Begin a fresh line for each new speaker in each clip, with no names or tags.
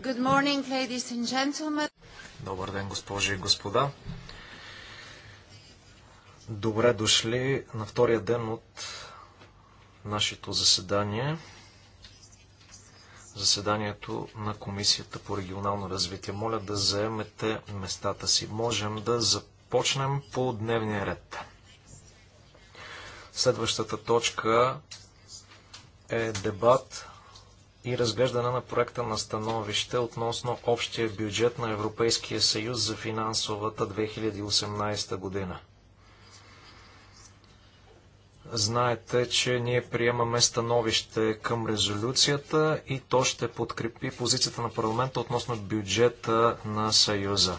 Good morning, ladies and gentlemen.
Добър ден, госпожи и господа. Добре дошли на втория ден от нашето заседание. Заседанието на Комисията по регионално развитие. Моля да заемете местата си. Можем да започнем по дневния ред. Следващата точка е дебат и разглеждане на проекта на становище относно общия бюджет на Европейския съюз за финансовата 2018 година. Знаете, че ние приемаме становище към резолюцията и то ще подкрепи позицията на парламента относно бюджета на Съюза.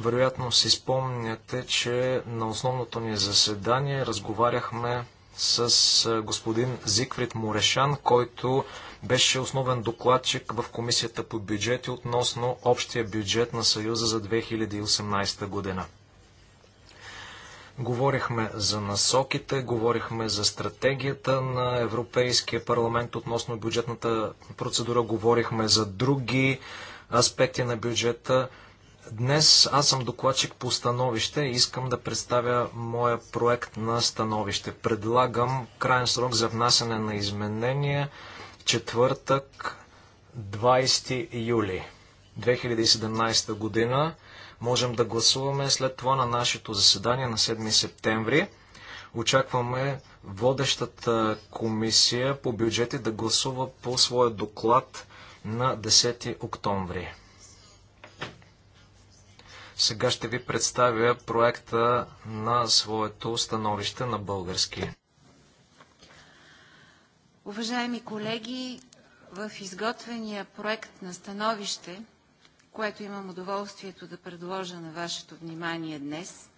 Вероятно си спомняте, че на основното ни заседание разговаряхме с господин Зигфрид Морешан, който беше основен докладчик в Комисията по бюджети относно общия бюджет на Съюза за 2018 година. Говорихме за насоките, говорихме за стратегията на Европейския парламент относно бюджетната процедура, говорихме за други аспекти на бюджета. Днес аз съм докладчик по становище и искам да представя моя проект на становище. Предлагам крайен срок за внасяне на изменения четвъртък 20 юли 2017 година. Можем да гласуваме след това на нашето заседание на 7 септември. Очакваме водещата комисия по бюджети да гласува по своя доклад на 10 октомври. Сега ще ви представя проекта на своето становище на български.
Уважаеми колеги, в изготвения проект на становище, което имам удоволствието да предложа на вашето внимание днес,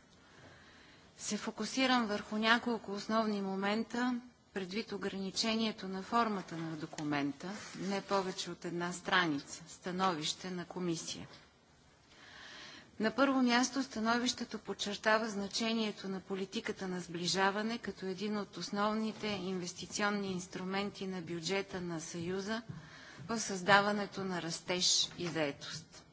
се фокусирам върху няколко основни момента, предвид ограничението на формата на документа, не повече от една страница, становище на комисия – на първо място становището подчертава значението на политиката на сближаване като един от основните инвестиционни инструменти на бюджета на Съюза в създаването на растеж и заетост.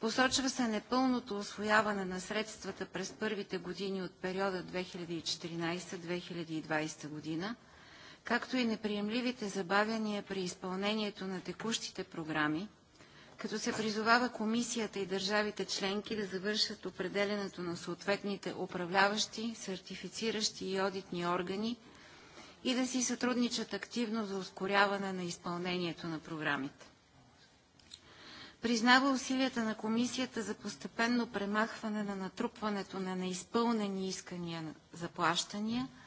Посочва се непълното освояване на средствата през първите години от периода 2014-2020 година, както и неприемливите забавяния при изпълнението на текущите програми – като се призовава комисията и държавите членки да завършат определенето на съответните управляващи, сертифициращи и одитни органи и да си сътрудничат активно за ускоряване на изпълнението на програмите. Признава усилията на комисията за постепенно премахване на натрупването на неизпълнени искания за плащания –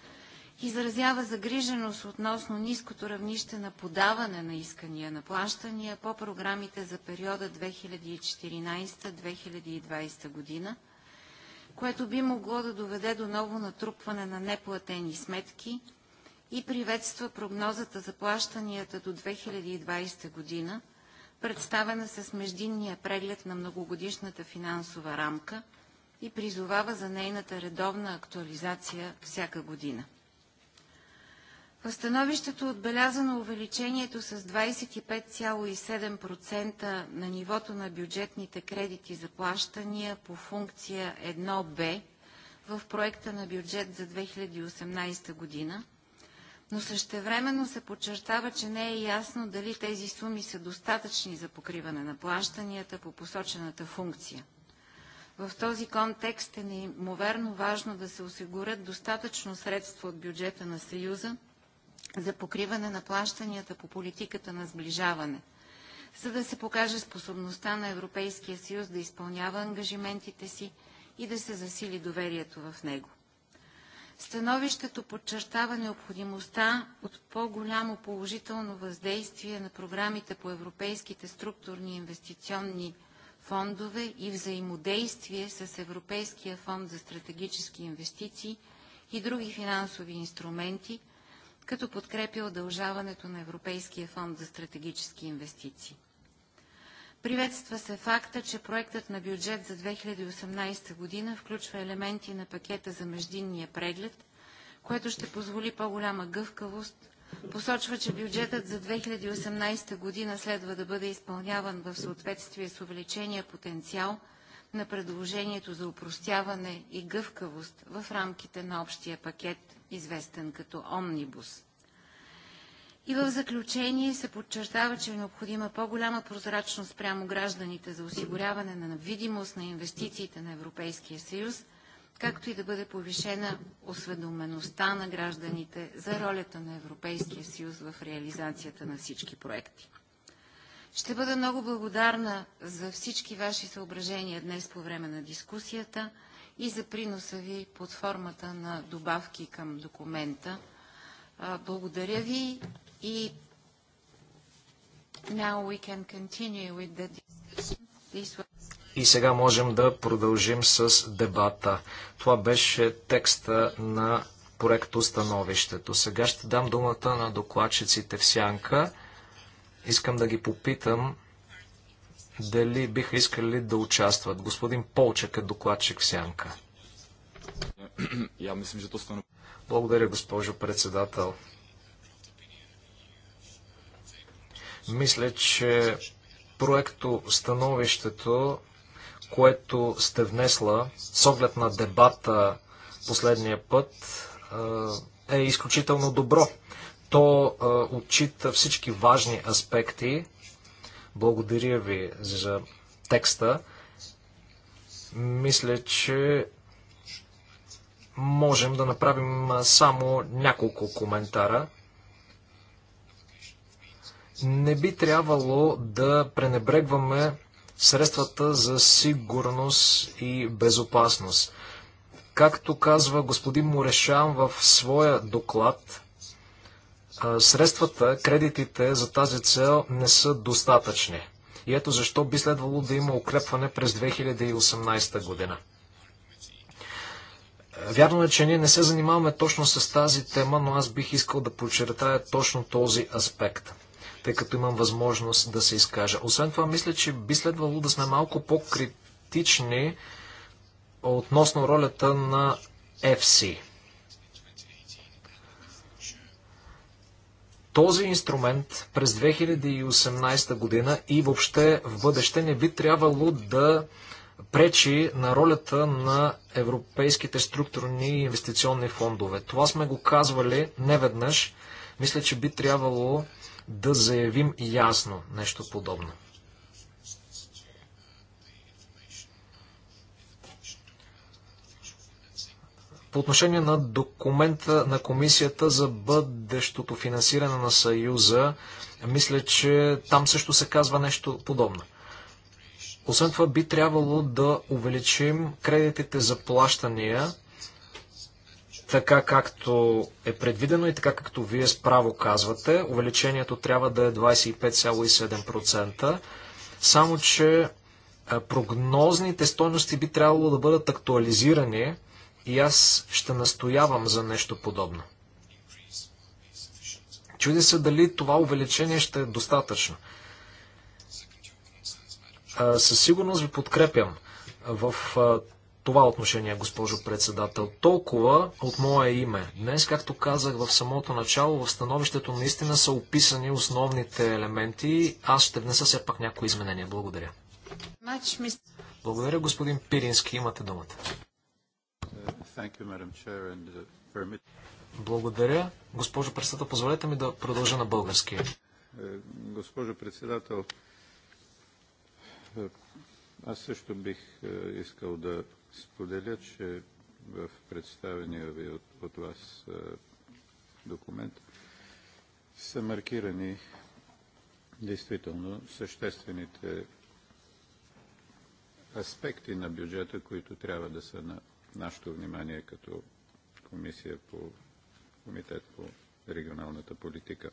изразява загриженост относно ниското равнище на подаване на искания на плащания по програмите за периода 2014-2020 година, което би могло да доведе до ново натрупване на неплатени сметки и приветства прогнозата за плащанията до 2020 година, представена с междинния преглед на многогодишната финансова рамка и призовава за нейната редовна актуализация всяка година. В становището е отбелязано увеличението с 25,7% на нивото на бюджетните кредити за плащания по функция 1Б в проекта на бюджет за 2018 година, но същевременно се подчертава, че не е ясно дали тези суми са достатъчни за покриване на плащанията по посочената функция. В този контекст е неимоверно важно да се осигурят достатъчно средства от бюджета на Съюза – за покриване на плащанията по политиката на сближаване, за да се покаже способността на Европейския съюз да изпълнява ангажиментите си и да се засили доверието в него. Становището подчертава необходимостта от по-голямо положително въздействие на програмите по европейските структурни инвестиционни фондове и взаимодействие с Европейския фонд за стратегически инвестиции и други финансови инструменти, като подкрепя удължаването на Европейския фонд за стратегически инвестиции. Приветства се факта, че проектът на бюджет за 2018 година включва елементи на пакета за междинния преглед, което ще позволи по-голяма гъвкавост. Посочва, че бюджетът за 2018 година следва да бъде изпълняван в съответствие с увеличения потенциал – на предложението за упростяване и гъвкавост в рамките на общия пакет, известен като Омнибус. И в заключение се подчертава, че е необходима по-голяма прозрачност прямо гражданите за осигуряване на видимост на инвестициите на Европейския съюз, както и да бъде повишена осведомеността на гражданите за ролята на Европейския съюз в реализацията на всички проекти. Ще бъда много благодарна за всички ваши съображения днес по време на дискусията и за приноса ви под формата на добавки към документа. Благодаря ви и now we can continue with the discussion. This was...
И сега можем да продължим с дебата. Това беше текста на проекто становището. Сега ще дам думата на докладчиците в сянка. Искам да ги попитам дали биха искали да участват. Господин Полчък е докладчик в Сянка. Я че то Благодаря, госпожо председател. Мисля, че проекто становището, което сте внесла с оглед на дебата последния път, е изключително добро. То а, отчита всички важни аспекти. Благодаря ви за текста. Мисля, че можем да направим само няколко коментара. Не би трябвало да пренебрегваме средствата за сигурност и безопасност. Както казва господин Морешан в своя доклад, средствата, кредитите за тази цел не са достатъчни. И ето защо би следвало да има укрепване през 2018 година. Вярно е, че ние не се занимаваме точно с тази тема, но аз бих искал да подчертая точно този аспект, тъй като имам възможност да се изкажа. Освен това, мисля, че би следвало да сме малко по-критични относно ролята на FC. този инструмент през 2018 година и въобще в бъдеще не би трябвало да пречи на ролята на европейските структурни и инвестиционни фондове. Това сме го казвали неведнъж. Мисля, че би трябвало да заявим ясно нещо подобно. По отношение на документа на комисията за бъдещото финансиране на Съюза, мисля, че там също се казва нещо подобно. Освен това, би трябвало да увеличим кредитите за плащания, така както е предвидено и така както вие справо казвате. Увеличението трябва да е 25,7%. Само, че прогнозните стойности би трябвало да бъдат актуализирани, и аз ще настоявам за нещо подобно. Чуди се дали това увеличение ще е достатъчно. Със сигурност ви подкрепям в това отношение, госпожо председател. Толкова от мое име. Днес, както казах в самото начало, в становището наистина са описани основните елементи. Аз ще внеса все пак някои изменения. Благодаря. Благодаря, господин Пирински. Имате думата. Uh, Благодаря. Госпожо председател, позволете ми да продължа на български. Е, госпожо
председател, е, аз също бих е, искал да споделя, че в представения ви от, от вас документ са маркирани действително съществените аспекти на бюджета, които трябва да са на нашето внимание като комисия по комитет по регионалната политика.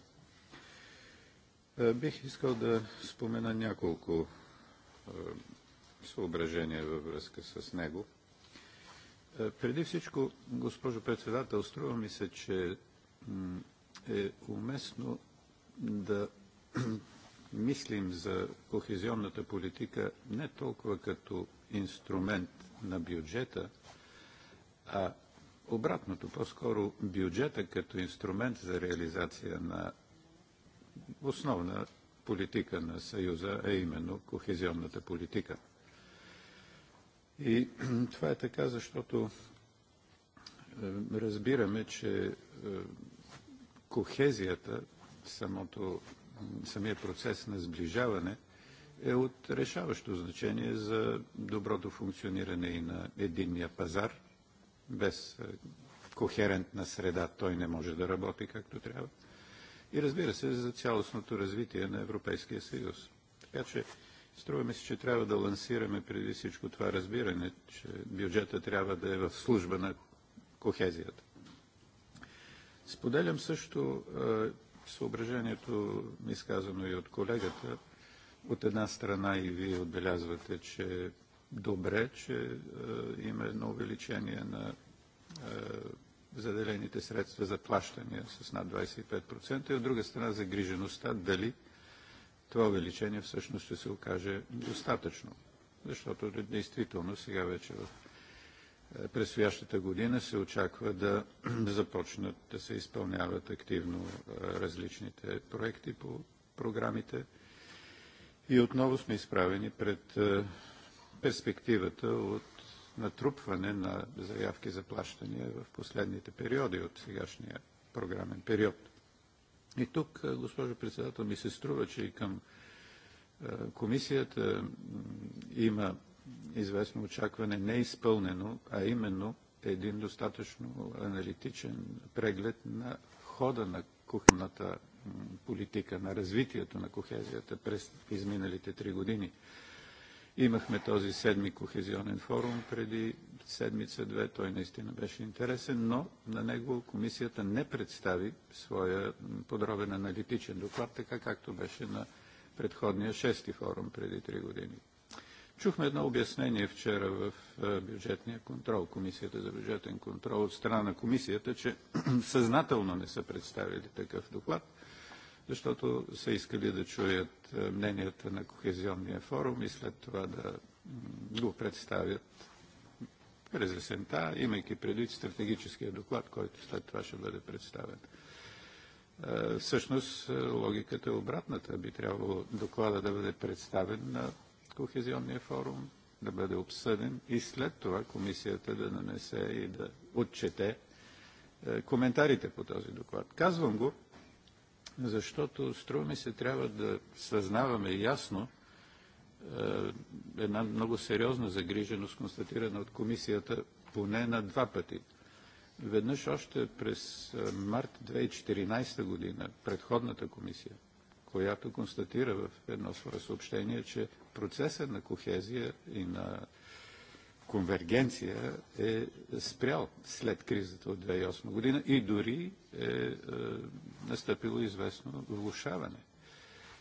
Е, бих искал да спомена няколко е, съображения във връзка с него. Е, преди всичко, госпожо председател, струва ми се, че е уместно да мислим за кохезионната политика не толкова като инструмент на бюджета, а обратното, по-скоро бюджета като инструмент за реализация на основна политика на Съюза, а именно кохезионната политика. И това е така, защото е, разбираме, че е, кохезията, самото, самия процес на сближаване е от решаващо значение за доброто функциониране и на единния пазар – без е, кохерентна среда той не може да работи както трябва. И разбира се, за цялостното развитие на Европейския съюз. Така че струва ми се, че трябва да лансираме преди всичко това разбиране, че бюджета трябва да е в служба на кохезията. Споделям също е, съображението, изказано и от колегата. От една страна и вие отбелязвате, че добре, че е, има едно увеличение на е, заделените средства за плащания с над 25% и от друга страна загрижеността дали това увеличение всъщност ще се окаже достатъчно. Защото действително сега вече в е, предстоящата година се очаква да започнат да се изпълняват активно различните проекти по програмите. И отново сме изправени пред перспективата от натрупване на заявки за плащания в последните периоди от сегашния програмен период. И тук, е, госпожо председател, ми се струва, че и към е, комисията има известно очакване не изпълнено, а именно един достатъчно аналитичен преглед на хода на кухонната политика, на развитието на кохезията през изминалите три години. Имахме този седми кохезионен форум преди седмица-две. Той наистина беше интересен, но на него комисията не представи своя подробен аналитичен доклад, така както беше на предходния шести форум преди три години. Чухме едно обяснение вчера в е, бюджетния контрол, Комисията за бюджетен контрол от страна на комисията, че съзнателно не са представили такъв доклад, защото са искали да чуят е, мненията на Кохезионния форум и след това да го представят през есента, имайки предвид стратегическия доклад, който след това ще бъде представен. Е, всъщност е, логиката е обратната. Би трябвало доклада да бъде представен на Кохезионния форум, да бъде обсъден и след това комисията да нанесе и да отчете коментарите по този доклад. Казвам го, защото струва ми се трябва да съзнаваме ясно е, една много сериозна загриженост, констатирана от комисията поне на два пъти. Веднъж още през е, март 2014 година предходната комисия, която констатира в едно свое съобщение, че процеса на кохезия и на конвергенция е спрял след кризата от 2008 година и дори е, е настъпило известно влушаване.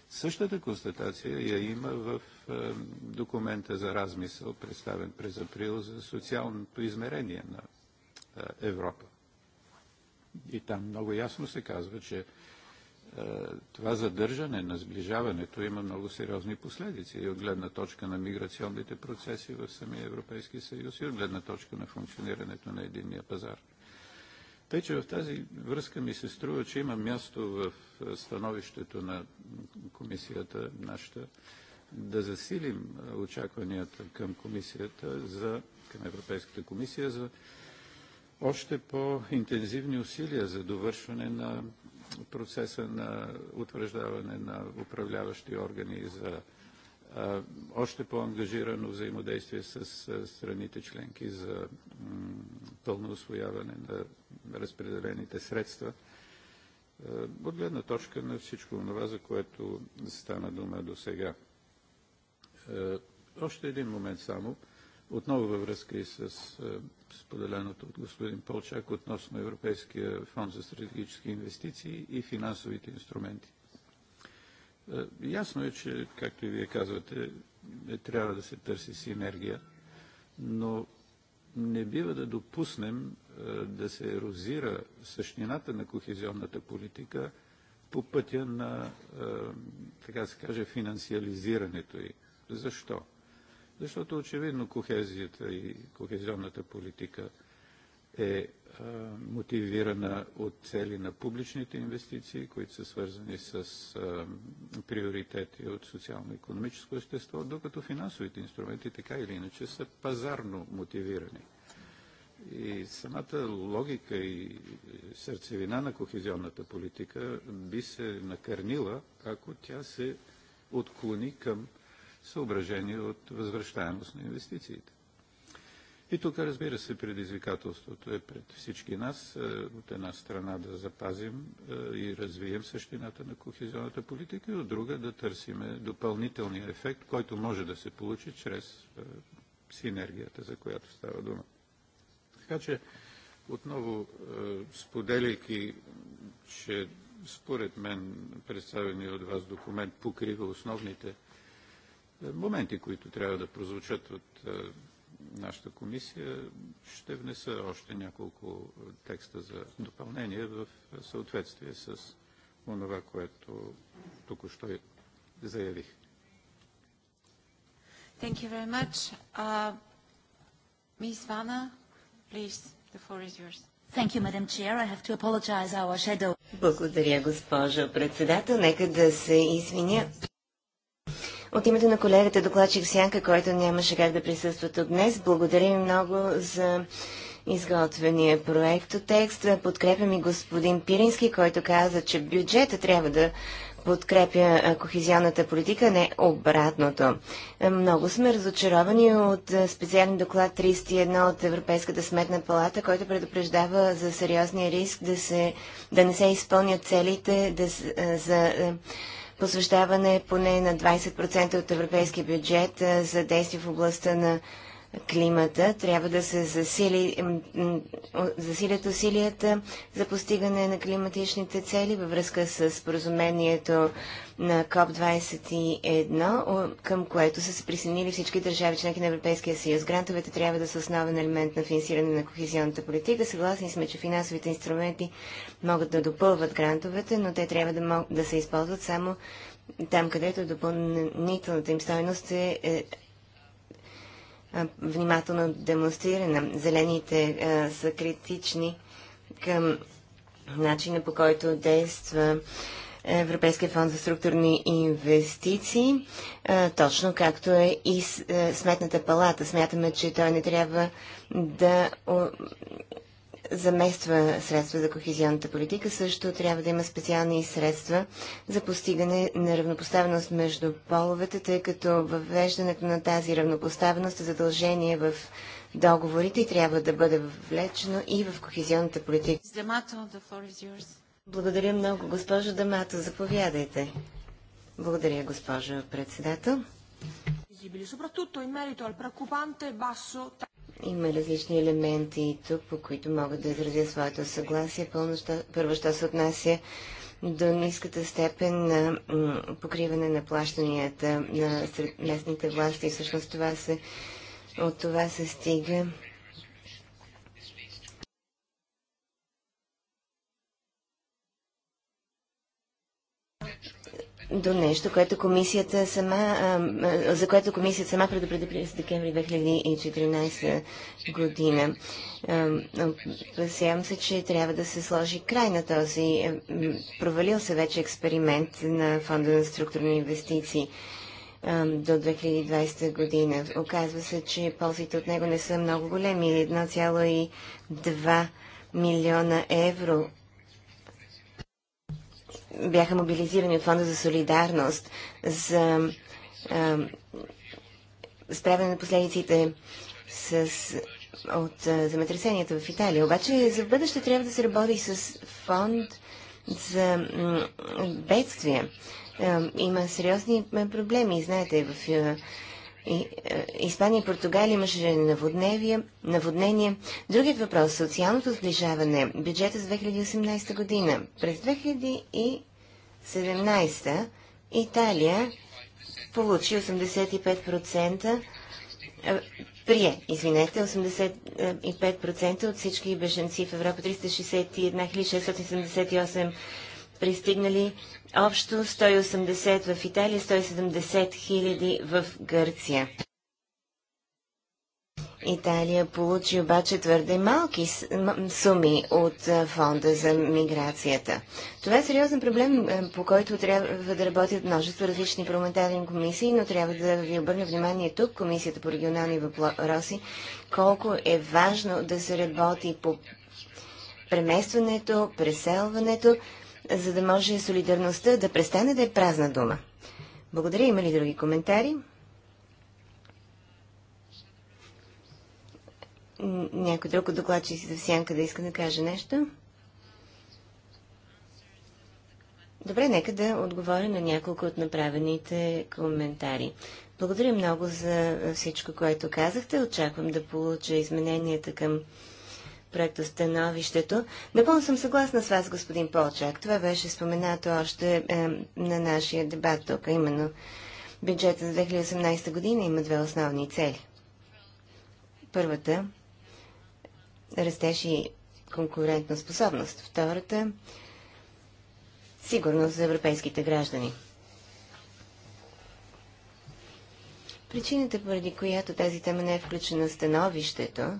Същата констатация я има в е, документа за размисъл, представен през април за социалното измерение на е, Европа. И там много ясно се казва, че е, това задържане на сближаването има много сериозни последици и от гледна точка на миграционните процеси в самия Европейски съюз и от гледна точка на функционирането на единния пазар. Тъй, че в тази връзка ми се струва, че има място в е, становището на комисията нашата да засилим е, очакванията към комисията за, към Европейската комисия за още по-интензивни усилия за довършване на процеса на утвърждаване на управляващи органи за още по-ангажирано взаимодействие с страните членки за пълно освояване на разпределените средства. От гледна точка на всичко това, за което стана дума до сега. Още един момент само – отново във връзка и с е, споделеното от господин Полчак относно Европейския фонд за стратегически инвестиции и финансовите инструменти. Е, ясно е, че, както и вие казвате, е, трябва да се търси синергия, но не бива да допуснем да се ерозира същината на кохезионната политика по пътя на, така така се каже, финансиализирането й. Защо? защото очевидно кохезията и кохезионната политика е а, мотивирана от цели на публичните инвестиции, които са свързани с а, приоритети от социално-економическо естество, докато финансовите инструменти така или иначе са пазарно мотивирани. И самата логика и сърцевина на кохезионната политика би се накърнила, ако тя се отклони към съображение от възвръщаемост на инвестициите. И тук, разбира се, предизвикателството е пред всички нас. Е, от една страна да запазим е, и развием същината на кохезионната политика и от друга да търсим допълнителния ефект, който може да се получи чрез е, синергията, за която става дума. Така че, отново споделяйки, че според мен представения от вас документ покрива основните е, моменти, които трябва да прозвучат от е, нашата комисия, ще внеса още няколко е, текста за допълнение в съответствие с това, което току-що заявих.
Thank you very much. Uh, Ms. Vana, please, the floor is yours.
Thank you, Madam Chair. I have to apologize our shadow. Благодаря, госпожо председател. Нека да се извиня от името на колегата докладчик Сянка, който нямаше как да присъства тук днес, благодарим много за изготвения проект от текст. Подкрепям и господин Пирински, който каза, че бюджета трябва да подкрепя кохезионната политика, не обратното. Е, много сме разочаровани от специален доклад 31 от Европейската сметна палата, който предупреждава за сериозния риск да, се, да не се изпълнят целите да, за посвещаване поне на 20% от европейския бюджет за действия в областта на климата. Трябва да се засили, засилят усилията за постигане на климатичните цели във връзка с поразумението на КОП-21, към което са се присъединили всички държави членки на Европейския съюз. Грантовете трябва да са основен елемент на финансиране на кохезионната политика. Съгласни сме, че финансовите инструменти могат да допълват грантовете, но те трябва да, могат да се използват само там, където допълнителната им стоеност е, е внимателно демонстрирана. Зелените а, са критични към начина по който действа Европейския фонд за структурни инвестиции, а, точно както е и с, Сметната палата. Смятаме, че той не трябва да замества средства за кохезионната политика, също трябва да има специални средства за постигане на равнопоставеност между половете, тъй като въвеждането на тази равнопоставеност е задължение в договорите и трябва да бъде влечено и в кохезионната политика. Благодаря много, госпожо Дамато. Заповядайте. Благодаря, госпожо председател. Има различни елементи и тук, по които могат да изразя своето съгласие. Пълно, що, първо, що се отнася до ниската степен на покриване на плащанията на местните власти. Всъщност това се, от това се стига до нещо, което комисията сама, а, за което комисията сама предупреди през декември 2014 година. Опасявам се, че трябва да се сложи край на този провалил се вече експеримент на Фонда на структурни инвестиции а, до 2020 година. Оказва се, че ползите от него не са много големи. 1,2 милиона евро бяха мобилизирани от Фонда за солидарност за а, справяне на последиците с, от земетресението в Италия. Обаче за бъдеще трябва да се работи с фонд за бедствия. Има сериозни проблеми. Знаете, в е, Испания и Португалия имаше наводнение. Другият въпрос – социалното сближаване. Бюджета за 2018 година. През 2017 Италия получи 85%, е, прие, извинете, 85% от всички беженци в Европа, 361 678 пристигнали Общо 180 в Италия, 170 хиляди в Гърция. Италия получи обаче твърде малки суми от фонда за миграцията. Това е сериозен проблем, по който трябва да работят множество различни парламентарни комисии, но трябва да ви обърна внимание тук, Комисията по регионални въпроси, колко е важно да се работи по преместването, преселването, за да може солидарността да престане да е празна дума. Благодаря. Има ли други коментари? Някой друг от си за сянка да иска да каже нещо? Добре, нека да отговоря на няколко от направените коментари. Благодаря много за всичко, което казахте. Очаквам да получа измененията към проекта становището. Напълно съм съгласна с вас, господин Полчак. Това беше споменато още е, на нашия дебат тук, именно бюджета за 2018 година има две основни цели. Първата – растеж и конкурентна способност. Втората – сигурност за европейските граждани. Причината, поради която тази тема не е включена в становището,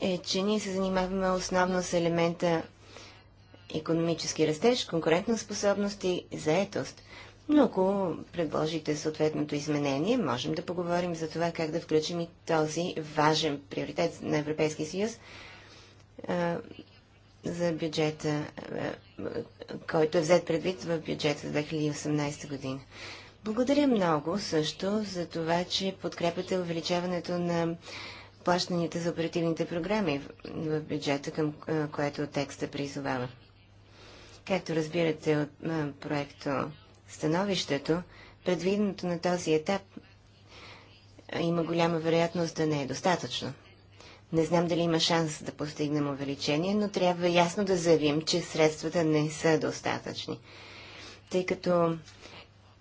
е, че ние се занимаваме основно с елемента економически растеж, конкурентна способност и заетост. Но ако предложите съответното изменение, можем да поговорим за това как да включим и този важен приоритет на Европейския съюз а, за бюджета, а, който е взет предвид в бюджета за 2018 година. Благодаря много също за това, че подкрепяте увеличаването на плащанията за оперативните програми в бюджета, към което текста призовава. Както разбирате от проекто становището, предвиденото на този етап има голяма вероятност да не е достатъчно. Не знам дали има шанс да постигнем увеличение, но трябва ясно да заявим, че средствата не са достатъчни. Тъй като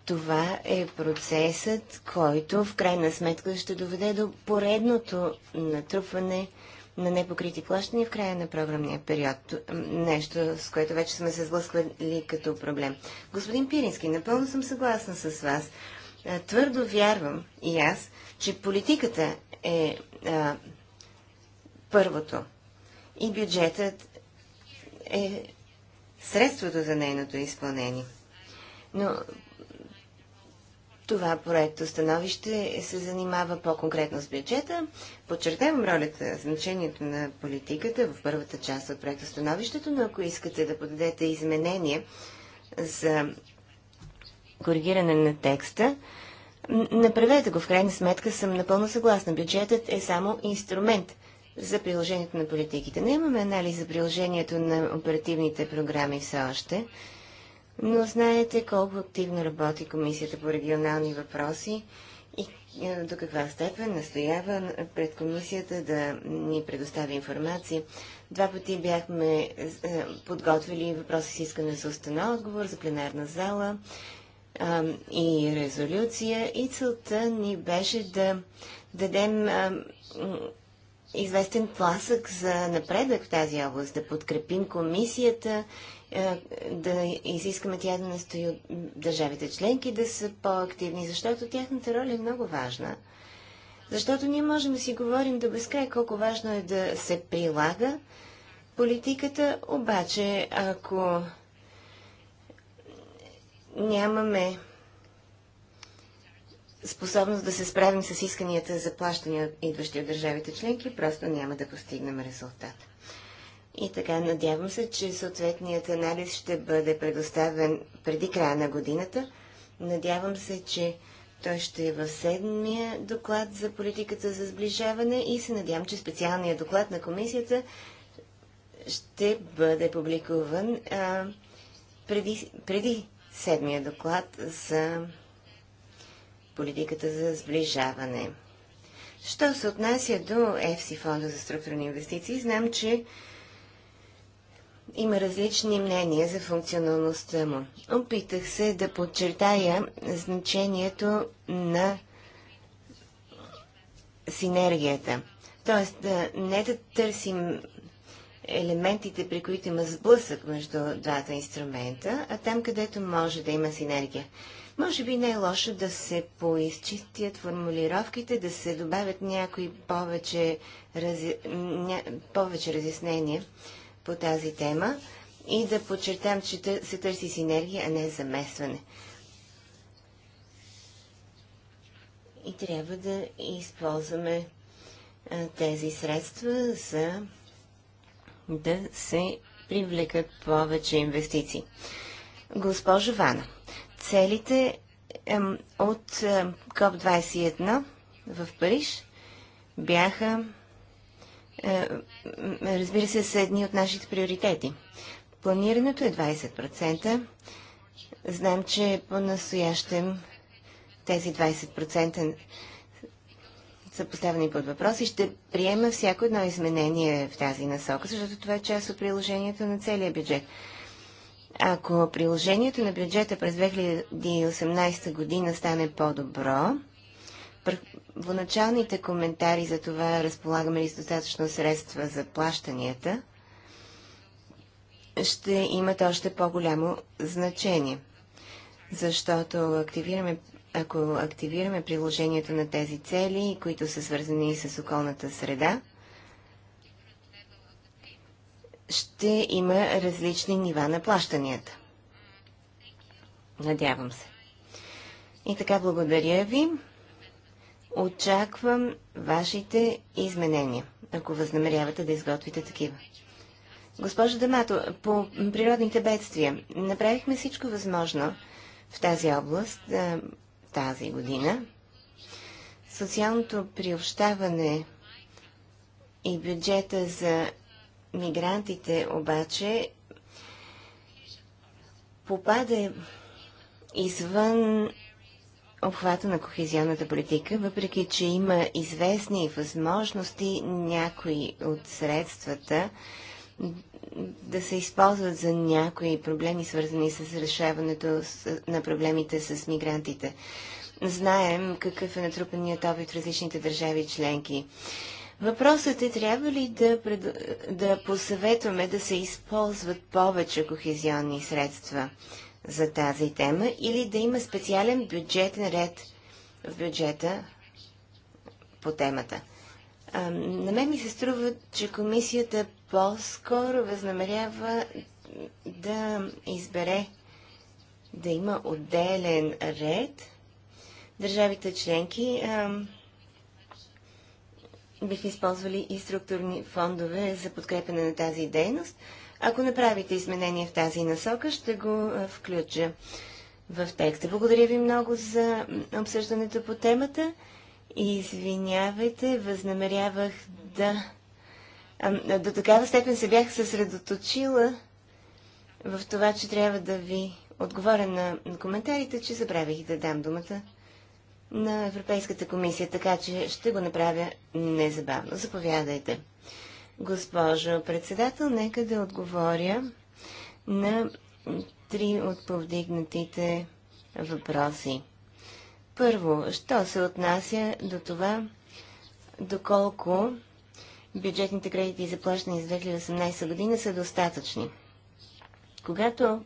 това е процесът, който в крайна сметка ще доведе до поредното натрупване на непокрити плащания в края на програмния период. Нещо, с което вече сме се сблъсквали като проблем. Господин Пирински, напълно съм съгласна с вас. Твърдо вярвам и аз, че политиката е а, първото и бюджетът е средството за нейното изпълнение. Но това проекто становище се занимава по-конкретно с бюджета. Подчертавам ролята, значението на политиката в първата част от проекта становището, но ако искате да подадете изменения за коригиране на текста, направете го. В крайна сметка съм напълно съгласна. Бюджетът е само инструмент за приложението на политиките. Не имаме анализ за приложението на оперативните програми все още но знаете колко активно работи Комисията по регионални въпроси и е, до каква степен настоява пред Комисията да ни предостави информация. Два пъти бяхме е, подготвили въпроси с искане за устана отговор, за пленарна зала е, и резолюция и целта ни беше да дадем известен пласък за напредък в тази област, да подкрепим комисията е, да изискаме тя да настои от държавите членки да са по-активни, защото тяхната роля е много важна. Защото ние можем да си говорим до безкрай колко важно е да се прилага политиката, обаче ако нямаме способност да се справим с исканията за плащания, идващи от държавите членки, просто няма да постигнем резултат. И така, надявам се, че съответният анализ ще бъде предоставен преди края на годината. Надявам се, че той ще е в седмия доклад за политиката за сближаване и се надявам, че специалният доклад на комисията ще бъде публикуван а, преди, преди седмия доклад за политиката за сближаване. Що се отнася до ЕФСИ фонда за структурни инвестиции, знам, че има различни мнения за функционалността му. Опитах се да подчертая значението на синергията. Тоест, да, не да търсим елементите, при които има сблъсък между двата инструмента, а там, където може да има синергия. Може би не е лошо да се поизчистят формулировките, да се добавят някои повече, рази... ня... повече разяснения по тази тема и да подчертам, че се търси синергия, а не замесване. И трябва да използваме тези средства за да се привлекат повече инвестиции. Госпожо Вана, целите от КОП-21 в Париж бяха е, разбира се, са едни от нашите приоритети. Планирането е 20%. Знам, че по-настоящем тези 20% са поставени под въпрос и ще приема всяко едно изменение в тази насока, защото това е част от приложението на целия бюджет. Ако приложението на бюджета през 2018 година стане по-добро, първоначалните коментари за това, разполагаме ли с достатъчно средства за плащанията, ще имат още по-голямо значение. Защото активираме, ако активираме приложението на тези цели, които са свързани с околната среда, ще има различни нива на плащанията. Надявам се. И така, благодаря ви. Очаквам вашите изменения, ако възнамерявате да изготвите такива. Госпожо Дамато, по природните бедствия направихме всичко възможно в тази област тази година. Социалното приобщаване и бюджета за мигрантите обаче попада извън обхвата на кохезионната политика, въпреки че има известни възможности някои от средствата да се използват за някои проблеми, свързани с решаването на проблемите с мигрантите. Знаем какъв е натрупаният опит в различните държави членки. Въпросът е, трябва ли да, пред... да посъветваме да се използват повече кохезионни средства за тази тема или да има специален бюджетен ред в бюджета по темата? А, на мен ми се струва, че комисията по-скоро възнамерява да избере да има отделен ред. Държавите членки. А, бихме използвали и структурни фондове за подкрепене на тази дейност. Ако направите изменения в тази насока, ще го включа в текста. Благодаря ви много за обсъждането по темата. Извинявайте, възнамерявах да... до такава степен се бях съсредоточила в това, че трябва да ви отговоря на коментарите, че забравих да дам думата на Европейската комисия, така че ще го направя незабавно. Заповядайте. Госпожо председател, нека да отговоря на три от повдигнатите въпроси. Първо, що се отнася до това, доколко бюджетните кредити заплащани за 2018 година са достатъчни? Когато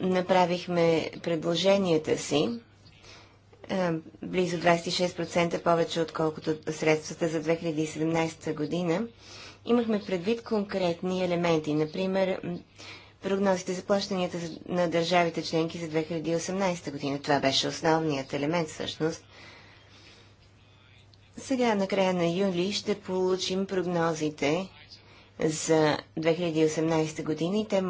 направихме предложенията си, е, близо 26% повече, отколкото средствата за 2017 година, имахме предвид конкретни елементи. Например, прогнозите за плащанията на държавите членки за 2018 година. Това беше основният елемент всъщност. Сега, на края на юли, ще получим прогнозите за 2018 година и те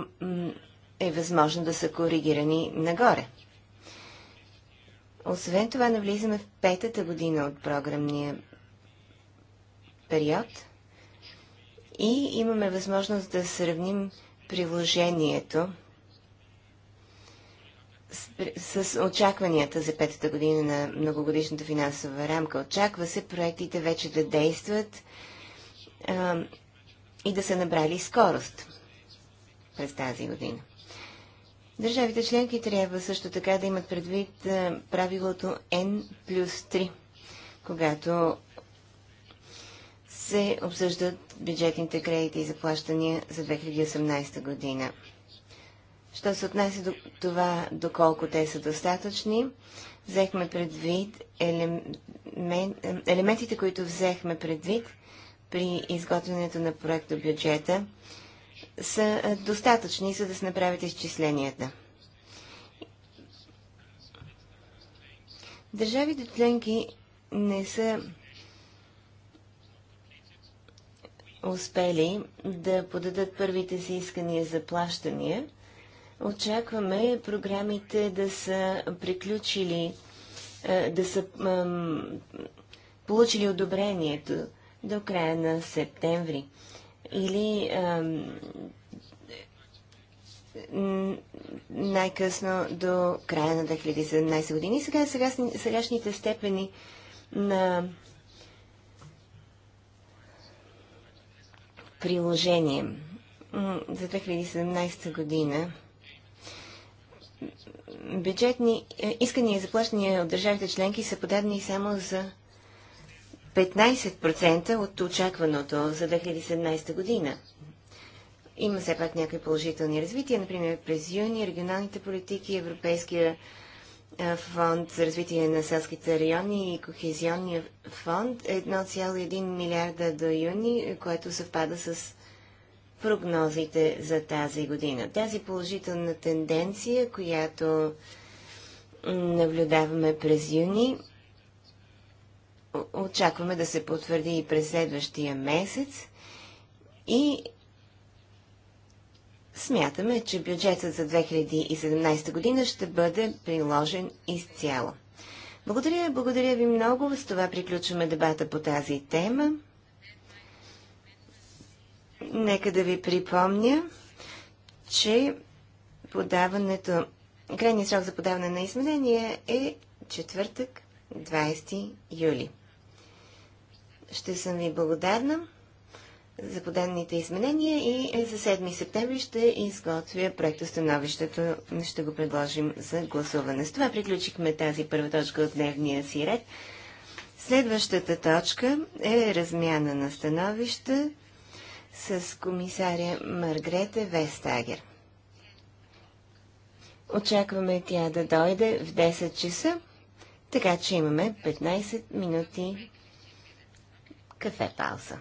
е възможно да са коригирани нагоре. Освен това, навлизаме в петата година от програмния период и имаме възможност да сравним приложението с, с очакванията за петата година на многогодишната финансова рамка. Очаква се проектите вече да действат а, и да са набрали скорост през тази година. Държавите членки трябва също така да имат предвид е, правилото N плюс 3, когато се обсъждат бюджетните кредити и заплащания за 2018 година. Що се отнася до това, доколко те са достатъчни, взехме предвид е, елементите, които взехме предвид при изготвянето на проекта бюджета са достатъчни, за да се направят изчисленията. Държавите членки не са успели да подадат първите си искания за плащания. Очакваме програмите да са приключили, да са получили одобрението до края на септември или най-късно до края на 2017 години. и сега сегашните степени на приложение за 2017 година бюджетни е, искания и заплащания от държавите членки са подадени само за 15% от очакваното за 2017 година. Има все пак някои положителни развития. Например, през юни регионалните политики, Европейския фонд за развитие на селските райони и Кохезионния фонд 1,1 милиарда до юни, което съвпада с прогнозите за тази година. Тази положителна тенденция, която наблюдаваме през юни, очакваме да се потвърди и през следващия месец. И смятаме, че бюджетът за 2017 година ще бъде приложен изцяло. Благодаря, благодаря ви много. С това приключваме дебата по тази тема. Нека да ви припомня, че подаването, крайният срок за подаване на изменения е четвъртък, 20 юли ще съм ви благодарна за подадените изменения и за 7 септември ще изготвя проекта становището. Ще го предложим за гласуване. С това приключихме тази първа точка от дневния си ред. Следващата точка е размяна на становища с комисаря Маргрете Вестагер. Очакваме тя да дойде в 10 часа, така че имаме 15 минути кафе пауза.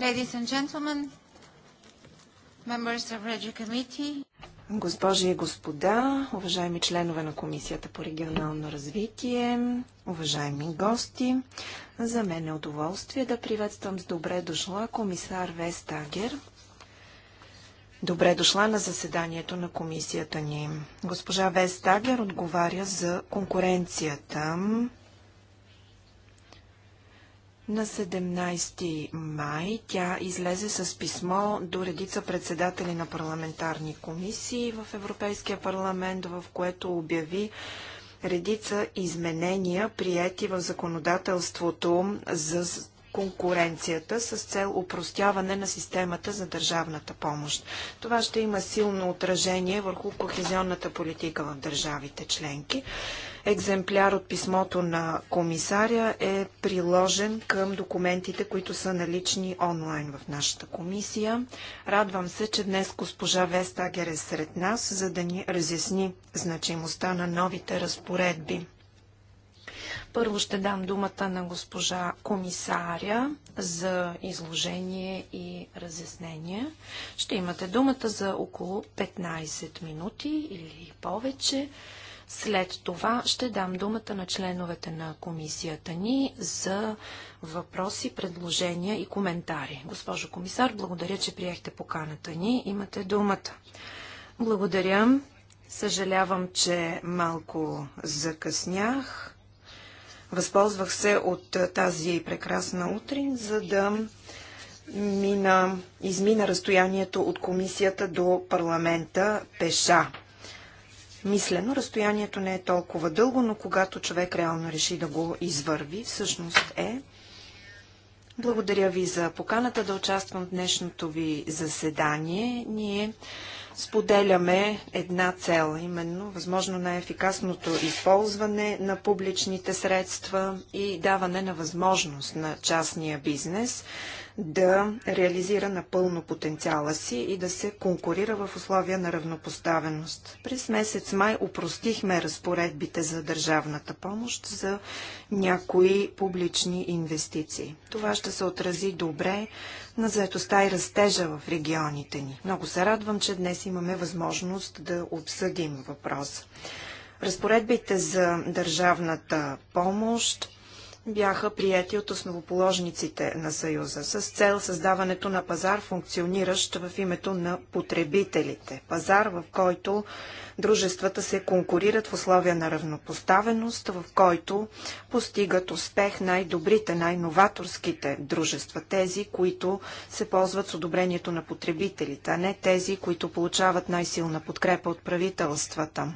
Ladies and gentlemen, members of Regi Committee.
Госпожи и господа, уважаеми членове на Комисията по регионално развитие, уважаеми гости, за мен е удоволствие да приветствам с добре дошла комисар Вестагер. Добре дошла на заседанието на комисията ни. Госпожа Вестагер отговаря за конкуренцията на 17 май тя излезе с писмо до редица председатели на парламентарни комисии в Европейския парламент, в което обяви редица изменения, прияти в законодателството за конкуренцията с цел упростяване на системата за държавната помощ. Това ще има силно отражение върху кохезионната политика в държавите членки. Екземпляр от писмото на комисаря е приложен към документите, които са налични онлайн в нашата комисия. Радвам се, че днес госпожа Вестагер е сред нас, за да ни разясни значимостта на новите разпоредби. Първо ще дам думата на госпожа комисаря за изложение и разяснение. Ще имате думата за около 15 минути или повече. След това ще дам думата на членовете на комисията ни за въпроси, предложения и коментари. Госпожо комисар, благодаря, че приехте поканата ни. Имате думата. Благодаря. Съжалявам, че малко закъснях. Възползвах се от тази прекрасна утрин, за да мина, измина разстоянието от комисията до парламента пеша мислено. Разстоянието не е толкова дълго, но когато човек реално реши да го извърви, всъщност е. Благодаря ви за поканата да участвам в днешното ви заседание. Ние споделяме една цел, именно възможно най-ефикасното използване на публичните средства и даване на възможност на частния бизнес да реализира напълно потенциала си и да се конкурира в условия на равнопоставеност. През месец май упростихме разпоредбите за държавната помощ за някои публични инвестиции. Това ще се отрази добре на заетостта и растежа в регионите ни. Много се радвам, че днес имаме възможност да обсъдим въпроса. Разпоредбите за държавната помощ бяха прияти от основоположниците на Съюза с цел създаването на пазар, функциониращ в името на потребителите. Пазар, в който дружествата се конкурират в условия на равнопоставеност, в който постигат успех най-добрите, най-новаторските дружества, тези, които се ползват с одобрението на потребителите, а не тези, които получават най-силна подкрепа от правителствата.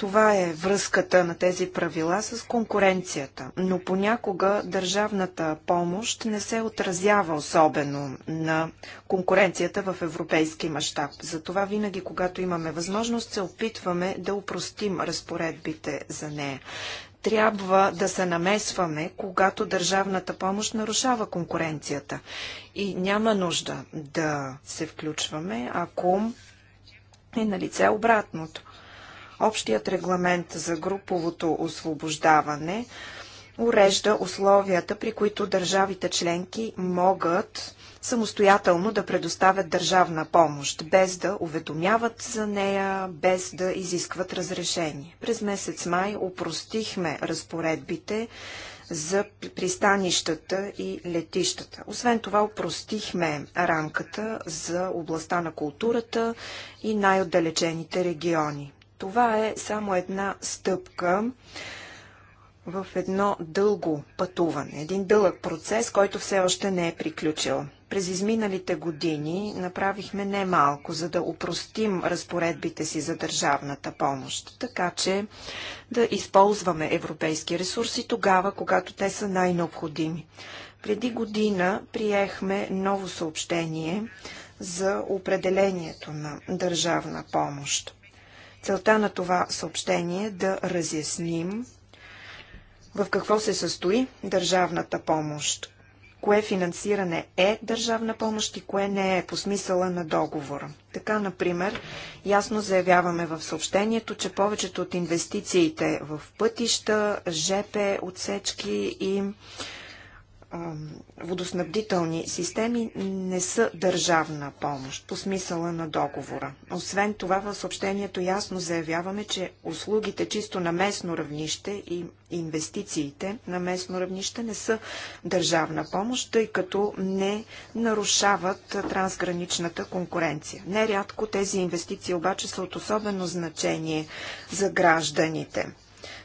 Това е връзката на тези правила с конкуренцията, но понякога държавната помощ не се отразява особено на конкуренцията в европейски мащаб. Затова винаги, когато имаме възможност, се опитваме да упростим разпоредбите за нея трябва да се намесваме, когато държавната помощ нарушава конкуренцията. И няма нужда да се включваме, ако е на лице обратното. Общият регламент за груповото освобождаване урежда условията, при които държавите членки могат самостоятелно да предоставят държавна помощ, без да уведомяват за нея, без да изискват разрешение. През месец май упростихме разпоредбите за пристанищата и летищата. Освен това, упростихме рамката за областта на културата и най-отдалечените региони. Това е само една стъпка в едно дълго пътуване, един дълъг процес, който все още не е приключил. През изминалите години направихме немалко, за да упростим разпоредбите си за държавната помощ, така че да използваме европейски ресурси тогава, когато те са най-необходими. Преди година приехме ново съобщение за определението на държавна помощ. Целта на това съобщение е да разясним в какво се състои държавната помощ, кое финансиране е държавна помощ и кое не е по смисъла на договора. Така, например, ясно заявяваме в съобщението, че повечето от инвестициите в пътища, ЖП, отсечки и водоснабдителни системи не са държавна помощ по смисъла на договора. Освен това, в съобщението ясно заявяваме, че услугите чисто на местно равнище и инвестициите на местно равнище не са държавна помощ, тъй като не нарушават трансграничната конкуренция. Нерядко тези инвестиции обаче са от особено значение за гражданите.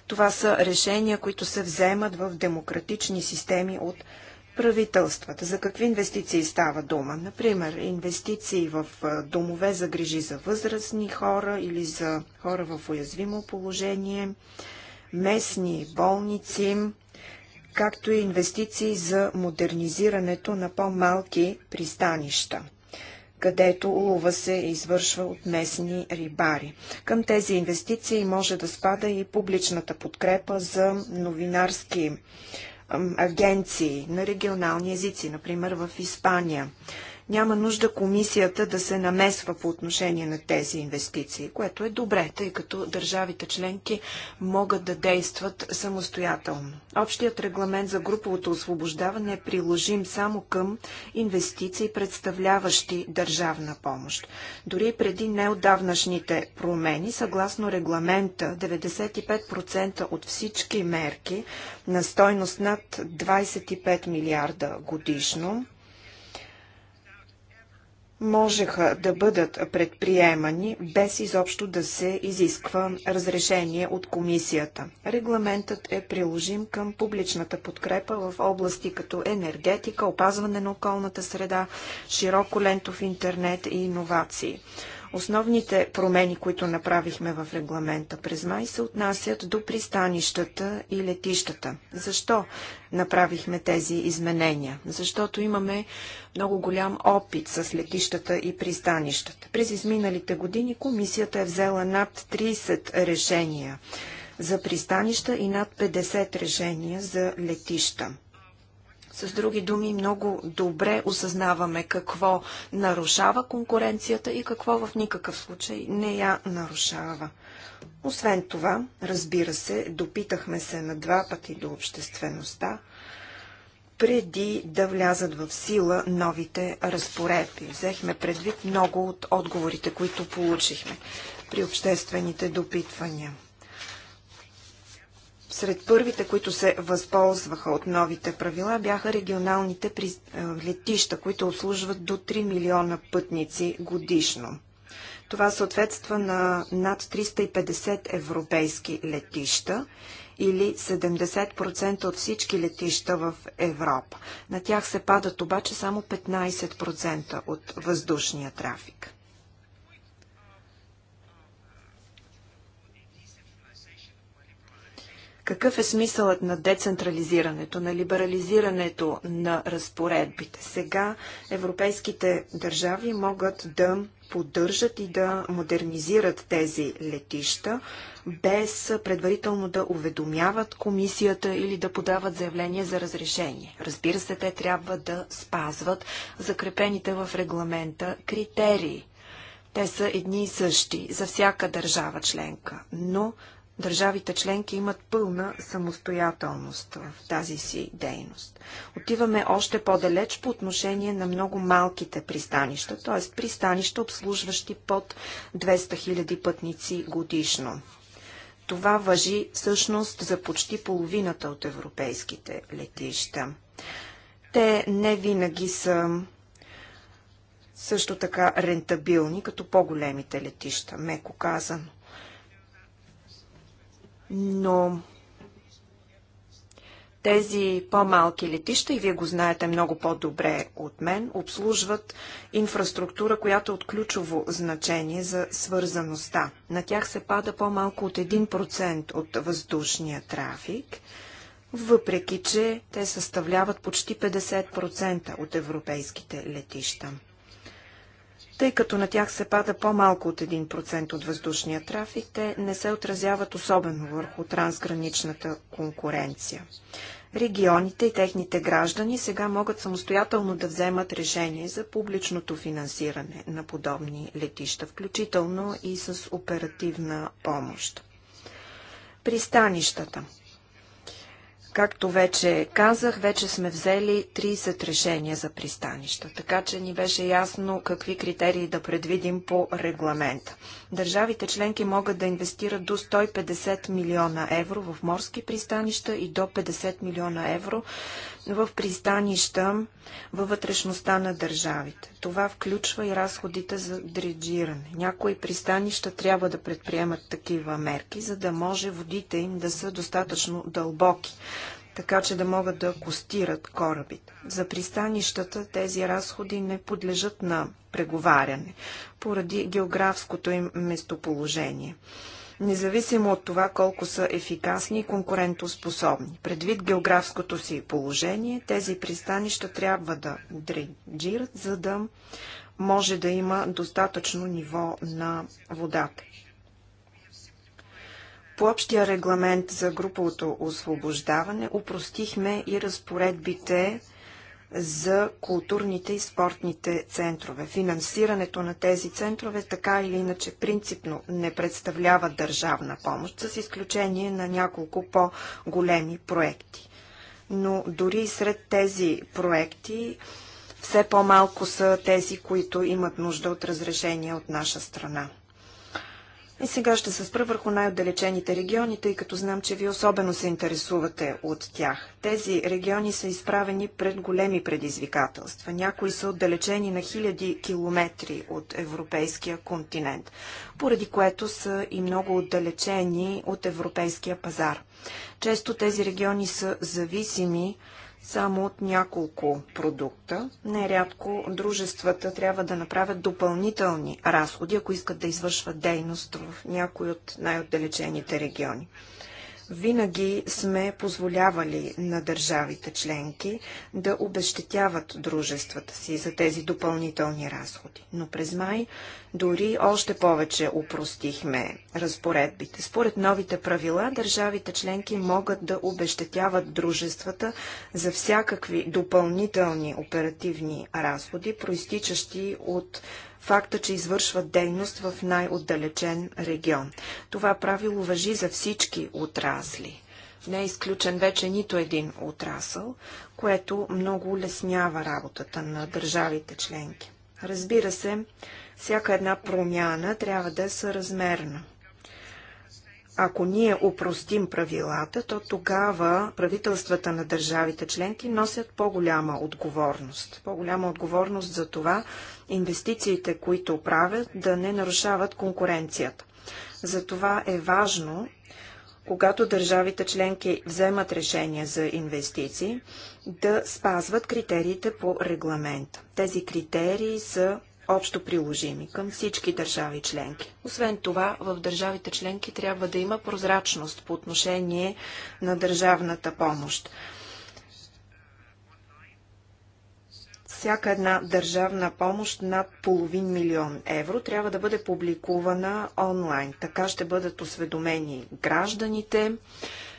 Това са решения, които се вземат в демократични системи от правителствата. За какви инвестиции става дума? Например, инвестиции в домове за грижи за възрастни хора или за хора в уязвимо положение, местни болници, както и инвестиции за модернизирането на по-малки пристанища където улова се извършва от местни рибари. Към тези инвестиции може да спада и публичната подкрепа за новинарски агенции на регионални езици, например в Испания няма нужда комисията да се намесва по отношение на тези инвестиции, което е добре, тъй като държавите членки могат да действат самостоятелно. Общият регламент за груповото освобождаване е приложим само към инвестиции, представляващи държавна помощ. Дори преди неодавнашните промени, съгласно регламента, 95% от всички мерки на стойност над 25 милиарда годишно можеха да бъдат предприемани без изобщо да се изисква разрешение от комисията. Регламентът е приложим към публичната подкрепа в области като енергетика, опазване на околната среда, широко лентов интернет и иновации. Основните промени, които направихме в регламента през май, се отнасят до пристанищата и летищата. Защо направихме тези изменения? Защото имаме много голям опит с летищата и пристанищата. През изминалите години комисията е взела над 30 решения за пристанища и над 50 решения за летища. С други думи, много добре осъзнаваме какво нарушава конкуренцията и какво в никакъв случай не я нарушава. Освен това, разбира се, допитахме се на два пъти до обществеността, преди да влязат в сила новите разпоредби. Взехме предвид много от отговорите, които получихме при обществените допитвания. Сред първите, които се възползваха от новите правила, бяха регионалните е, летища, които обслужват до 3 милиона пътници годишно. Това съответства на над 350 европейски летища или 70% от всички летища в Европа. На тях се падат обаче само 15% от въздушния трафик. Какъв е смисълът на децентрализирането, на либерализирането на разпоредбите? Сега европейските държави могат да поддържат и да модернизират тези летища, без предварително да уведомяват комисията или да подават заявление за разрешение. Разбира се, те трябва да спазват закрепените в регламента критерии. Те са едни и същи за всяка държава членка, но държавите членки имат пълна самостоятелност в тази си дейност. Отиваме още по-далеч по отношение на много малките пристанища, т.е. пристанища, обслужващи под 200 000 пътници годишно. Това въжи всъщност за почти половината от европейските летища. Те не винаги са също така рентабилни, като по-големите летища, меко казано но тези по-малки летища, и вие го знаете много по-добре от мен, обслужват инфраструктура, която е от ключово значение за свързаността. На тях се пада по-малко от 1% от въздушния трафик, въпреки че те съставляват почти 50% от европейските летища. Тъй като на тях се пада по-малко от 1% от въздушния трафик, те не се отразяват особено върху трансграничната конкуренция. Регионите и техните граждани сега могат самостоятелно да вземат решение за публичното финансиране на подобни летища, включително и с оперативна помощ. Пристанищата – Както вече казах, вече сме взели 30 решения за пристанища, така че ни беше ясно какви критерии да предвидим по регламента. Държавите членки могат да инвестират до 150 милиона евро в морски пристанища и до 50 милиона евро в пристанища във вътрешността на държавите. Това включва и разходите за дриджиране. Някои пристанища трябва да предприемат такива мерки, за да може водите им да са достатъчно дълбоки, така че да могат да костират корабите. За пристанищата тези разходи не подлежат на преговаряне, поради географското им местоположение. Независимо от това колко са ефикасни и конкурентоспособни, предвид географското си положение, тези пристанища трябва да дреджират, за да може да има достатъчно ниво на водата. По общия регламент за груповото освобождаване упростихме и разпоредбите за културните и спортните центрове. Финансирането на тези центрове така или иначе принципно не представлява държавна помощ, с изключение на няколко по-големи проекти. Но дори и сред тези проекти все по-малко са тези, които имат нужда от разрешение от наша страна. И сега ще се спра върху най-отдалечените региони, тъй като знам, че ви особено се интересувате от тях. Тези региони са изправени пред големи предизвикателства. Някои са отдалечени на хиляди километри от европейския континент, поради което са и много отдалечени от европейския пазар. Често тези региони са зависими само от няколко продукта. Нерядко дружествата трябва да направят допълнителни разходи, ако искат да извършват дейност в някои от най-отдалечените региони винаги сме позволявали на държавите членки да обещетяват дружествата си за тези допълнителни разходи. Но през май дори още повече упростихме разпоредбите. Според новите правила, държавите членки могат да обещетяват дружествата за всякакви допълнителни оперативни разходи, проистичащи от факта, че извършват дейност в най-отдалечен регион. Това правило въжи за всички отрасли. Не е изключен вече нито един отрасъл, което много улеснява работата на държавите членки. Разбира се, всяка една промяна трябва да е съразмерна. Ако ние упростим правилата, то тогава правителствата на държавите членки носят по-голяма отговорност. По-голяма отговорност за това, инвестициите, които правят, да не нарушават конкуренцията. Затова е важно, когато държавите членки вземат решения за инвестиции, да спазват критериите по регламента. Тези критерии са общо приложими към всички държави членки. Освен това, в държавите членки трябва да има прозрачност по отношение на държавната помощ. всяка една държавна помощ над половин милион евро трябва да бъде публикувана онлайн. Така ще бъдат осведомени гражданите,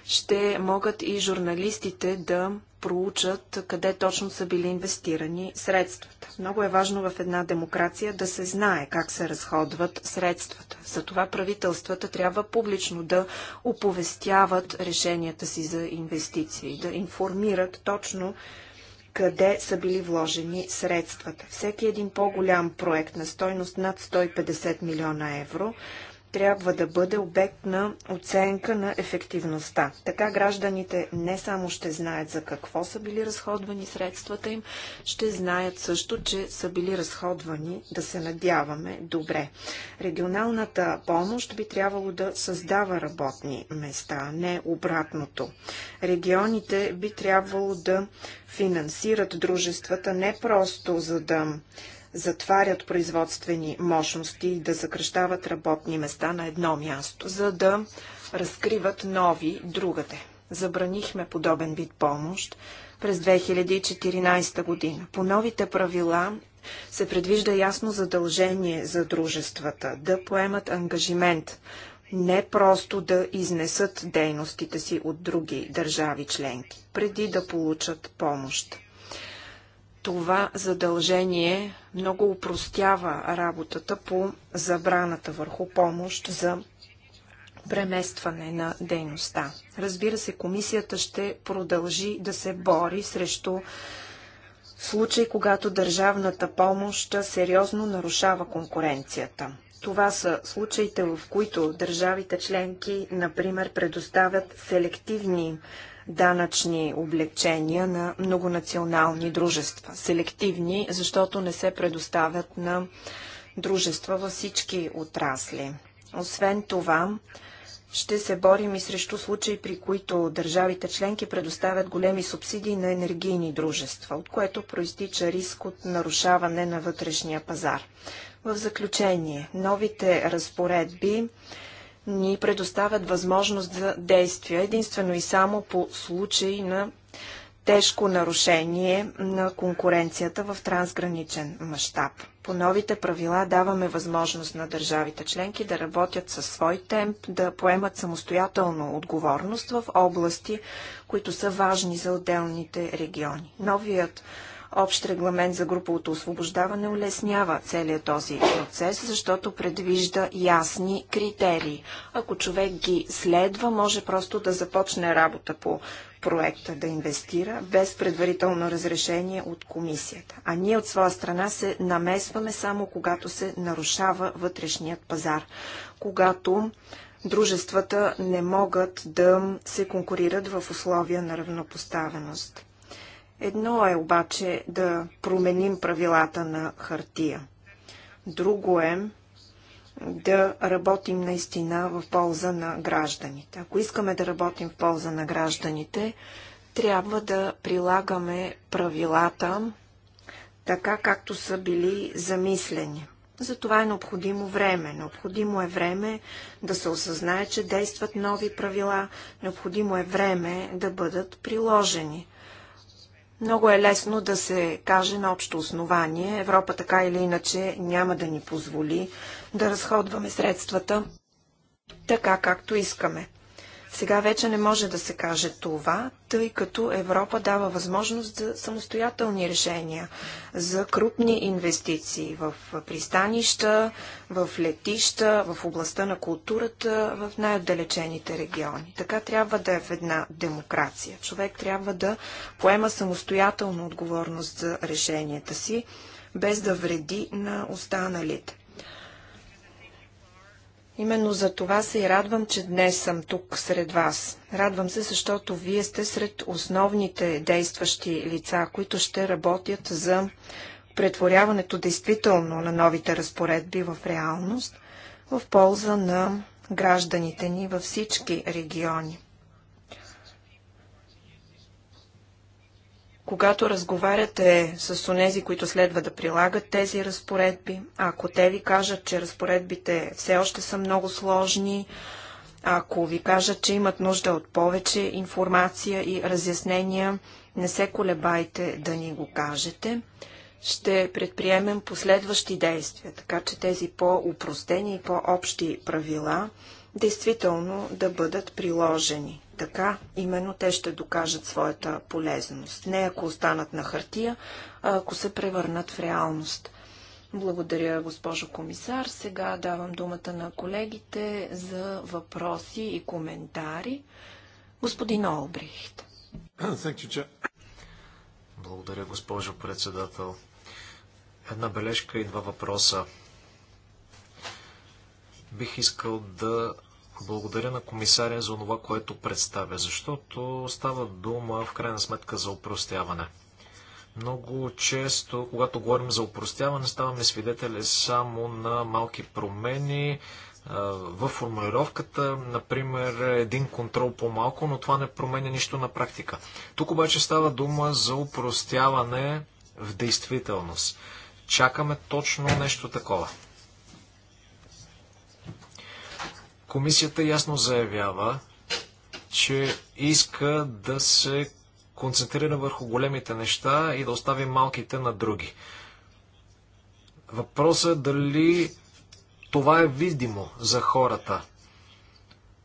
ще могат и журналистите да проучат къде точно са били инвестирани средствата. Много е важно в една демокрация да се знае как се разходват средствата. Затова правителствата трябва публично да оповестяват решенията си за инвестиции, да информират точно къде са били вложени средствата. Всеки един по-голям проект на стойност над 150 милиона евро трябва да бъде обект на оценка на ефективността. Така гражданите не само ще знаят за какво са били разходвани средствата им, ще знаят също, че са били разходвани, да се надяваме, добре. Регионалната помощ би трябвало да създава работни места, не обратното. Регионите би трябвало да финансират дружествата не просто за да затварят производствени мощности и да съкръщават работни места на едно място, за да разкриват нови другаде. Забранихме подобен вид помощ през 2014 година. По новите правила се предвижда ясно задължение за дружествата да поемат ангажимент не просто да изнесат дейностите си от други държави членки, преди да получат помощ. Това задължение много упростява работата по забраната върху помощ за преместване на дейността. Разбира се, комисията ще продължи да се бори срещу случай, когато държавната помощ сериозно нарушава конкуренцията. Това са случаите, в които държавите членки, например, предоставят селективни данъчни облегчения на многонационални дружества. Селективни, защото не се предоставят на дружества във всички отрасли. Освен това, ще се борим и срещу случаи, при които държавите членки предоставят големи субсидии на енергийни дружества, от което проистича риск от нарушаване на вътрешния пазар. В заключение, новите разпоредби ни предоставят възможност за действия единствено и само по случай на тежко нарушение на конкуренцията в трансграничен мащаб. По новите правила даваме възможност на държавите членки да работят със свой темп, да поемат самостоятелно отговорност в области, които са важни за отделните региони. Новият общ регламент за груповото освобождаване улеснява целият този процес, защото предвижда ясни критерии. Ако човек ги следва, може просто да започне работа по проекта да инвестира без предварително разрешение от комисията. А ние от своя страна се намесваме само когато се нарушава вътрешният пазар, когато дружествата не могат да се конкурират в условия на равнопоставеност. Едно е обаче да променим правилата на хартия. Друго е да работим наистина в полза на гражданите. Ако искаме да работим в полза на гражданите, трябва да прилагаме правилата така, както са били замислени. За това е необходимо време. Необходимо е време да се осъзнае, че действат нови правила. Необходимо е време да бъдат приложени. Много е лесно да се каже на общо основание. Европа така или иначе няма да ни позволи да разходваме средствата така, както искаме. Сега вече не може да се каже това, тъй като Европа дава възможност за самостоятелни решения, за крупни инвестиции в пристанища, в летища, в областта на културата, в най-отдалечените региони. Така трябва да е в една демокрация. Човек трябва да поема самостоятелно отговорност за решенията си, без да вреди на останалите. Именно за това се и радвам, че днес съм тук сред вас. Радвам се, защото вие сте сред основните действащи лица, които ще работят за претворяването действително на новите разпоредби в реалност в полза на гражданите ни във всички региони. Когато разговаряте с онези, които следва да прилагат тези разпоредби, ако те ви кажат, че разпоредбите все още са много сложни, ако ви кажат, че имат нужда от повече информация и разяснения, не се колебайте да ни го кажете. Ще предприемем последващи действия, така че тези по-упростени и по-общи правила действително да бъдат приложени. Така именно те ще докажат своята полезност. Не ако останат на хартия, а ако се превърнат в реалност. Благодаря, госпожо комисар. Сега давам думата на колегите за въпроси и коментари. Господин Олбрихт.
Благодаря, госпожо председател. Една бележка и два въпроса. Бих искал да благодаря на комисаря за това, което представя, защото става дума в крайна сметка за упростяване. Много често, когато говорим за упростяване, ставаме свидетели само на малки промени в формулировката, например, един контрол по-малко, но това не променя нищо на практика. Тук обаче става дума за упростяване в действителност. Чакаме точно нещо такова. Комисията ясно заявява, че иска да се концентрира върху големите неща и да остави малките на други. Въпросът е дали това е видимо за хората.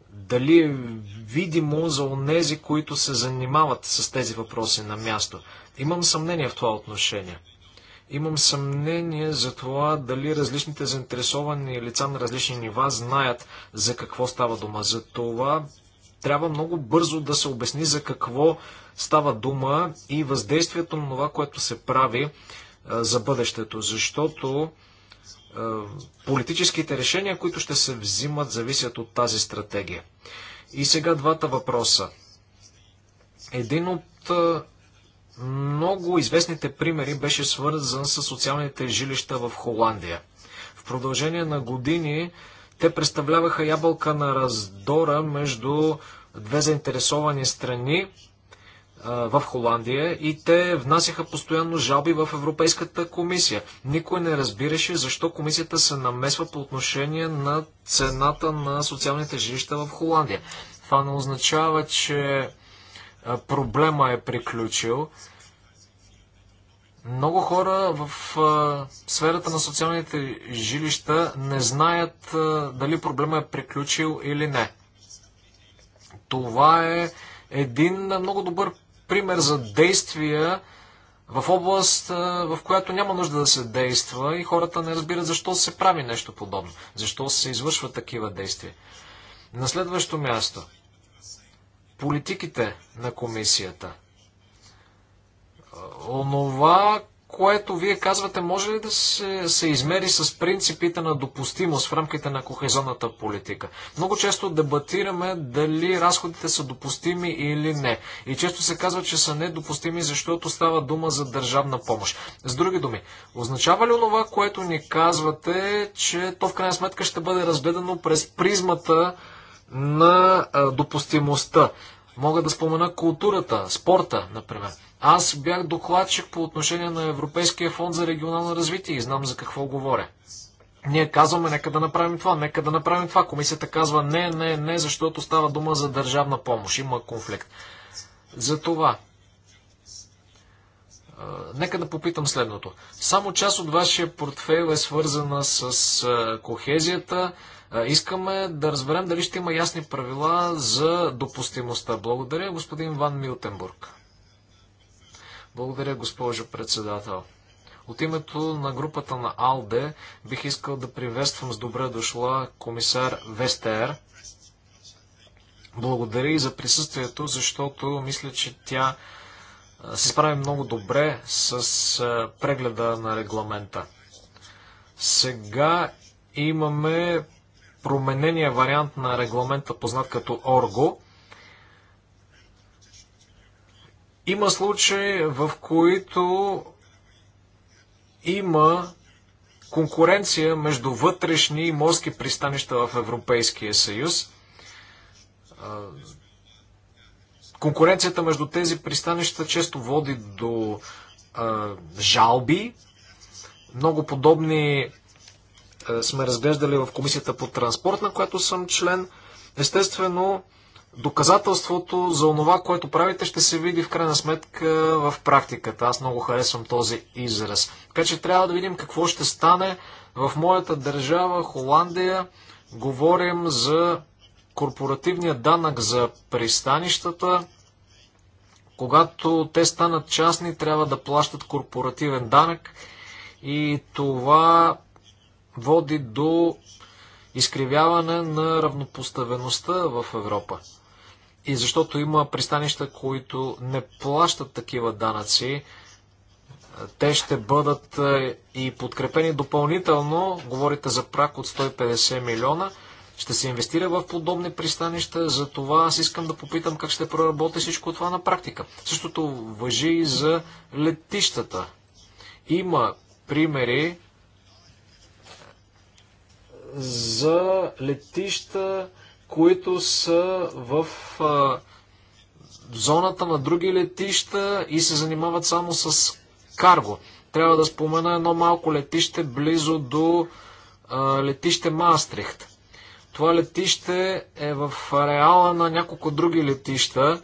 Дали е видимо за онези, които се занимават с тези въпроси на място. Имам съмнение в това отношение. Имам съмнение за това дали различните заинтересовани лица на различни нива знаят за какво става дума. За това трябва много бързо да се обясни за какво става дума и въздействието на това, което се прави за бъдещето. Защото политическите решения, които ще се взимат, зависят от тази стратегия. И сега двата въпроса. Един от много известните примери беше свързан с социалните жилища в Холандия. В продължение на години те представляваха ябълка на раздора между две заинтересовани страни в Холандия и те внасяха постоянно жалби в Европейската комисия. Никой не разбираше защо комисията се намесва по отношение на цената на социалните жилища в Холандия. Това не означава, че проблема е приключил. Много хора в а, сферата на социалните жилища не знаят а, дали проблема е приключил или не. Това е един много добър пример за действия в област, а, в която няма нужда да се действа и хората не разбират защо се прави нещо подобно, защо се извършват такива действия. На следващо място. Политиките на комисията онова, което вие казвате, може ли да се, се измери с принципите на допустимост в рамките на кохезонната политика? Много често дебатираме дали разходите са допустими или не. И често се казва, че са недопустими, защото става дума за държавна помощ. С други думи, означава ли онова, което ни казвате, че то в крайна сметка ще бъде разгледано през призмата на допустимостта? Мога да спомена културата, спорта, например. Аз бях докладчик по отношение на Европейския фонд за регионално развитие и знам за какво говоря. Ние казваме, нека да направим това, нека да направим това. Комисията казва, не, не, не, защото става дума за държавна помощ, има конфликт. За това, нека да попитам следното. Само част от вашия портфейл е свързана с кохезията. Искаме да разберем дали ще има ясни правила за допустимостта. Благодаря, господин Ван Милтенбург. Благодаря, госпожо председател. От името на групата на АЛДЕ бих искал да приветствам с добре дошла комисар Вестер. Благодаря и за присъствието, защото мисля, че тя се справи много добре с прегледа на регламента. Сега имаме променения вариант на регламента, познат като ОРГО. Има случаи, в които има конкуренция между вътрешни и морски пристанища в Европейския съюз. Конкуренцията между тези пристанища често води до а, жалби. Много подобни а, сме разглеждали в Комисията по транспорт, на която съм член. Естествено, а, доказателството за онова, което правите, ще се види в крайна сметка в практиката. Аз много харесвам този израз. Така че трябва да видим какво ще стане в моята държава, Холандия. Говорим за корпоративния данък за пристанищата. Когато те станат частни, трябва да плащат корпоративен данък и това води до изкривяване на равнопоставеността в Европа и защото има пристанища, които не плащат такива данъци, е, те ще бъдат е, и подкрепени допълнително, говорите за прак от 150 милиона, ще се инвестира в подобни пристанища, за това аз искам да попитам как ще проработи всичко това на практика. Същото въжи и за летищата. Има примери е, за летища, които са в а, зоната на други летища и се занимават само с карго. Трябва да спомена едно малко летище близо до а, летище Маастрихт. Това летище е в ареала на няколко други летища.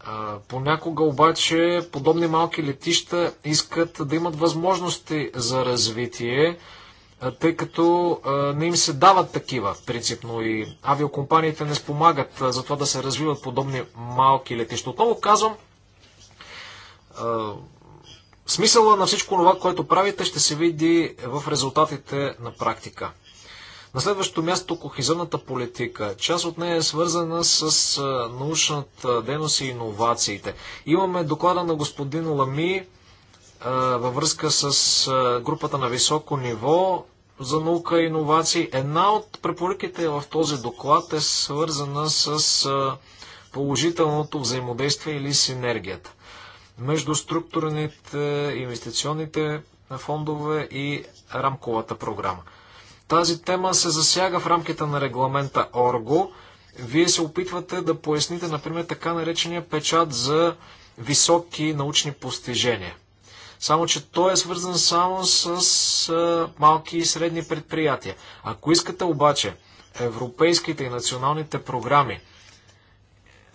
А, понякога обаче подобни малки летища искат да имат възможности за развитие тъй като не им се дават такива, в принципно, и авиокомпаниите не спомагат за това да се развиват подобни малки летища. Отново казвам, смисъла на всичко това, което правите, ще се види в резултатите на практика. На следващото място кохизионната политика. Част от нея е свързана с научната дейност и иновациите. Имаме доклада на господин Лами, във връзка с групата на високо ниво за наука и иновации. Една от препоръките в този доклад е свързана с положителното взаимодействие или синергията между структурните инвестиционните фондове и рамковата програма. Тази тема се засяга в рамките на регламента ОРГО. Вие се опитвате да поясните, например, така наречения печат за високи научни постижения – само, че той е свързан само с малки и средни предприятия. Ако искате обаче европейските и националните програми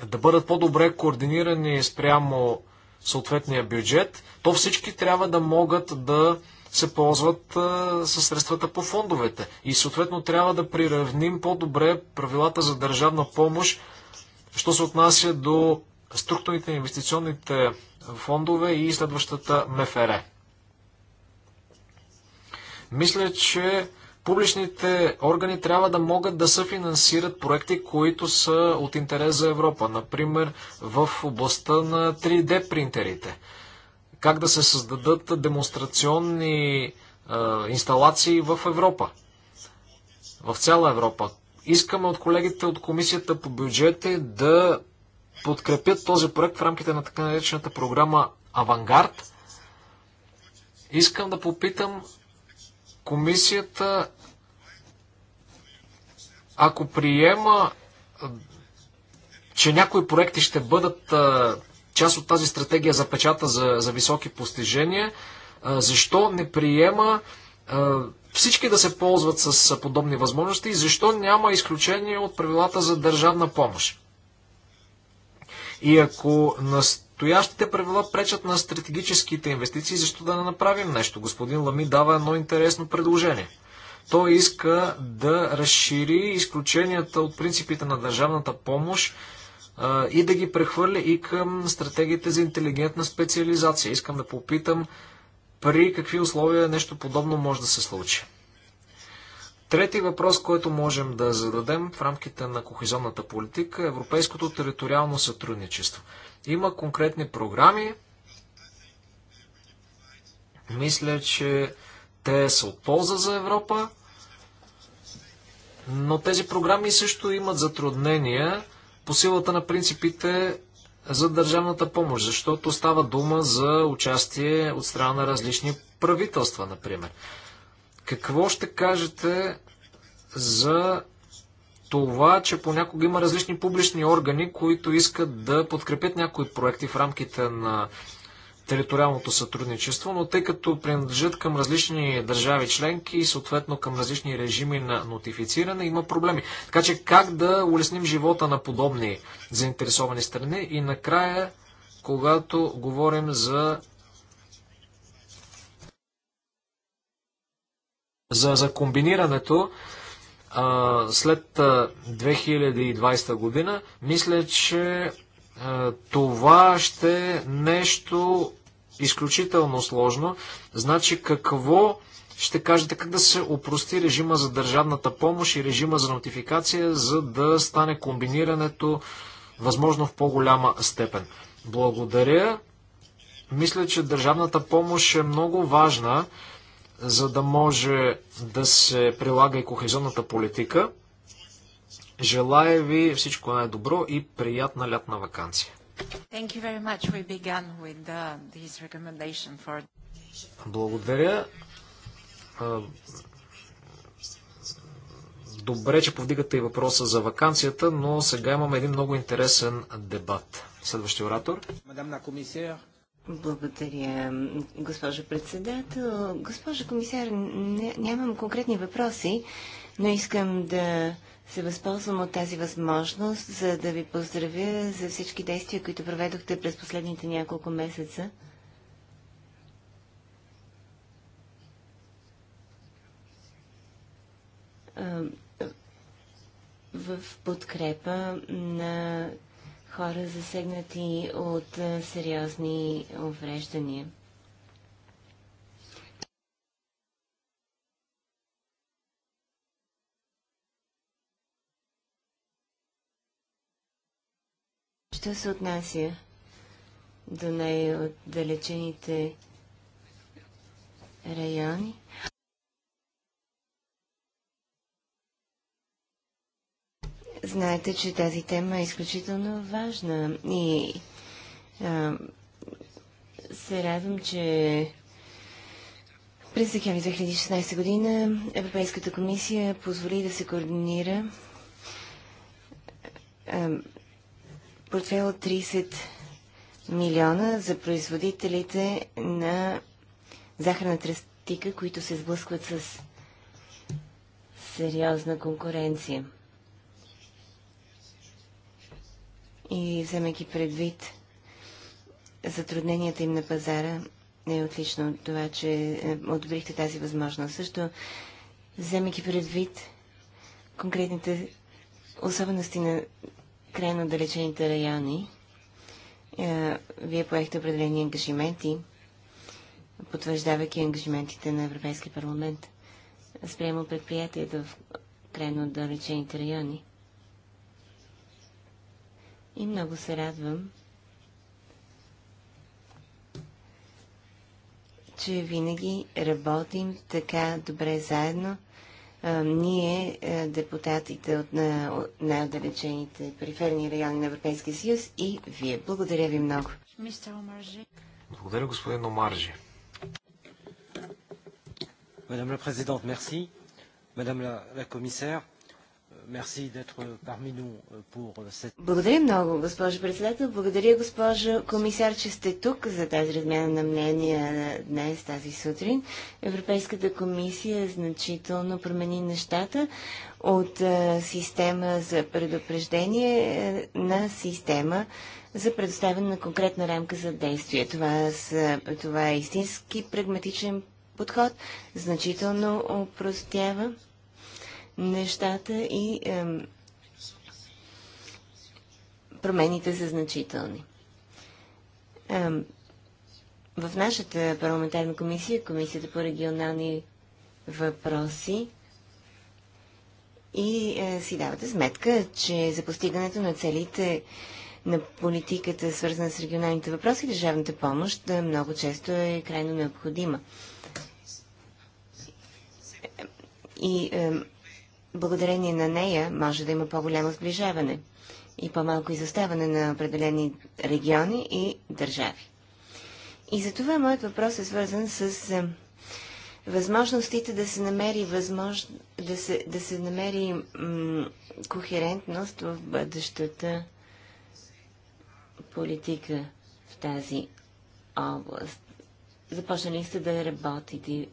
да бъдат по-добре координирани спрямо съответния бюджет, то всички трябва да могат да се ползват а, със средствата по фондовете. И съответно трябва да приравним по-добре правилата за държавна помощ, що се отнася до структурните инвестиционните фондове и следващата МФР. Мисля, че публичните органи трябва да могат да съфинансират проекти, които са от интерес за Европа. Например, в областта на 3D принтерите. Как да се създадат демонстрационни е, инсталации в Европа. В цяла Европа. Искаме от колегите от Комисията по бюджете да подкрепят този проект в рамките на така наречената програма Авангард. Искам да попитам комисията, ако приема, че някои проекти ще бъдат част от тази стратегия за печата за, за високи постижения, защо не приема всички да се ползват с подобни възможности и защо няма изключение от правилата за държавна помощ? И ако настоящите правила пречат на стратегическите инвестиции, защо да не направим нещо? Господин Лами дава едно интересно предложение. Той иска да разшири изключенията от принципите на държавната помощ а, и да ги прехвърли и към стратегиите за интелигентна специализация. Искам да попитам при какви условия нещо подобно може да се случи. Трети въпрос, който можем да зададем в рамките на кохезионната политика е европейското териториално сътрудничество. Има конкретни програми. Мисля, че те са от полза за Европа, но тези програми също имат затруднения по силата на принципите за държавната помощ, защото става дума за участие от страна на различни правителства, например. Какво ще кажете за това, че понякога има различни публични органи, които искат да подкрепят някои проекти в рамките на териториалното сътрудничество, но тъй като принадлежат към различни държави членки и съответно към различни режими на нотифициране, има проблеми. Така че как да улесним живота на подобни заинтересовани страни и накрая, когато говорим за За, за комбинирането а, след 2020 година, мисля, че а, това ще е нещо изключително сложно. Значи какво ще кажете как да се опрости режима за държавната помощ и режима за нотификация, за да стане комбинирането възможно в по-голяма степен. Благодаря. Мисля, че държавната помощ е много важна за да може да се прилага и кохезионната политика. Желая ви всичко най-добро и приятна лятна вакансия. Uh, for... Благодаря. Добре, че повдигате и въпроса за вакансията, но сега имаме един много интересен дебат. Следващия оратор.
Мадам на комисия, благодаря, госпожо председател. Госпожо комисар, нямам конкретни въпроси, но искам да се възползвам от тази възможност, за да ви поздравя за всички действия, които проведохте през последните няколко месеца. В подкрепа на хора засегнати от е, сериозни увреждания. Що се отнася до най-отдалечените райони? Знаете, че тази тема е изключително важна и а, се радвам, че през декември 2016 година Европейската комисия позволи да се координира а, портфел от 30 милиона за производителите на захарна тръстика, които се сблъскват с сериозна конкуренция. и вземайки предвид затрудненията им на пазара, е отлично от това, че е, одобрихте тази възможност. Също, вземайки предвид конкретните особености на крайно далечените райони, е, вие поехте определени ангажименти, потвърждавайки ангажиментите на Европейския парламент спрямо предприятията в крайно далечените райони и много се радвам, че винаги работим така добре заедно. ние, депутатите от най-отдалечените периферни райони на Европейския съюз и вие. Благодаря ви
много. Благодаря, господин Омаржи. Мадам ла президент, мерси. Мадам ла комисар, Euh,
euh, euh, Благодаря
много, госпожо председател. Благодаря, госпожо комисар, че сте тук за тази размяна на мнения днес, тази сутрин. Европейската комисия значително промени нещата от е, система за предупреждение е, на система за предоставяне на конкретна рамка за действие. Това, са, това е истински прагматичен подход, значително упростява нещата и ем, промените са значителни. Ем, в нашата парламентарна комисия, Комисията по регионални въпроси, и е, си давате сметка, че за постигането на целите на политиката, свързана с регионалните въпроси, държавната помощ е, много често е крайно необходима. И е, благодарение на нея може да има по-голямо сближаване и по-малко изоставане на определени региони и държави. И за това моят въпрос е свързан с е, възможностите да се намери, възмож... да се, да се намери кохерентност в бъдещата политика в тази област. Започнали сте да работите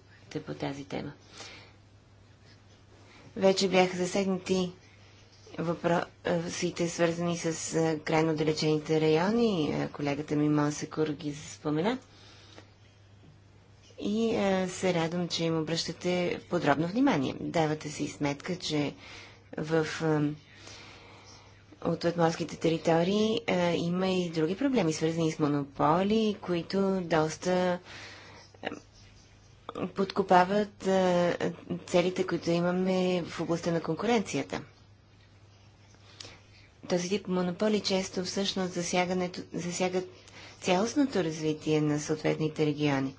по тази тема. Вече бяха засегнати въпросите, свързани с крайно далечените райони. Колегата ми Монсекур ги спомена. И се радвам, че им обръщате подробно внимание. Давате си сметка, че в от отморските територии а, има и други проблеми, свързани с монополи, които доста подкопават целите, които имаме в областта на конкуренцията. Този тип монополи често всъщност засягат цялостното развитие на съответните региони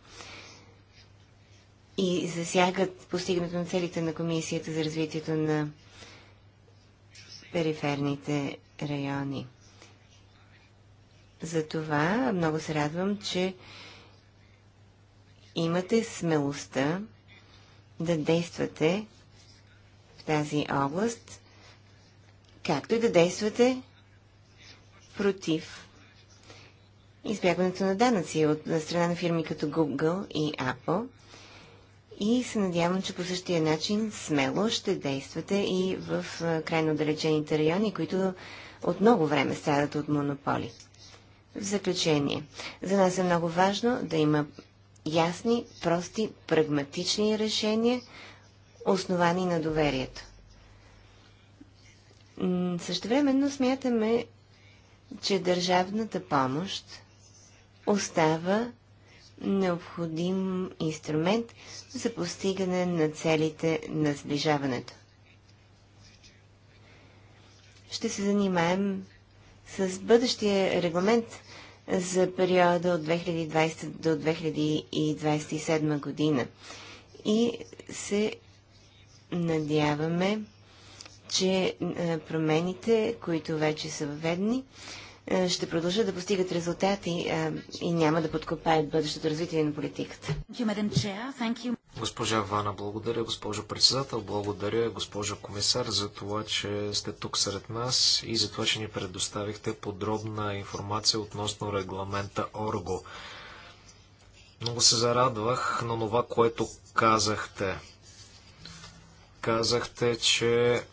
и засягат постигането на целите на Комисията за развитието на периферните райони. Затова много се радвам, че имате смелостта да действате в тази област, както и да действате против избягването на данъци от на страна на фирми като Google и Apple. И се надявам, че по същия начин смело ще действате и в крайно отдалечените райони, които от много време страдат от монополи. В заключение, за нас е много важно да има ясни, прости, прагматични решения, основани на доверието. Същевременно смятаме, че държавната помощ остава необходим инструмент за постигане на целите на сближаването. Ще се занимаем с бъдещия регламент за периода от 2020 до 2027 година. И се надяваме, че промените, които вече са въведени, е, ще продължат да постигат резултати е, и няма да подкопаят бъдещото развитие на политиката.
Госпожа Вана, благодаря, госпожо председател, благодаря, госпожо комисар, за това, че сте тук сред нас и за това, че ни предоставихте подробна информация относно регламента ОРГО. Много се зарадвах на това, което казахте. Казахте, че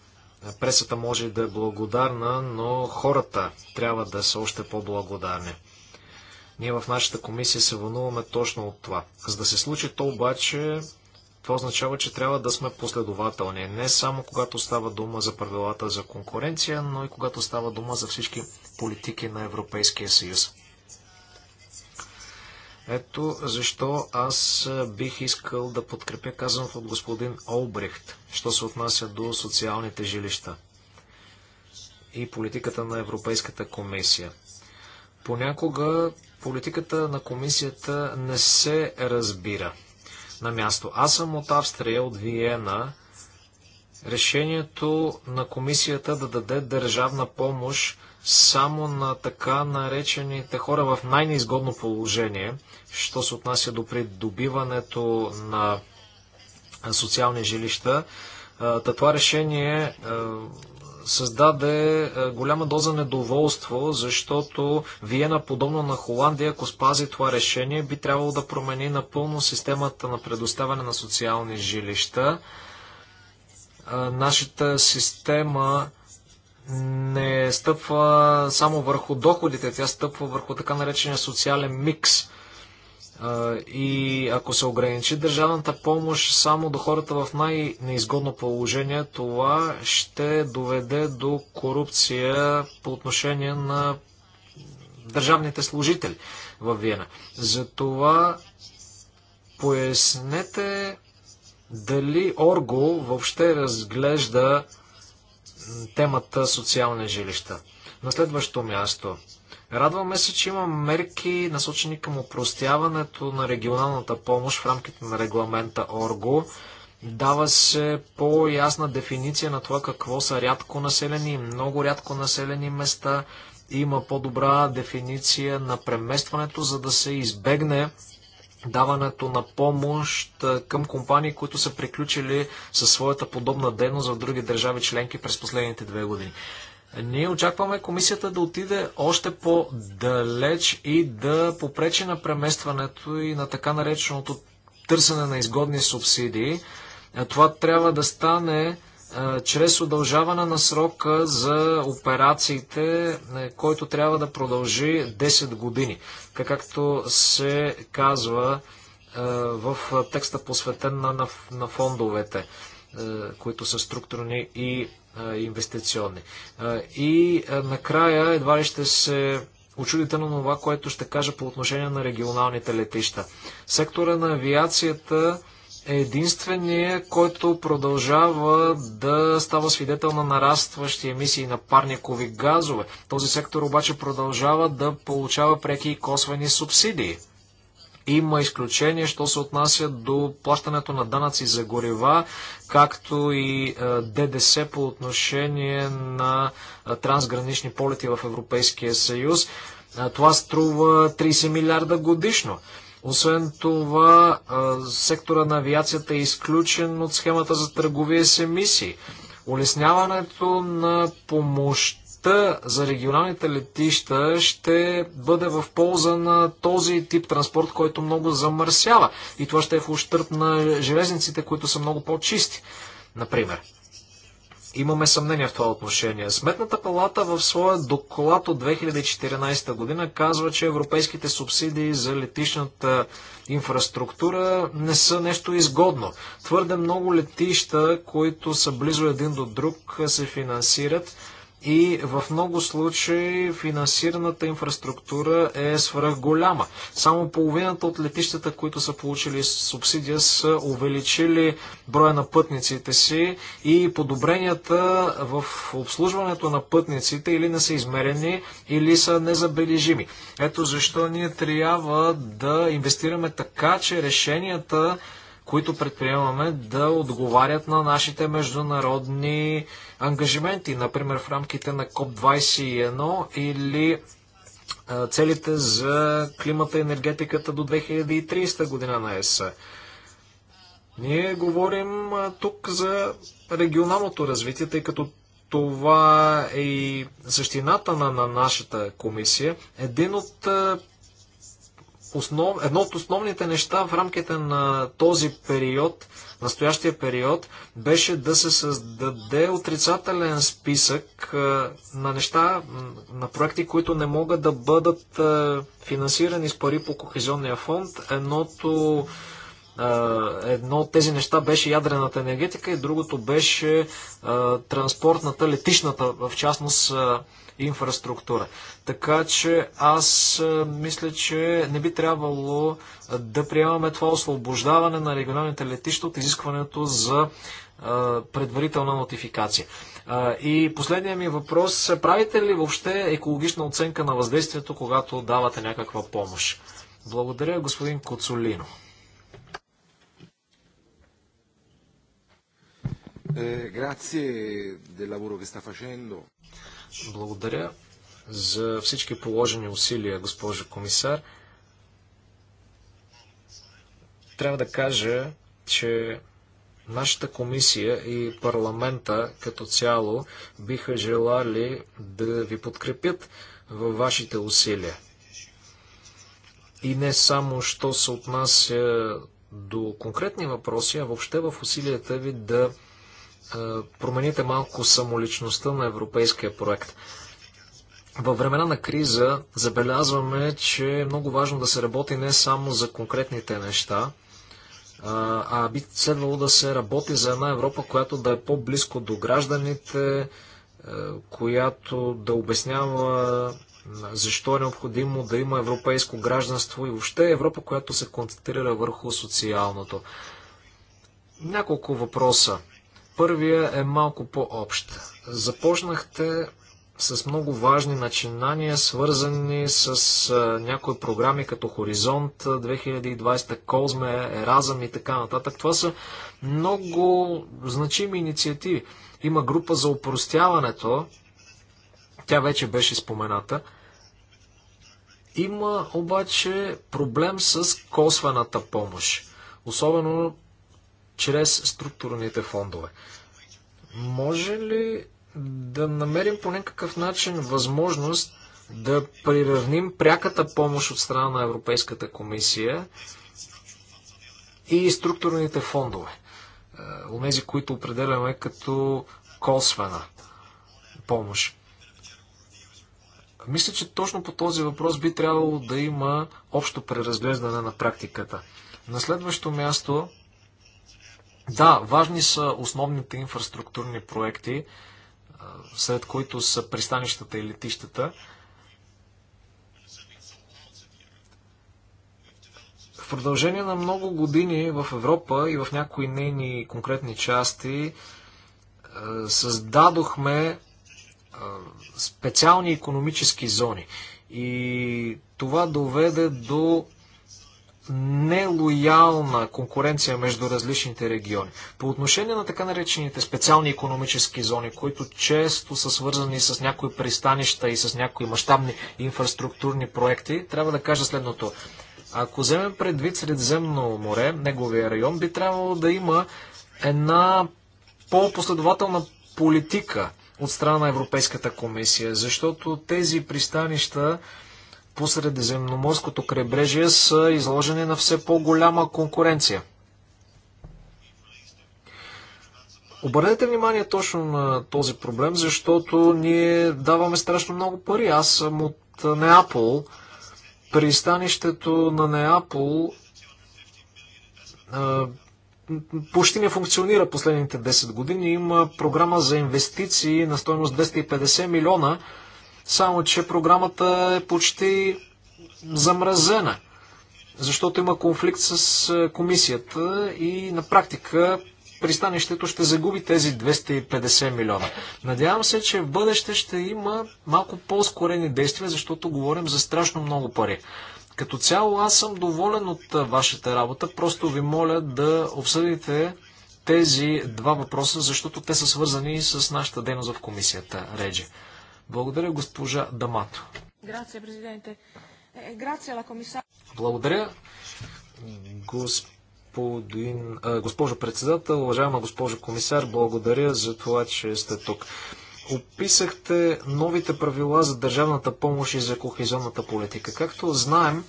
Пресата може да е благодарна, но хората трябва да са още по-благодарни. Ние в нашата комисия се вълнуваме точно от това. За да се случи то обаче, това означава, че трябва да сме последователни. Не само когато става дума за правилата за конкуренция, но и когато става дума за всички политики на Европейския съюз. Ето защо аз бих искал да подкрепя казаното от господин Олбрехт, що се отнася до социалните жилища и политиката на Европейската комисия. Понякога политиката на комисията не се разбира на място. Аз съм от Австрия, от Виена. Решението на комисията да даде държавна помощ само на така наречените хора в най-неизгодно положение, що се отнася до придобиването на социални жилища. Та това решение създаде голяма доза недоволство, защото Виена, подобно на Холандия, ако спази това решение, би трябвало да промени напълно системата на предоставяне на социални жилища. Нашата система не стъпва само върху доходите, тя стъпва върху така наречения социален микс. И ако се ограничи държавната помощ само до хората в най-неизгодно положение, това ще доведе до корупция по отношение на държавните служители в Виена. Затова пояснете дали Орго въобще разглежда темата социални жилища. На следващо място. Радваме се, че има мерки насочени към упростяването на регионалната помощ в рамките на регламента ОРГО. Дава се по-ясна дефиниция на това какво са рядко населени и много рядко населени места. Има по-добра дефиниция на преместването, за да се избегне даването на помощ към компании, които са приключили със своята подобна дейност в други държави членки през последните две години. Ние очакваме комисията да отиде още по-далеч и да попречи на преместването и на така нареченото търсене на изгодни субсидии. Това трябва да стане чрез удължаване на срока за операциите, е, който трябва да продължи 10 години, така както се казва е, в текста посветен на, на, на фондовете, е, които са структурни и инвестиционни. И накрая едва ли ще се очудите на това, което ще кажа по отношение на регионалните летища. Сектора на авиацията е единствения, който продължава да става свидетел на нарастващи емисии на парникови газове. Този сектор обаче продължава да получава преки и косвени субсидии. Има изключение, що се отнася до плащането на данъци за горива, както и е, ДДС по отношение на е, трансгранични полети в Европейския съюз. Е, това струва 30 милиарда годишно. Освен това, сектора на авиацията е изключен от схемата за търговия с емисии. Улесняването на помощта за регионалните летища ще бъде в полза на този тип транспорт, който много замърсява. И това ще е в ущърп на железниците, които са много по-чисти, например. Имаме съмнение в това отношение. Сметната палата в своя доклад от 2014 година казва, че европейските субсидии за летишната инфраструктура не са нещо изгодно. Твърде много летища, които са близо един до друг, се финансират и в много случаи финансираната инфраструктура е свръхголяма. Само половината от летищата, които са получили субсидия, са увеличили броя на пътниците си и подобренията в обслужването на пътниците или не са измерени, или са незабележими. Ето защо ние трябва да инвестираме така, че решенията които предприемаме, да отговарят на нашите международни ангажименти, например в рамките на КОП-21 или целите за климата и енергетиката до 2030 година на ЕС. Ние говорим тук за регионалното развитие, тъй като това е и същината на, на нашата комисия. Един от основ... едно от основните неща в рамките на този период, настоящия период, беше да се създаде отрицателен списък а, на неща, на проекти, които не могат да бъдат а, финансирани с пари по Кохезионния фонд. Едното едно от тези неща беше ядрената енергетика и другото беше транспортната, летишната, в частност инфраструктура. Така че аз мисля, че не би трябвало да приемаме това освобождаване на регионалните летища от изискването за предварителна нотификация. И последният ми въпрос. Правите ли въобще екологична оценка на въздействието, когато давате някаква помощ? Благодаря, господин Коцолино.
grazie del lavoro che sta facendo.
Благодаря за всички положени усилия, госпожо комисар. Трябва да кажа, че нашата комисия и парламента като цяло биха желали да ви подкрепят във вашите усилия. И не само, що се отнася до конкретни въпроси, а въобще в усилията ви да е, промените малко самоличността на европейския проект. Във времена на криза забелязваме, че е много важно да се работи не само за конкретните неща, а би следвало да се работи за една Европа, която да е по-близко до гражданите, е, която да обяснява е, защо е необходимо да има европейско гражданство и въобще Европа, която се концентрира върху социалното. Няколко въпроса Първия е малко по-общ. Започнахте с много важни начинания, свързани с а, някои програми като Хоризонт 2020, Козме, Еразъм и така нататък. Това са много значими инициативи. Има група за упростяването, тя вече беше спомената. Има обаче проблем с косвената помощ, особено чрез структурните фондове. Може ли да намерим по някакъв начин възможност да приравним пряката помощ от страна на Европейската комисия и структурните фондове? Е, онези, които определяме като косвена помощ. Мисля, че точно по този въпрос би трябвало да има общо преразглеждане на практиката. На следващо място да, важни са основните инфраструктурни проекти, сред които са пристанищата и летищата. В продължение на много години в Европа и в някои нейни конкретни части създадохме специални економически зони. И това доведе до нелоялна конкуренция между различните региони. По отношение на така наречените специални економически зони, които често са свързани с някои пристанища и с някои мащабни инфраструктурни проекти, трябва да кажа следното. Ако вземем предвид Средиземно море, неговия район, би трябвало да има една по-последователна политика от страна на Европейската комисия, защото тези пристанища по средиземноморското крайбрежие са изложени на все по-голяма конкуренция. Обърнете внимание точно на този проблем, защото ние даваме страшно много пари. Аз съм от Неапол. Пристанището на Неапол почти не функционира последните 10 години. Има програма за инвестиции на стоеност 250 милиона, само, че програмата е почти замразена, защото има конфликт с е, комисията и на практика пристанището ще загуби тези 250 милиона. Надявам се, че в бъдеще ще има малко по-скорени действия, защото говорим за страшно много пари. Като цяло аз съм доволен от е, вашата работа, просто ви моля да обсъдите тези два въпроса, защото те са свързани с нашата дейност в комисията, Реджи. Благодаря, госпожа Дамато.
Грация, президенте. Е, е, комисар.
Благодаря, господин, госпожо председател, уважаема госпожо комисар, благодаря за това, че сте тук. Описахте новите правила за държавната помощ и за кохезионната политика. Както знаем,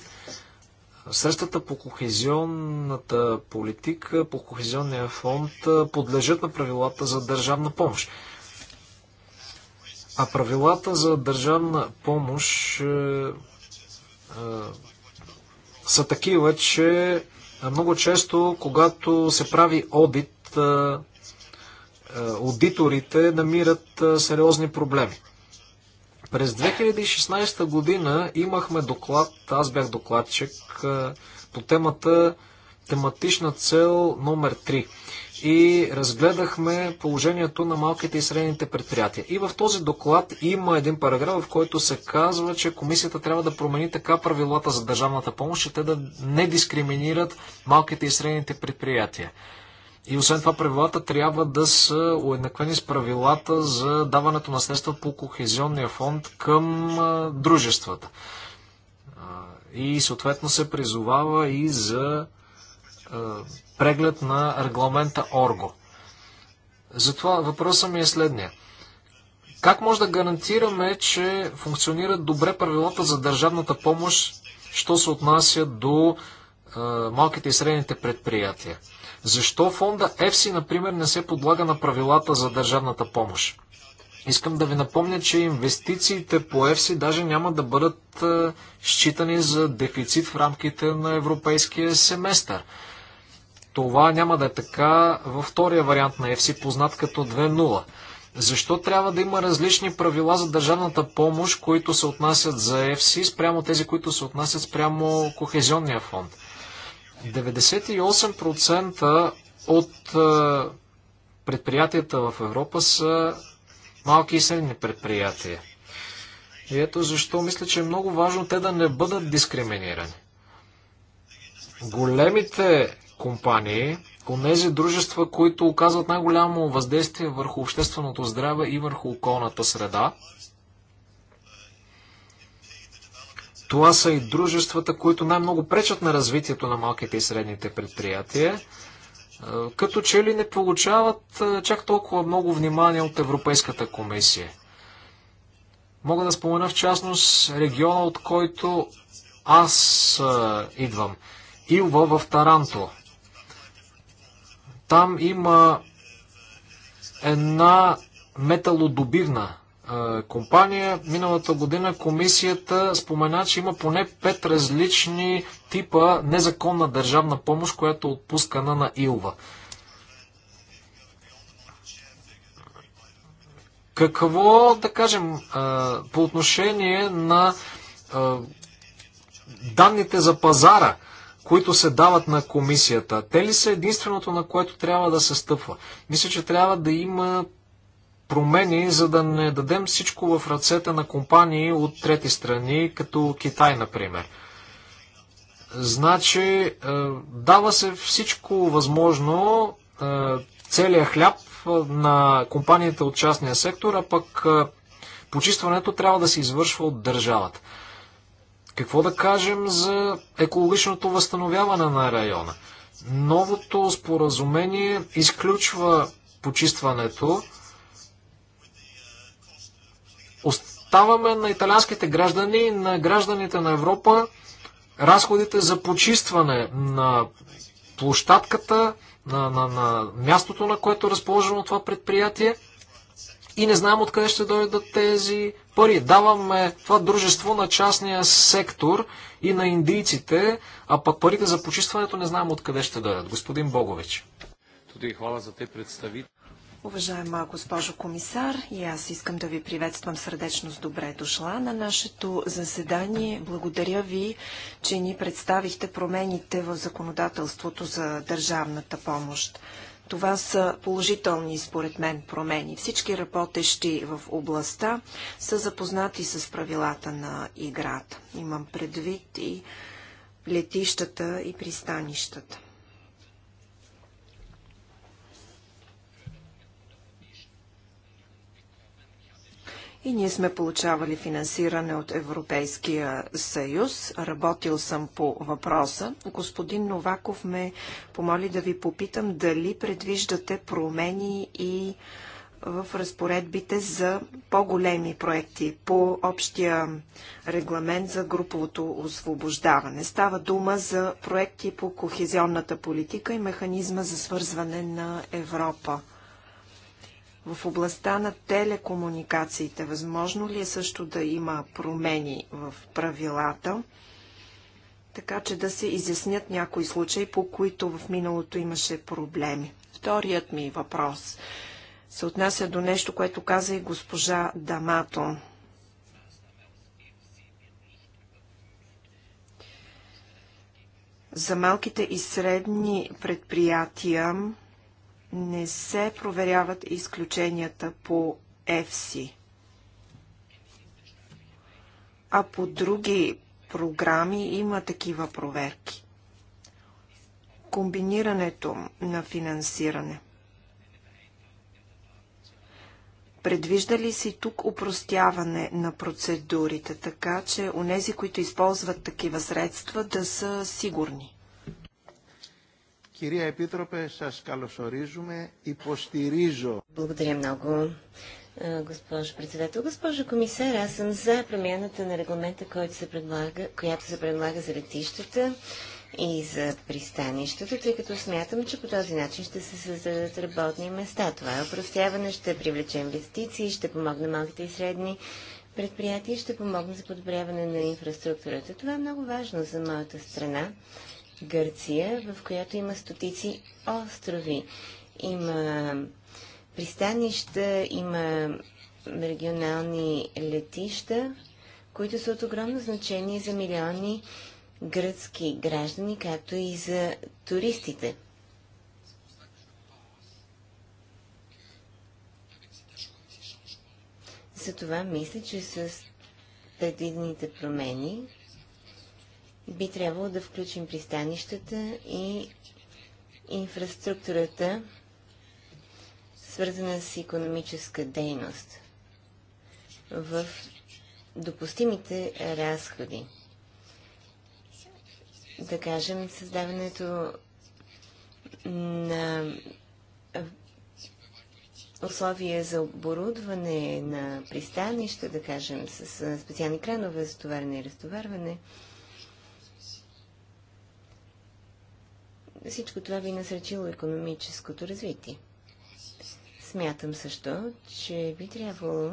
средствата по кохезионната политика, по кохезионния фонд подлежат на правилата за държавна помощ. А правилата за държавна помощ е, е, са такива, че е, много често, когато се прави одит, е, е аудиторите намират е, сериозни проблеми. През 2016 година имахме доклад, аз бях докладчик, по темата тематична цел номер 3 и разгледахме положението на малките и средните предприятия. И в този доклад има един параграф, в който се казва, че комисията трябва да промени така правилата за държавната помощ, че те да не дискриминират малките и средните предприятия. И освен това правилата трябва да са уеднаквени с правилата за даването на средства по кохезионния фонд към дружествата. и съответно се призовава и за преглед на регламента ОРГО. Затова въпросът ми е следния. Как може да гарантираме, че функционират добре правилата за държавната помощ, що се отнася до е, малките и средните предприятия? Защо фонда EFSI, например, не се подлага на правилата за държавната помощ? Искам да ви напомня, че инвестициите по EFSI даже няма да бъдат е, считани за дефицит в рамките на европейския семестър това няма да е така във втория вариант на FC, познат като 2.0. Защо трябва да има различни правила за държавната помощ, които се отнасят за FC, спрямо тези, които се отнасят спрямо Кохезионния фонд? 98% от е, предприятията в Европа са малки и средни предприятия. И ето защо мисля, че е много важно те да не бъдат дискриминирани. Големите компании, онези дружества, които оказват най-голямо въздействие върху общественото здраве и върху околната среда. Това са и дружествата, които най-много пречат на развитието на малките и средните предприятия, е, като че ли не получават е, чак толкова много внимание от Европейската комисия. Мога да спомена в частност региона, от който аз е, идвам. Илва в Таранто. Там има една металодобивна е, компания. Миналата година комисията спомена, че има поне пет различни типа незаконна държавна помощ, която е отпускана на Илва. Какво да кажем е, по отношение на е, данните за пазара? които се дават на комисията, те ли са единственото, на което трябва да се стъпва? Мисля, че трябва да има промени, за да не дадем всичко в ръцете на компании от трети страни, като Китай, например. Значи, е, дава се всичко възможно, е, целият хляб е, на компаниите от частния сектор, а пък почистването трябва да се извършва от държавата. Какво да кажем за екологичното възстановяване на района? Новото споразумение изключва почистването. Оставаме на италианските граждани и на гражданите на Европа разходите за почистване на площадката, на, на, на мястото, на което е разположено това предприятие – и не знаем откъде ще дойдат тези пари. Даваме това дружество на частния сектор и на индийците, а пък парите за почистването не знаем откъде ще дойдат. Господин Богович.
Туди хвала за те представи.
Уважаема госпожо комисар, и аз искам да ви приветствам сърдечно с добре дошла на нашето заседание. Благодаря ви, че ни представихте промените в законодателството за държавната помощ. Това са положителни, според мен, промени. Всички работещи в областта са запознати с правилата на играта. Имам предвид и летищата и пристанищата. и ние сме получавали финансиране от Европейския съюз. Работил съм по въпроса. Господин Новаков ме помоли да ви попитам дали предвиждате промени и в разпоредбите за по-големи проекти по общия регламент за груповото освобождаване. Става дума за проекти по кохезионната политика и механизма за свързване на Европа. В областта на телекомуникациите, възможно ли е също да има промени в правилата, така че да се изяснят някои случаи, по които в миналото имаше проблеми? Вторият ми въпрос се отнася до нещо, което каза и госпожа Дамато. За малките и средни предприятия не се проверяват изключенията по FC, А по други програми има такива проверки. Комбинирането на финансиране. Предвижда ли си тук упростяване на процедурите, така че нези, които използват такива средства,
да са сигурни?
Κυρία Επίτροπε, σας
καλωσορίζουμε, υποστηρίζω. Благодаря много, госпожо председател. Госпожо комисар, аз съм за промяната на регламента, който се предлага, която се предлага за летищата и за пристанищата, тъй като смятам, че по този начин ще се създадат работни места. Това е опростяване, ще привлече инвестиции, ще помогне малките и средни предприятия, ще помогне за подобряване на инфраструктурата. Това е много важно за моята страна. Гърция, в която има стотици острови. Има пристанища, има регионални летища, които са от огромно значение за милиони гръцки граждани, както и за туристите. Затова мисля, че с предвидените промени би трябвало да включим пристанищата и инфраструктурата, свързана с економическа дейност в допустимите разходи. Да кажем, създаването на условия за оборудване на пристанища, да кажем, с специални кранове за товарене и разтоварване – Всичко това би насречило економическото развитие. Смятам също, че би трябвало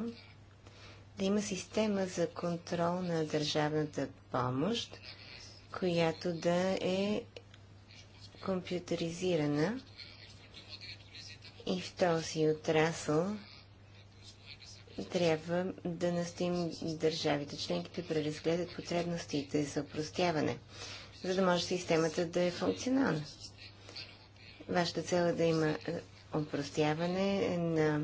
да има система за контрол на държавната помощ, която да е компютъризирана и в този отрасъл трябва да настоим държавите членки да преразгледат потребностите за упростяване, за да може системата да е функционална. Вашата цел е да има е, опростяване на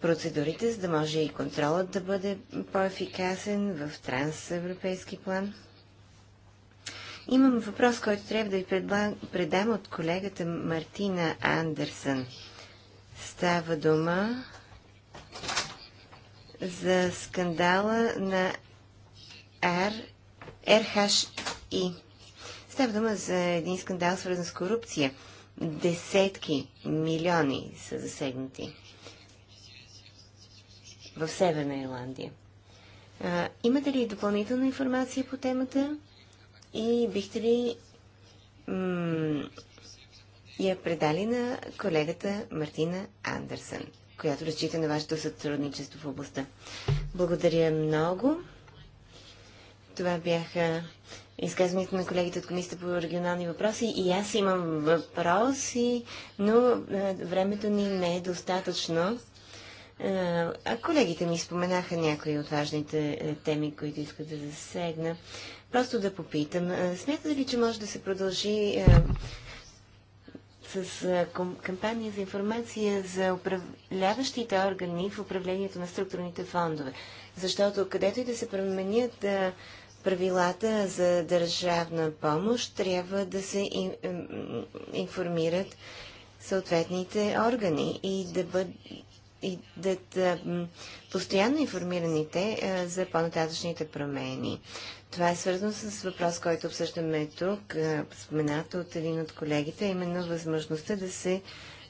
процедурите, за да може и контролът да бъде по-ефикасен в трансевропейски план. Имам въпрос, който трябва да ви предам от колегата Мартина Андерсън. Става дума за скандала на R, RHI. Става дума за един скандал, свързан с корупция. Десетки милиони са засегнати в Северна Ирландия. А, имате ли допълнителна информация по темата и бихте ли я предали на колегата Мартина Андерсън, която разчита на вашето сътрудничество в областта. Благодаря много. Това бяха изказването на колегите от Комисията по регионални въпроси. И аз имам въпроси, но времето ни не е достатъчно. А колегите ми споменаха някои от важните е, теми, които искат да засегна. Просто да попитам, смятате ли, че може да се продължи с кампания за информация за управляващите органи в управлението на структурните фондове? Защото където и да се променят правилата за държавна помощ трябва да се информират съответните органи и да бъдат да, постоянно информираните за по-нататъчните промени. Това е свързано с въпрос, който обсъждаме тук, Спомената от един от колегите, именно възможността да се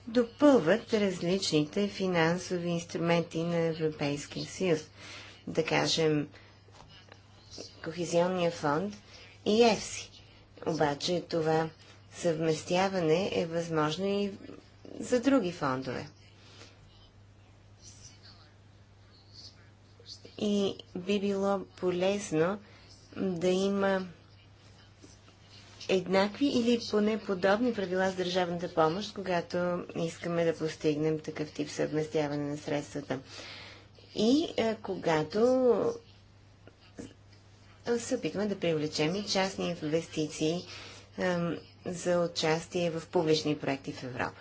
допълват различните финансови инструменти на Европейския съюз. Да кажем, Кохезионния фонд и ЕФСИ. Обаче това съвместяване е възможно и за други фондове. И би било полезно да има еднакви или поне подобни правила с държавната помощ, когато искаме да постигнем такъв тип съвместяване на средствата. И а, когато се опитваме да привлечем и частни инвестиции за участие в публични проекти в Европа.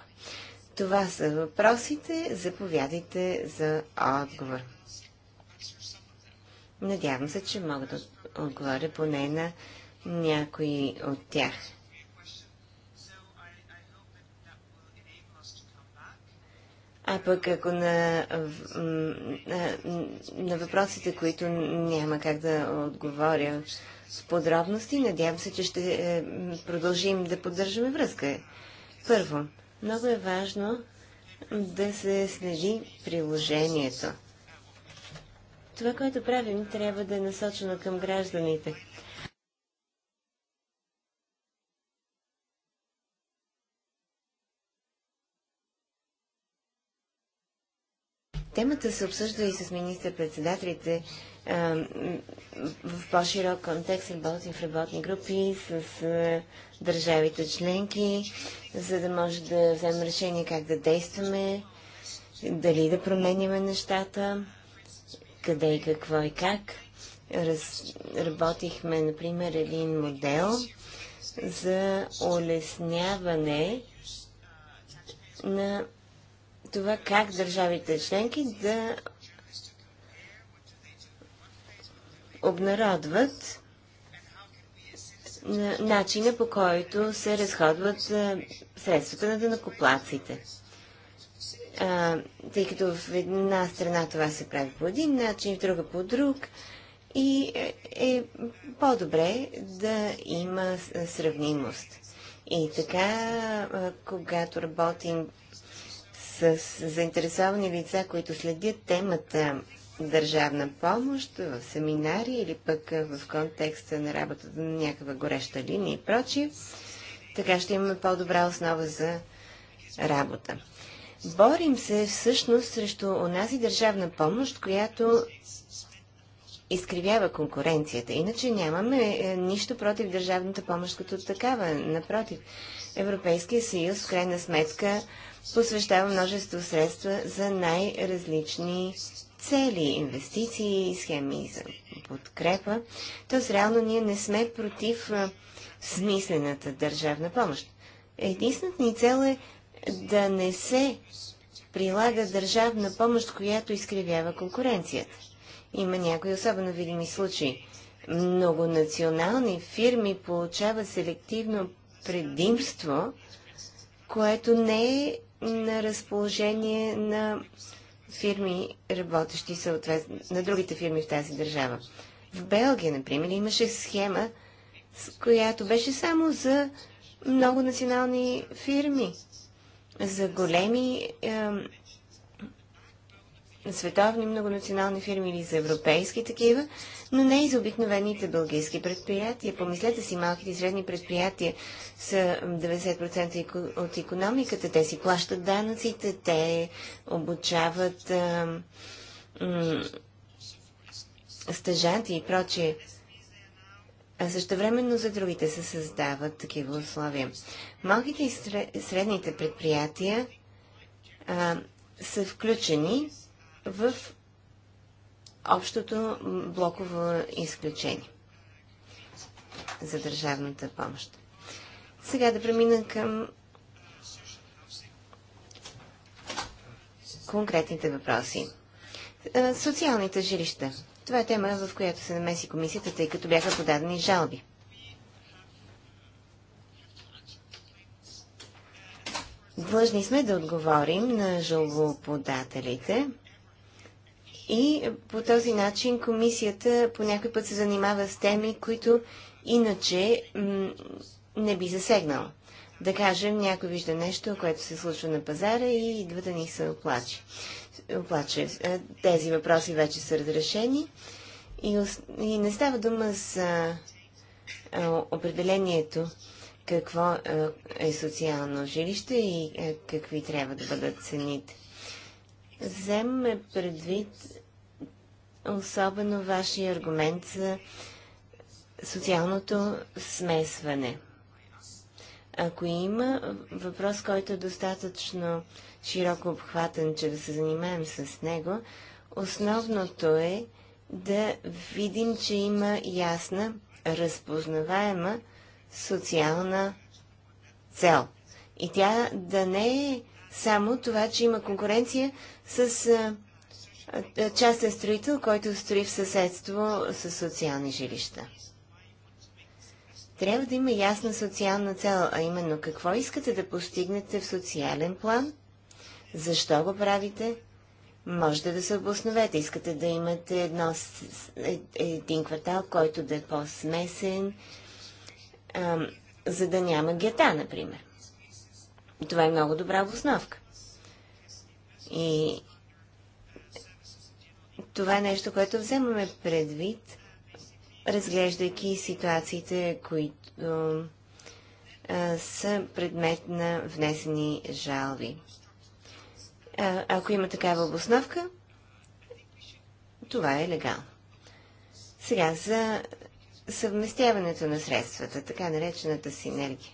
Това са въпросите. Заповядайте за отговор. Надявам се, че мога да отговоря поне на някои от тях. А пък ако на, на въпросите, които няма как да отговоря с подробности, надявам се, че ще е, продължим да поддържаме връзка. Първо, много е важно да се следи приложението. Това, което правим, трябва да е насочено към гражданите. Темата се обсъжда и с министър-председателите в по-широк контекст работим в работни групи с а, държавите членки, за да може да вземем решение как да действаме, дали да променяме нещата, къде и какво и как. Работихме, например, един модел за улесняване на това как държавите членки да обнародват начина по който се разходват средствата на дънакоплаците. Тъй като в една страна това се прави по един начин, в друга по друг. И е, е по-добре да има сравнимост. И така, когато работим с заинтересовани лица, които следят темата държавна помощ в семинари или пък в контекста на работата на някаква гореща линия и прочие. Така ще имаме по-добра основа за работа. Борим се всъщност срещу онази държавна помощ, която изкривява конкуренцията. Иначе нямаме е, нищо против държавната помощ като такава. Напротив, Европейския съюз в крайна сметка посвещава множество средства за най-различни цели, инвестиции, схеми за подкрепа, т.е. реално ние не сме против смислената държавна помощ. Единствената ни цел е да не се прилага държавна помощ, която изкривява конкуренцията. Има някои особено видими случаи. Многонационални фирми получават селективно предимство, което не е на разположение на фирми, работещи съответно на другите фирми в тази държава. В Белгия, например, имаше схема, с която беше само за много национални фирми, за големи е, световни многонационални фирми или за европейски такива, но не и за обикновените бългийски предприятия. Помислете си, малките и средни предприятия са 90% от економиката. Те си плащат данъците, те обучават а, стъжанти и прочие. А също времено за другите се създават такива условия. Малките и средните предприятия а, са включени в общото блоково изключение за държавната помощ. Сега да премина към конкретните въпроси. Е, социалните жилища. Това е тема, в която се намеси комисията, тъй като бяха подадени жалби. Длъжни сме да отговорим на жалбоподателите и по този начин комисията по някой път се занимава с теми, които иначе не би засегнал. Да кажем, някой вижда нещо, което се случва на пазара и идва да ни се оплаче. оплаче. Е, тези въпроси вече са разрешени и, и не става дума за определението какво е социално жилище и какви трябва да бъдат цените. Вземе предвид особено вашия аргумент за социалното смесване. Ако има въпрос, който е достатъчно широко обхватен, че да се занимаем с него, основното е да видим, че има ясна, разпознаваема социална цел. И тя да не е само това, че има конкуренция, с а, частен строител, който строи в съседство с социални жилища. Трябва да има ясна социална цел, а именно какво искате да постигнете в социален план, защо го правите, можете да се обосновете. Искате да имате едно, е, един квартал, който да е по-смесен, за да няма гета, например. Това е много добра обосновка. И това е нещо, което вземаме предвид, разглеждайки ситуациите, които са предмет на внесени жалби. ако има такава обосновка, това е легално. Сега за съвместяването на средствата, така наречената синергия.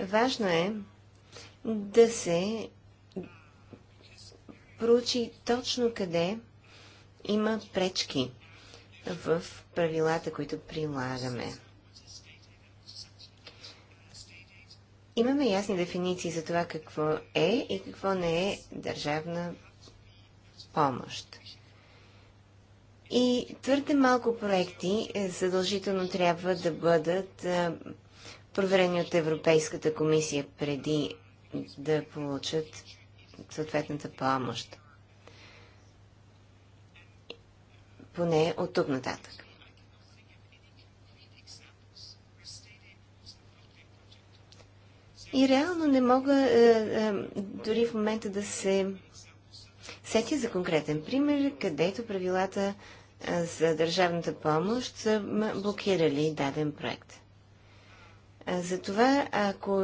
Важно е да се проучи точно къде има пречки в правилата, които прилагаме. Имаме ясни дефиниции за това какво е и какво не е държавна помощ. И твърде малко проекти е, задължително трябва да бъдат е, проверени от Европейската комисия преди да получат съответната помощ. Поне от тук нататък. И реално не мога е, е, дори в момента да се сетя за конкретен пример, където правилата е, за държавната помощ са блокирали даден проект. Е, затова, ако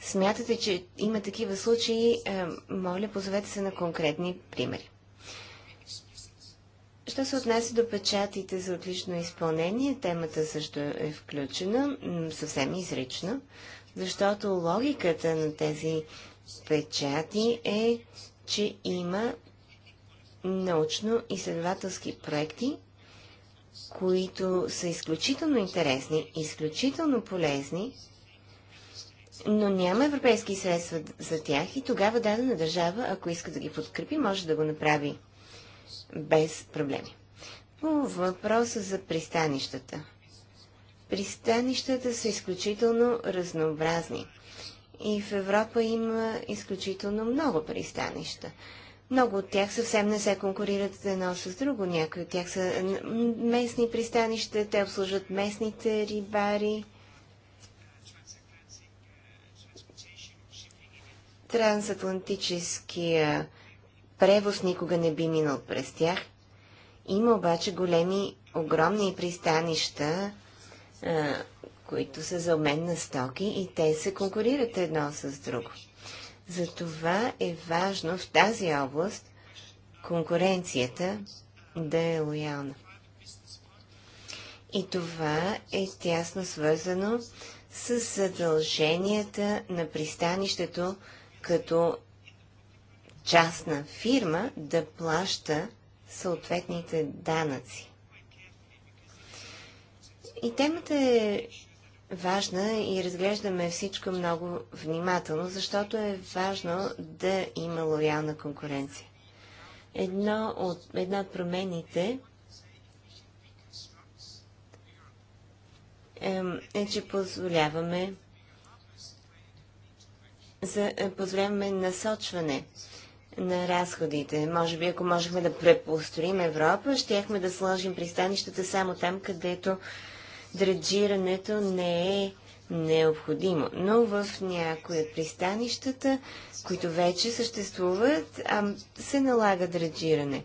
смятате, че има такива случаи, е, моля, позовете се на конкретни примери. Що се отнася до печатите за отлично изпълнение, темата също е включена, съвсем изрична, защото логиката на тези печати е, че има научно-изследователски проекти, които са изключително интересни, изключително полезни но няма европейски средства за тях и тогава дадена държава, ако иска да ги подкрепи, може да го направи без проблеми. По въпроса за пристанищата. Пристанищата са изключително разнообразни. И в Европа има изключително много пристанища. Много от тях съвсем не се конкурират едно с друго. Някои от тях са местни пристанища, те обслужват местните рибари. трансатлантическия превоз никога не би минал през тях. Има обаче големи, огромни пристанища, а, които са за обмен на стоки и те се конкурират едно с друго. Затова е важно в тази област конкуренцията да е лоялна. И това е тясно свързано с задълженията на пристанището като частна фирма да плаща съответните данъци. И темата е важна и разглеждаме всичко много внимателно, защото е важно да има лоялна конкуренция. Едно от, една от промените е, е, че позволяваме за е, позволяваме насочване на разходите. Може би, ако можехме да препостроим Европа, щяхме да сложим пристанищата само там, където дреджирането не е необходимо. Но в някои от пристанищата, които вече съществуват, а се налага дреджиране.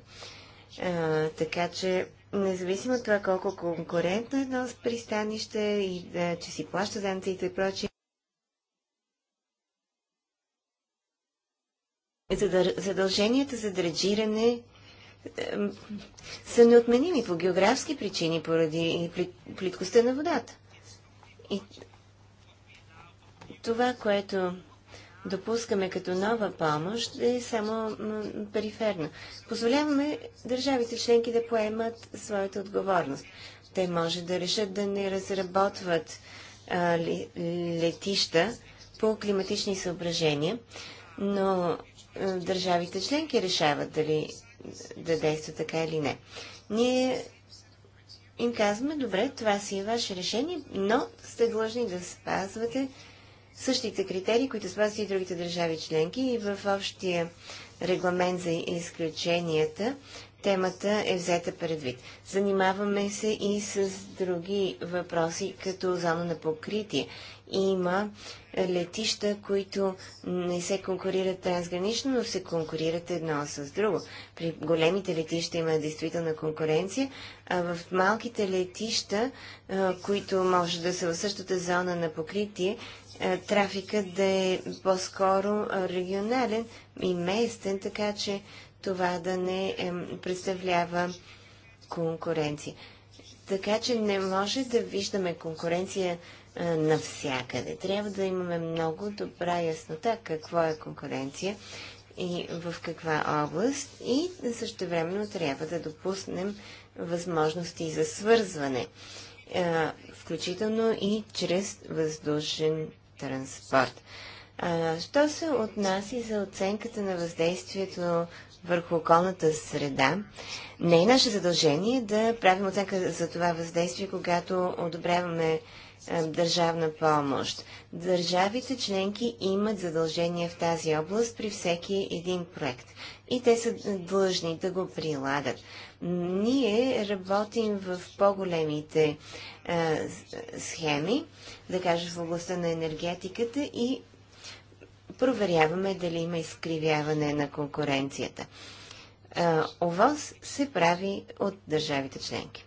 А, така че, независимо от това колко конкурентно е едно пристанище и да, че си плаща данците и прочие, задълженията за дреджиране са неотменими по географски причини, поради плиткостта на водата. И това, което допускаме като нова помощ, е само периферно. Позволяваме държавите членки да поемат своята отговорност. Те може да решат да не разработват а, летища по климатични съображения, но държавите членки решават дали да действа така или не. Ние им казваме, добре, това си е ваше решение, но сте длъжни да спазвате същите критерии, които спазват и другите държави членки и в общия регламент за изключенията темата е взета предвид. Занимаваме се и с други въпроси, като зона на покритие има летища, които не се конкурират трансгранично, но се конкурират едно с друго. При големите летища има действителна конкуренция, а в малките летища, които може да са в същата зона на покритие, трафикът да е по-скоро регионален и местен, така че това да не представлява конкуренция. Така че не може да виждаме конкуренция е, навсякъде. Трябва да имаме много добра яснота какво е конкуренция и в каква област и също времено трябва да допуснем възможности за свързване, е, включително и чрез въздушен транспорт. Що се отнася за оценката на въздействието върху околната среда, не е наше задължение да правим оценка за това въздействие, когато одобряваме е, държавна помощ. Държавите членки имат задължения в тази област при всеки един проект. И те са длъжни да го прилагат. Ние работим в по-големите е, схеми, да кажа в областта на енергетиката и проверяваме дали има изкривяване на конкуренцията. А, е, ОВОз се прави от държавите членки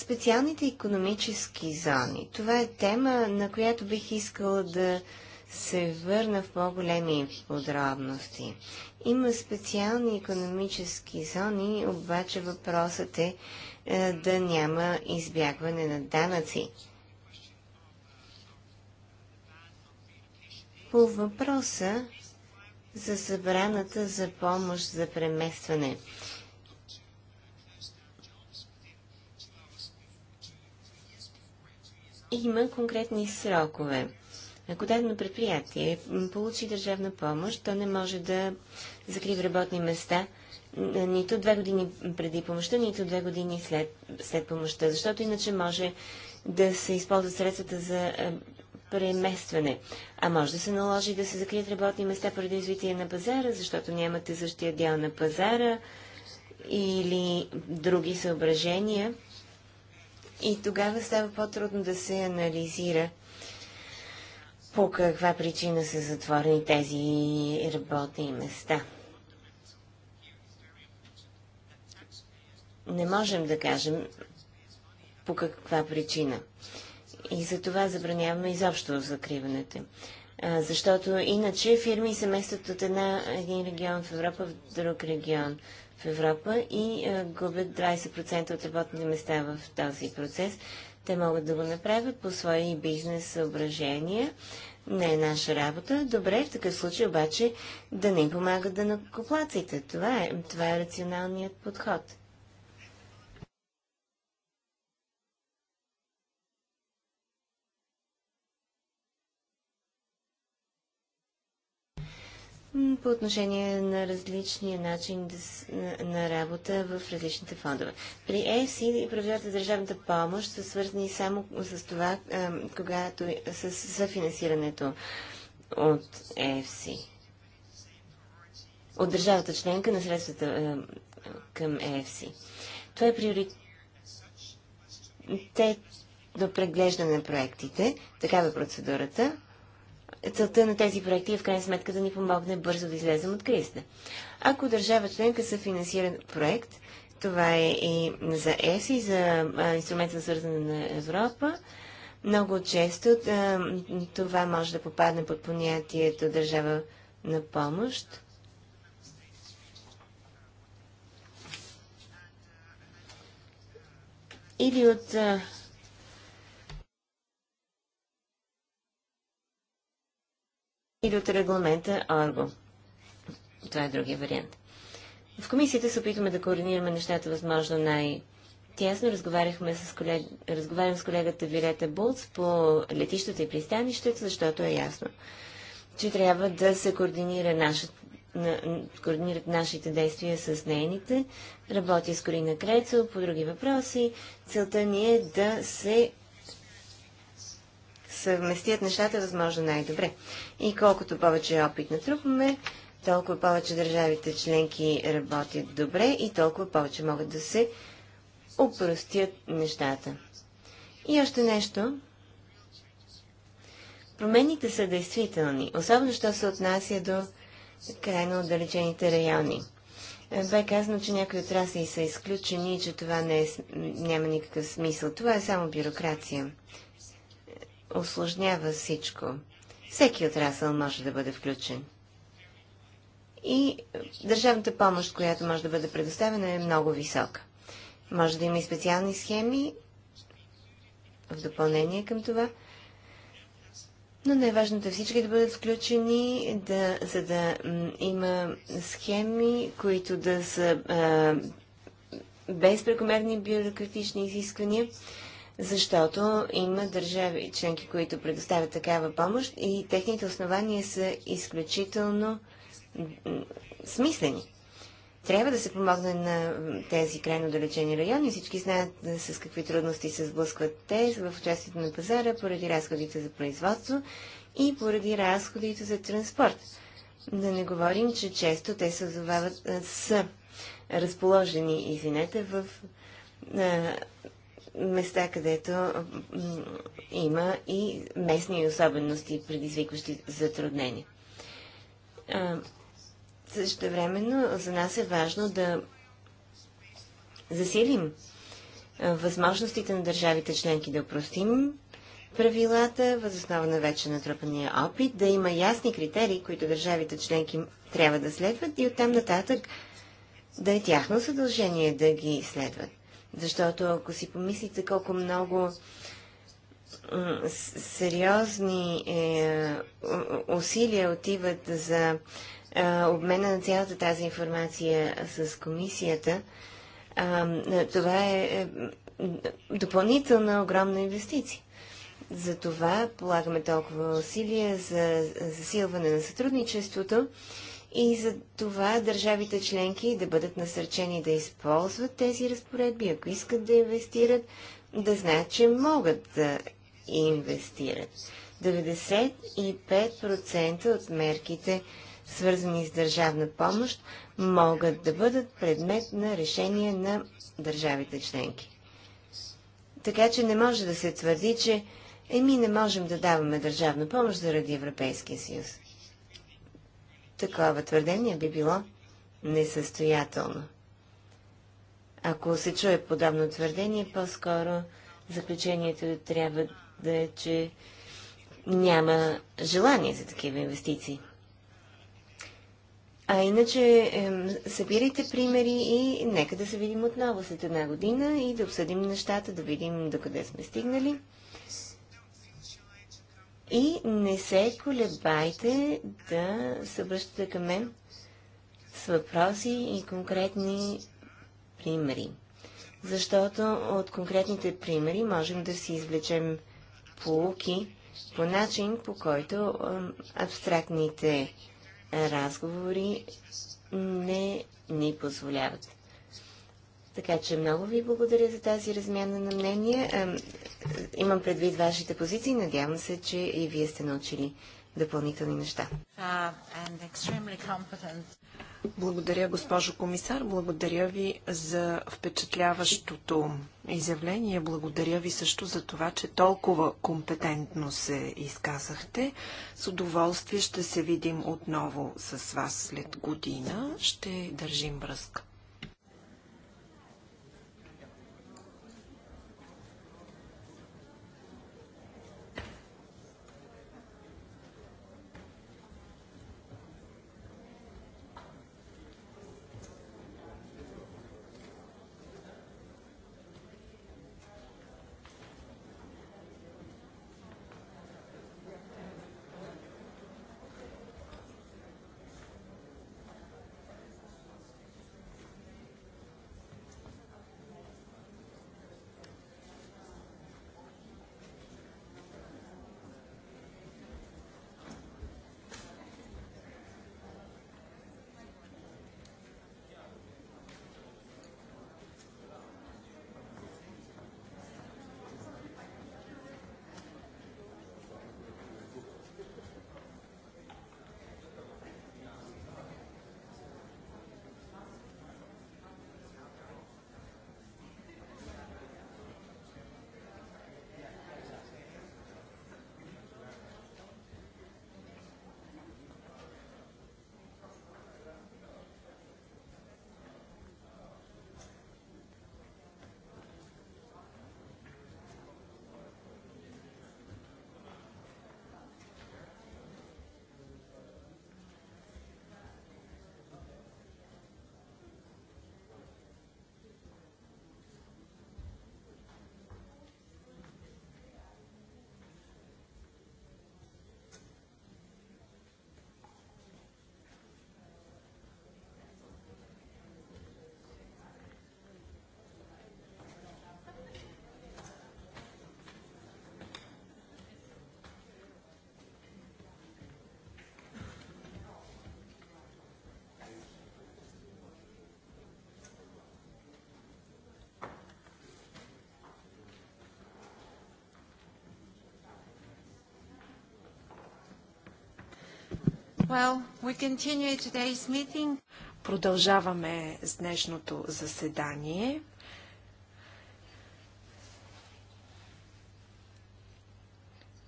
специалните економически зони. Това е тема, на която бих искала да се върна в по-големи подробности. Има специални економически зони, обаче въпросът е, е да няма избягване на данъци. По въпроса за забраната за помощ за преместване – има конкретни срокове. Ако дадено предприятие получи държавна помощ, то не може да закрива работни места нито две години преди помощта, нито две години след, след помощта, защото иначе може да се използват средствата за преместване. А може да се наложи да се закрият работни места поради развитие на пазара, защото нямате същия дял на пазара или други съображения – и тогава става по-трудно да се анализира по каква причина са затворени тези работни места. Не можем да кажем по каква причина. И за това забраняваме изобщо закриването Защото иначе фирми се местят от една, един регион в Европа в друг регион в Европа и е, губят 20% от работните места в този процес. Те могат да го направят по свои бизнес съображения. Не е наша работа. Добре, в такъв случай обаче да не им помагат да накоплаците. Това е, това е рационалният подход. по отношение на различния начин на работа в различните фондове. При е и правилата за държавната помощ са свързани само с това, когато с съфинансирането от ЕФСИ. От държавата членка на средствата към ЕФС. Това е приоритет до преглеждане на проектите. Такава е процедурата целта на тези проекти е в крайна сметка да ни помогне бързо да излезем от кризата. Ако държава членка са финансиран проект, това е и за ЕСИ, за инструмента за свързане на Европа, много често това може да попадне под понятието държава на помощ. Или от или от регламента ОРГО. Това е другия вариант. В комисията се опитваме да координираме нещата възможно най- тясно разговаряхме с, колег... Разговарям с колегата Вилета Булц по летищата и пристанището, защото е ясно, че трябва да се координира нашата координират нашите действия с нейните. Работя с Корина Крецо по други въпроси. Целта ни е да се съвместят нещата възможно най-добре. И колкото повече опит натрупваме, толкова повече държавите членки работят добре и толкова повече могат да се упростят нещата. И още нещо. Промените са действителни, особено що се отнася до крайно отдалечените райони. Бе казано, че някои отрасли са изключени и че това не е, няма никакъв смисъл. Това е само бюрокрация осложнява всичко. Всеки отрасъл може да бъде включен. И държавната помощ, която може да бъде предоставена, е много висока. Може да има и специални схеми в допълнение към това. Но най-важното е всички да бъдат включени, да, за да има схеми, които да са а, без прекомерни бюрократични изисквания защото има държави членки, които предоставят такава помощ и техните основания са изключително смислени. Трябва да се помогне на тези крайно далечени райони. Всички знаят е, с какви трудности се сблъскват те в участието на пазара поради разходите за производство и поради разходите за транспорт. Да не говорим, че често те се озовават, е, са разположени, извинете, в е, места, където има и местни особености, предизвикващи затруднения. Също времено за нас е важно да засилим възможностите на държавите членки да простим правилата, възоснова на вече натрупания опит, да има ясни критерии, които държавите членки трябва да следват и оттам нататък да е тяхно задължение да ги следват. Защото ако си помислите колко много сериозни е, усилия отиват за е, обмена на цялата тази информация с комисията, е, това е допълнителна огромна инвестиция. За това полагаме толкова усилия за засилване на сътрудничеството и за това държавите членки да бъдат насърчени да използват тези разпоредби, ако искат да инвестират, да знаят, че могат да инвестират. 95% от мерките, свързани с държавна помощ, могат да бъдат предмет на решение на държавите членки. Така че не може да се твърди, че еми не можем да даваме държавна помощ заради Европейския съюз. Такова твърдение би било несъстоятелно. Ако се чуе подобно твърдение, по-скоро заключението трябва да е, че няма желание за такива инвестиции. А иначе събирайте примери и нека да се видим отново след една година и да обсъдим нещата, да видим докъде сме стигнали. И не се колебайте да се връщате към мен с въпроси и конкретни примери. Защото от конкретните примери можем да си извлечем полуки по начин, по който абстрактните разговори не ни позволяват. Така че много ви благодаря за тази размяна на мнения. Имам предвид вашите позиции. Надявам се, че и вие сте научили допълнителни неща.
Uh,
благодаря, госпожо комисар. Благодаря ви за впечатляващото изявление. Благодаря ви също за това, че толкова компетентно се изказахте. С удоволствие ще се видим отново с вас след година. Ще държим връзка. Well, we continue today's meeting. Продължаваме с днешното заседание.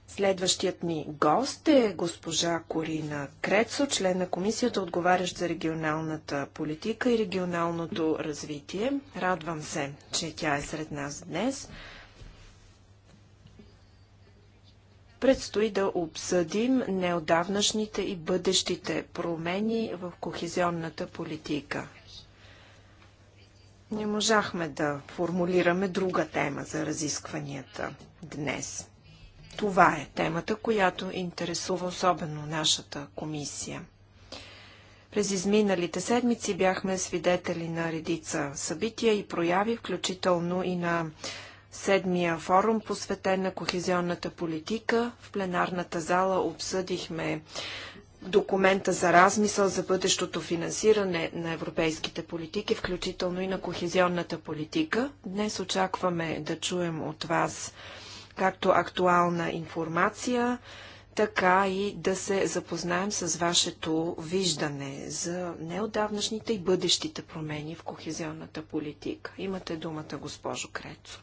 Следващият ни гост е госпожа Корина Крецо, член на комисията, отговарящ за регионалната политика и регионалното развитие. Радвам се, че тя е сред нас днес. Предстои да обсъдим неодавнашните и бъдещите промени в кохезионната политика. Не можахме да формулираме друга тема за разискванията днес. Това е темата, която интересува особено нашата комисия. През изминалите седмици бяхме свидетели на редица събития и прояви, включително и на седмия форум, посветен на кохезионната политика. В пленарната зала обсъдихме документа за размисъл за бъдещото финансиране на европейските политики, включително и на кохезионната политика. Днес очакваме да чуем от вас както актуална информация, така и да се запознаем с вашето виждане за неодавнашните и бъдещите промени в кохезионната политика. Имате думата, госпожо
Крецо.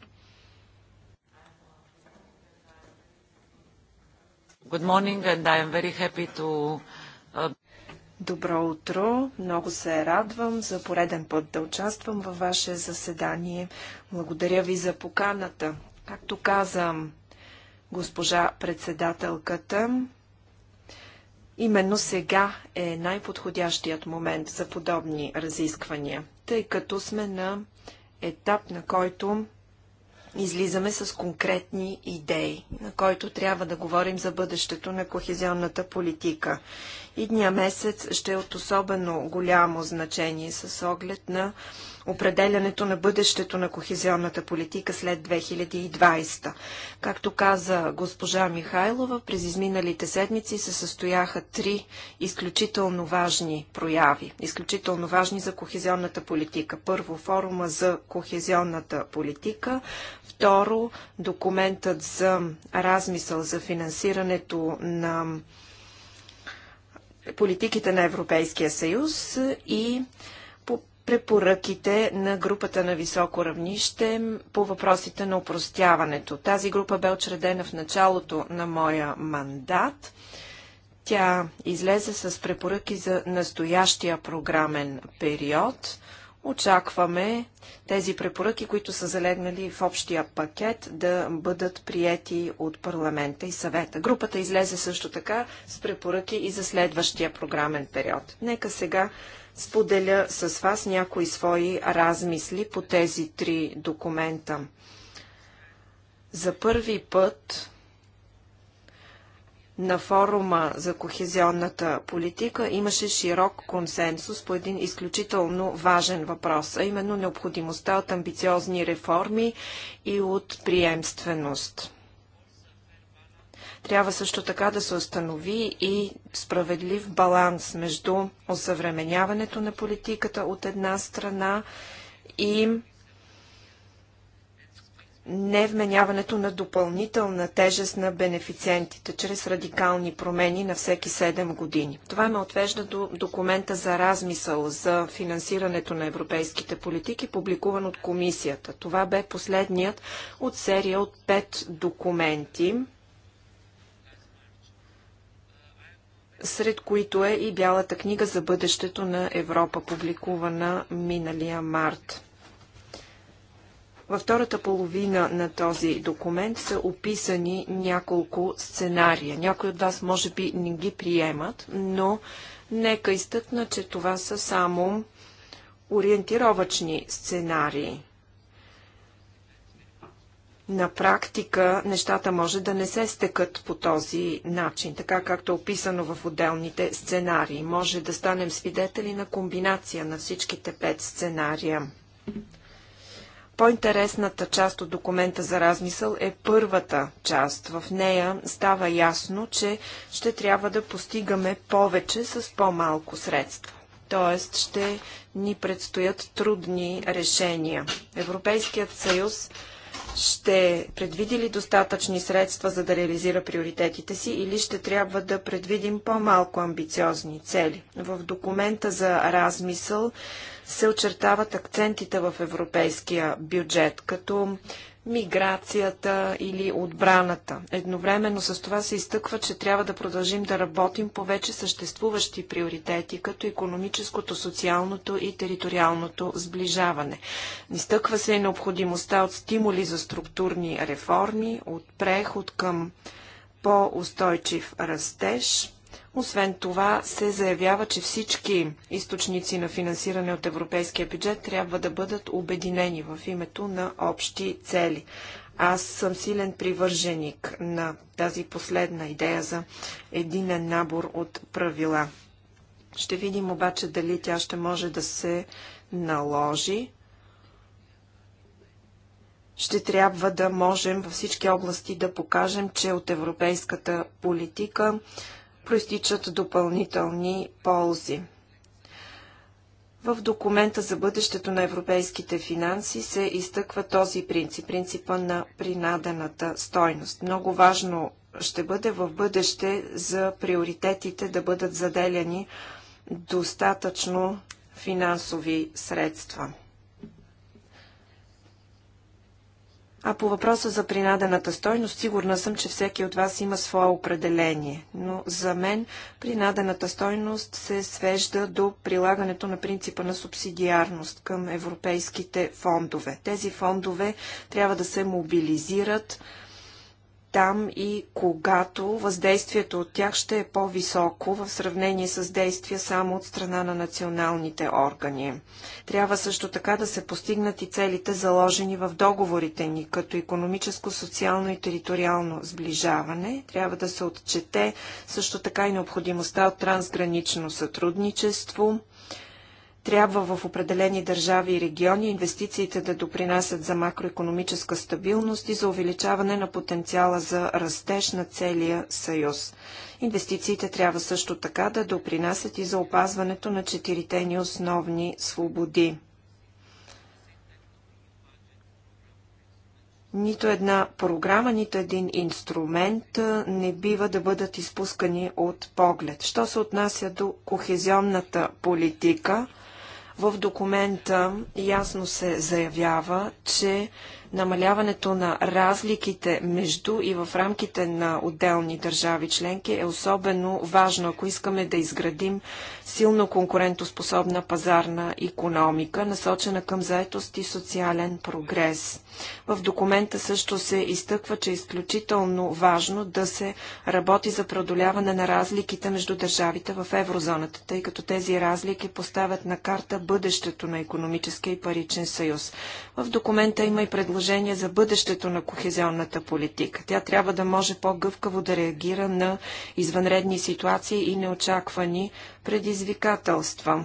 Good morning and I am very happy to... Uh, Добро утро! Много
се радвам за пореден път да участвам във ваше заседание. Благодаря ви за поканата. Както казам, госпожа председателката, Именно сега е най-подходящият момент за подобни разисквания, тъй като сме на етап, на който излизаме с конкретни идеи, на който трябва да говорим за бъдещето на кохезионната политика. Идния месец ще е от особено голямо значение с оглед на определянето на бъдещето на кохезионната политика след 2020. Както каза госпожа Михайлова, през изминалите седмици се състояха три изключително важни прояви, изключително важни за кохезионната политика. Първо, форума за кохезионната политика, второ, документът за размисъл за финансирането на политиките на Европейския съюз и препоръките на групата на високо равнище по въпросите на упростяването. Тази група бе очредена в началото на моя мандат. Тя излезе с препоръки за настоящия програмен период. Очакваме тези препоръки, които са залегнали в общия пакет, да бъдат приети от парламента и съвета. Групата излезе също така с препоръки и за следващия програмен период. Нека сега споделя с вас някои свои размисли по тези три документа. За първи път на форума за кохезионната политика имаше широк консенсус по един изключително важен въпрос, а именно необходимостта от амбициозни реформи и от приемственост. Трябва също така да се установи и справедлив баланс между осъвременяването на политиката от една страна и невменяването на допълнителна тежест на бенефициентите чрез радикални промени на всеки 7 години. Това ме отвежда до документа за размисъл за финансирането на европейските политики, публикуван от комисията. Това бе последният от серия от 5 документи, сред които е и Бялата книга за бъдещето на Европа, публикувана миналия март. Във втората половина на този документ са описани няколко сценария. Някои от вас може би не ги приемат, но нека изтъкна, че това са само ориентировачни сценарии на практика нещата може да не се стекат по този начин, така както е описано в отделните сценарии. Може да станем свидетели на комбинация на всичките пет сценария. По-интересната част от документа за размисъл е първата част. В нея става ясно, че ще трябва да постигаме повече с по-малко средства Тоест, ще ни предстоят трудни решения. Европейският съюз ще предвиди ли достатъчни средства, за да реализира приоритетите си или ще трябва да предвидим по-малко амбициозни цели? В документа за размисъл се очертават акцентите в европейския бюджет, като миграцията или отбраната. Едновременно с това се изтъква, че трябва да продължим да работим по вече съществуващи приоритети, като економическото, социалното и териториалното сближаване. Изтъква се и необходимостта от стимули за структурни реформи, от преход към по-устойчив растеж, освен това се заявява, че всички източници на финансиране от европейския бюджет трябва да бъдат обединени в името на общи цели. Аз съм силен привърженик на тази последна идея за единен набор от правила. Ще видим обаче дали тя ще може да се наложи. Ще трябва да можем във всички области да покажем, че от европейската политика проистичат допълнителни ползи. В документа за бъдещето на европейските финанси се изтъква този принцип, принципа на принадената стойност. Много важно ще бъде в бъдеще за приоритетите да бъдат заделяни достатъчно финансови средства. А по въпроса за принадената стойност, сигурна съм, че всеки от вас има свое определение. Но за мен принадената стойност се свежда до прилагането на принципа на субсидиарност към европейските фондове. Тези фондове трябва да се мобилизират там и когато въздействието от тях ще е по-високо в сравнение с действия само от страна на националните органи. Трябва също така да се постигнат и целите заложени в договорите ни, като економическо, социално и териториално сближаване. Трябва да се отчете също така и необходимостта от трансгранично сътрудничество, трябва в определени държави и региони инвестициите да допринасят за макроекономическа стабилност и за увеличаване на потенциала за растеж на целия съюз. Инвестициите трябва също така да допринасят и за опазването на четирите ни основни свободи. нито една програма, нито един инструмент не бива да бъдат изпускани от поглед. Що се отнася до кохезионната политика, в документа ясно се заявява, че намаляването на разликите между и в рамките на отделни държави членки е особено важно, ако искаме да изградим силно конкурентоспособна пазарна економика, насочена към заетост и социален прогрес. В документа също се изтъква, че е изключително важно да се работи за преодоляване на разликите между държавите в еврозоната, тъй като тези разлики поставят на карта бъдещето на економическия и паричен съюз. В документа има и предложение за бъдещето на кохезионната политика. Тя трябва да може по-гъвкаво да реагира на извънредни ситуации и неочаквани предизвикателства.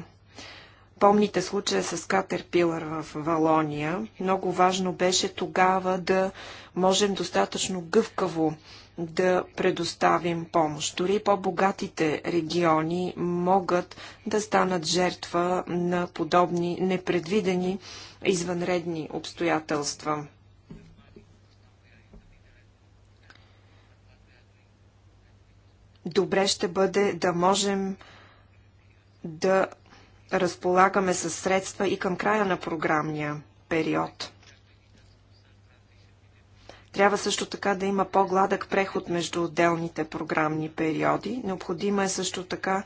Помните случая с Катерпилър в Валония. Много важно беше тогава да можем достатъчно гъвкаво да предоставим помощ. Дори по-богатите региони могат да станат жертва на подобни непредвидени извънредни обстоятелства. Добре ще бъде да можем да разполагаме с средства и към края на програмния период. Трябва също така да има по-гладък преход между отделните програмни периоди. Необходима е също така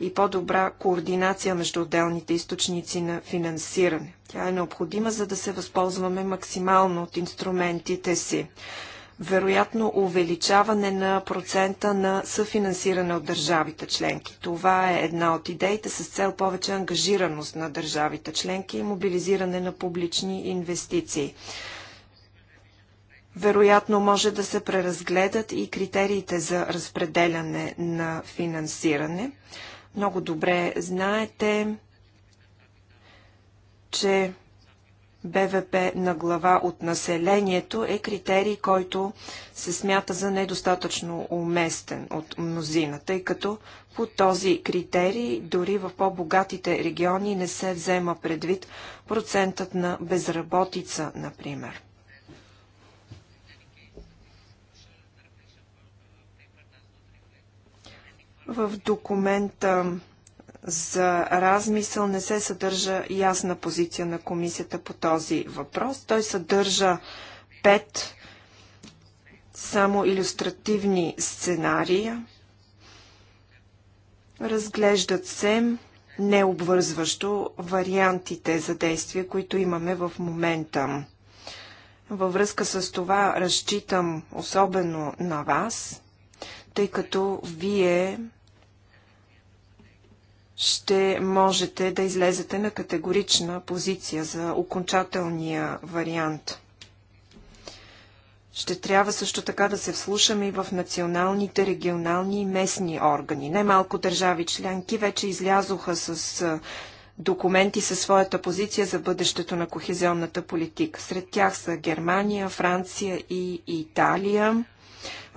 и по-добра координация между отделните източници на финансиране. Тя е необходима, за да се възползваме максимално от инструментите си вероятно увеличаване на процента на съфинансиране от държавите членки. Това е една от идеите с цел повече ангажираност на държавите членки и мобилизиране на публични инвестиции. Вероятно може да се преразгледат и критериите за разпределяне на финансиране. Много добре знаете, че БВП на глава от населението е критерий, който се смята за недостатъчно уместен от мнозина, тъй като по този критерий дори в по-богатите региони не се взема предвид процентът на безработица, например. В документа за размисъл не се съдържа ясна позиция на комисията по този въпрос. Той съдържа пет само иллюстративни сценария. Разглеждат се необвързващо вариантите за действие, които имаме в момента. Във връзка с това разчитам особено на вас, тъй като вие ще можете да излезете на категорична позиция за окончателния вариант. Ще трябва също така да се вслушаме и в националните, регионални и местни органи. Немалко държави членки вече излязоха с документи със своята позиция за бъдещето на кохезионната политика. Сред тях са Германия, Франция и Италия.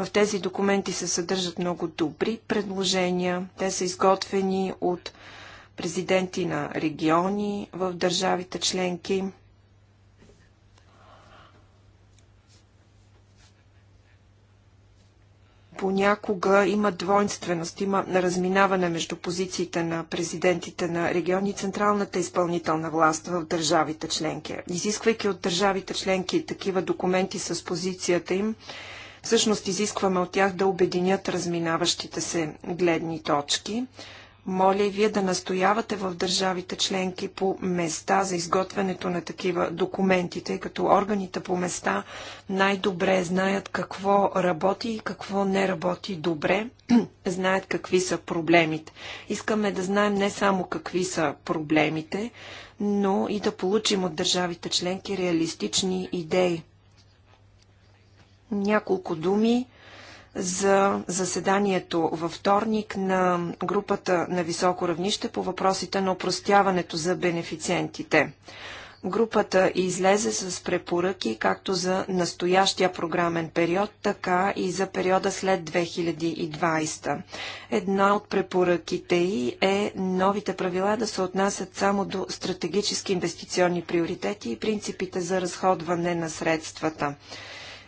В тези документи се съдържат много добри предложения. Те са изготвени от президенти на региони в държавите членки. понякога има двойнственост, има разминаване между позициите на президентите на региони и централната изпълнителна власт в държавите членки. Изисквайки от държавите членки такива документи с позицията им, Всъщност изискваме от тях да обединят разминаващите се гледни точки. Моля и вие да настоявате в държавите членки по места за изготвянето на такива документи, тъй като органите по места най-добре знаят какво работи и какво не работи добре, знаят какви са проблемите. Искаме да знаем не само какви са проблемите, но и да получим от държавите членки реалистични идеи няколко думи за заседанието във вторник на групата на високо равнище по въпросите на опростяването за бенефициентите. Групата излезе с препоръки както за настоящия програмен период, така и за периода след 2020. Една от препоръките й е новите правила да се отнасят само до стратегически инвестиционни приоритети и принципите за разходване на средствата.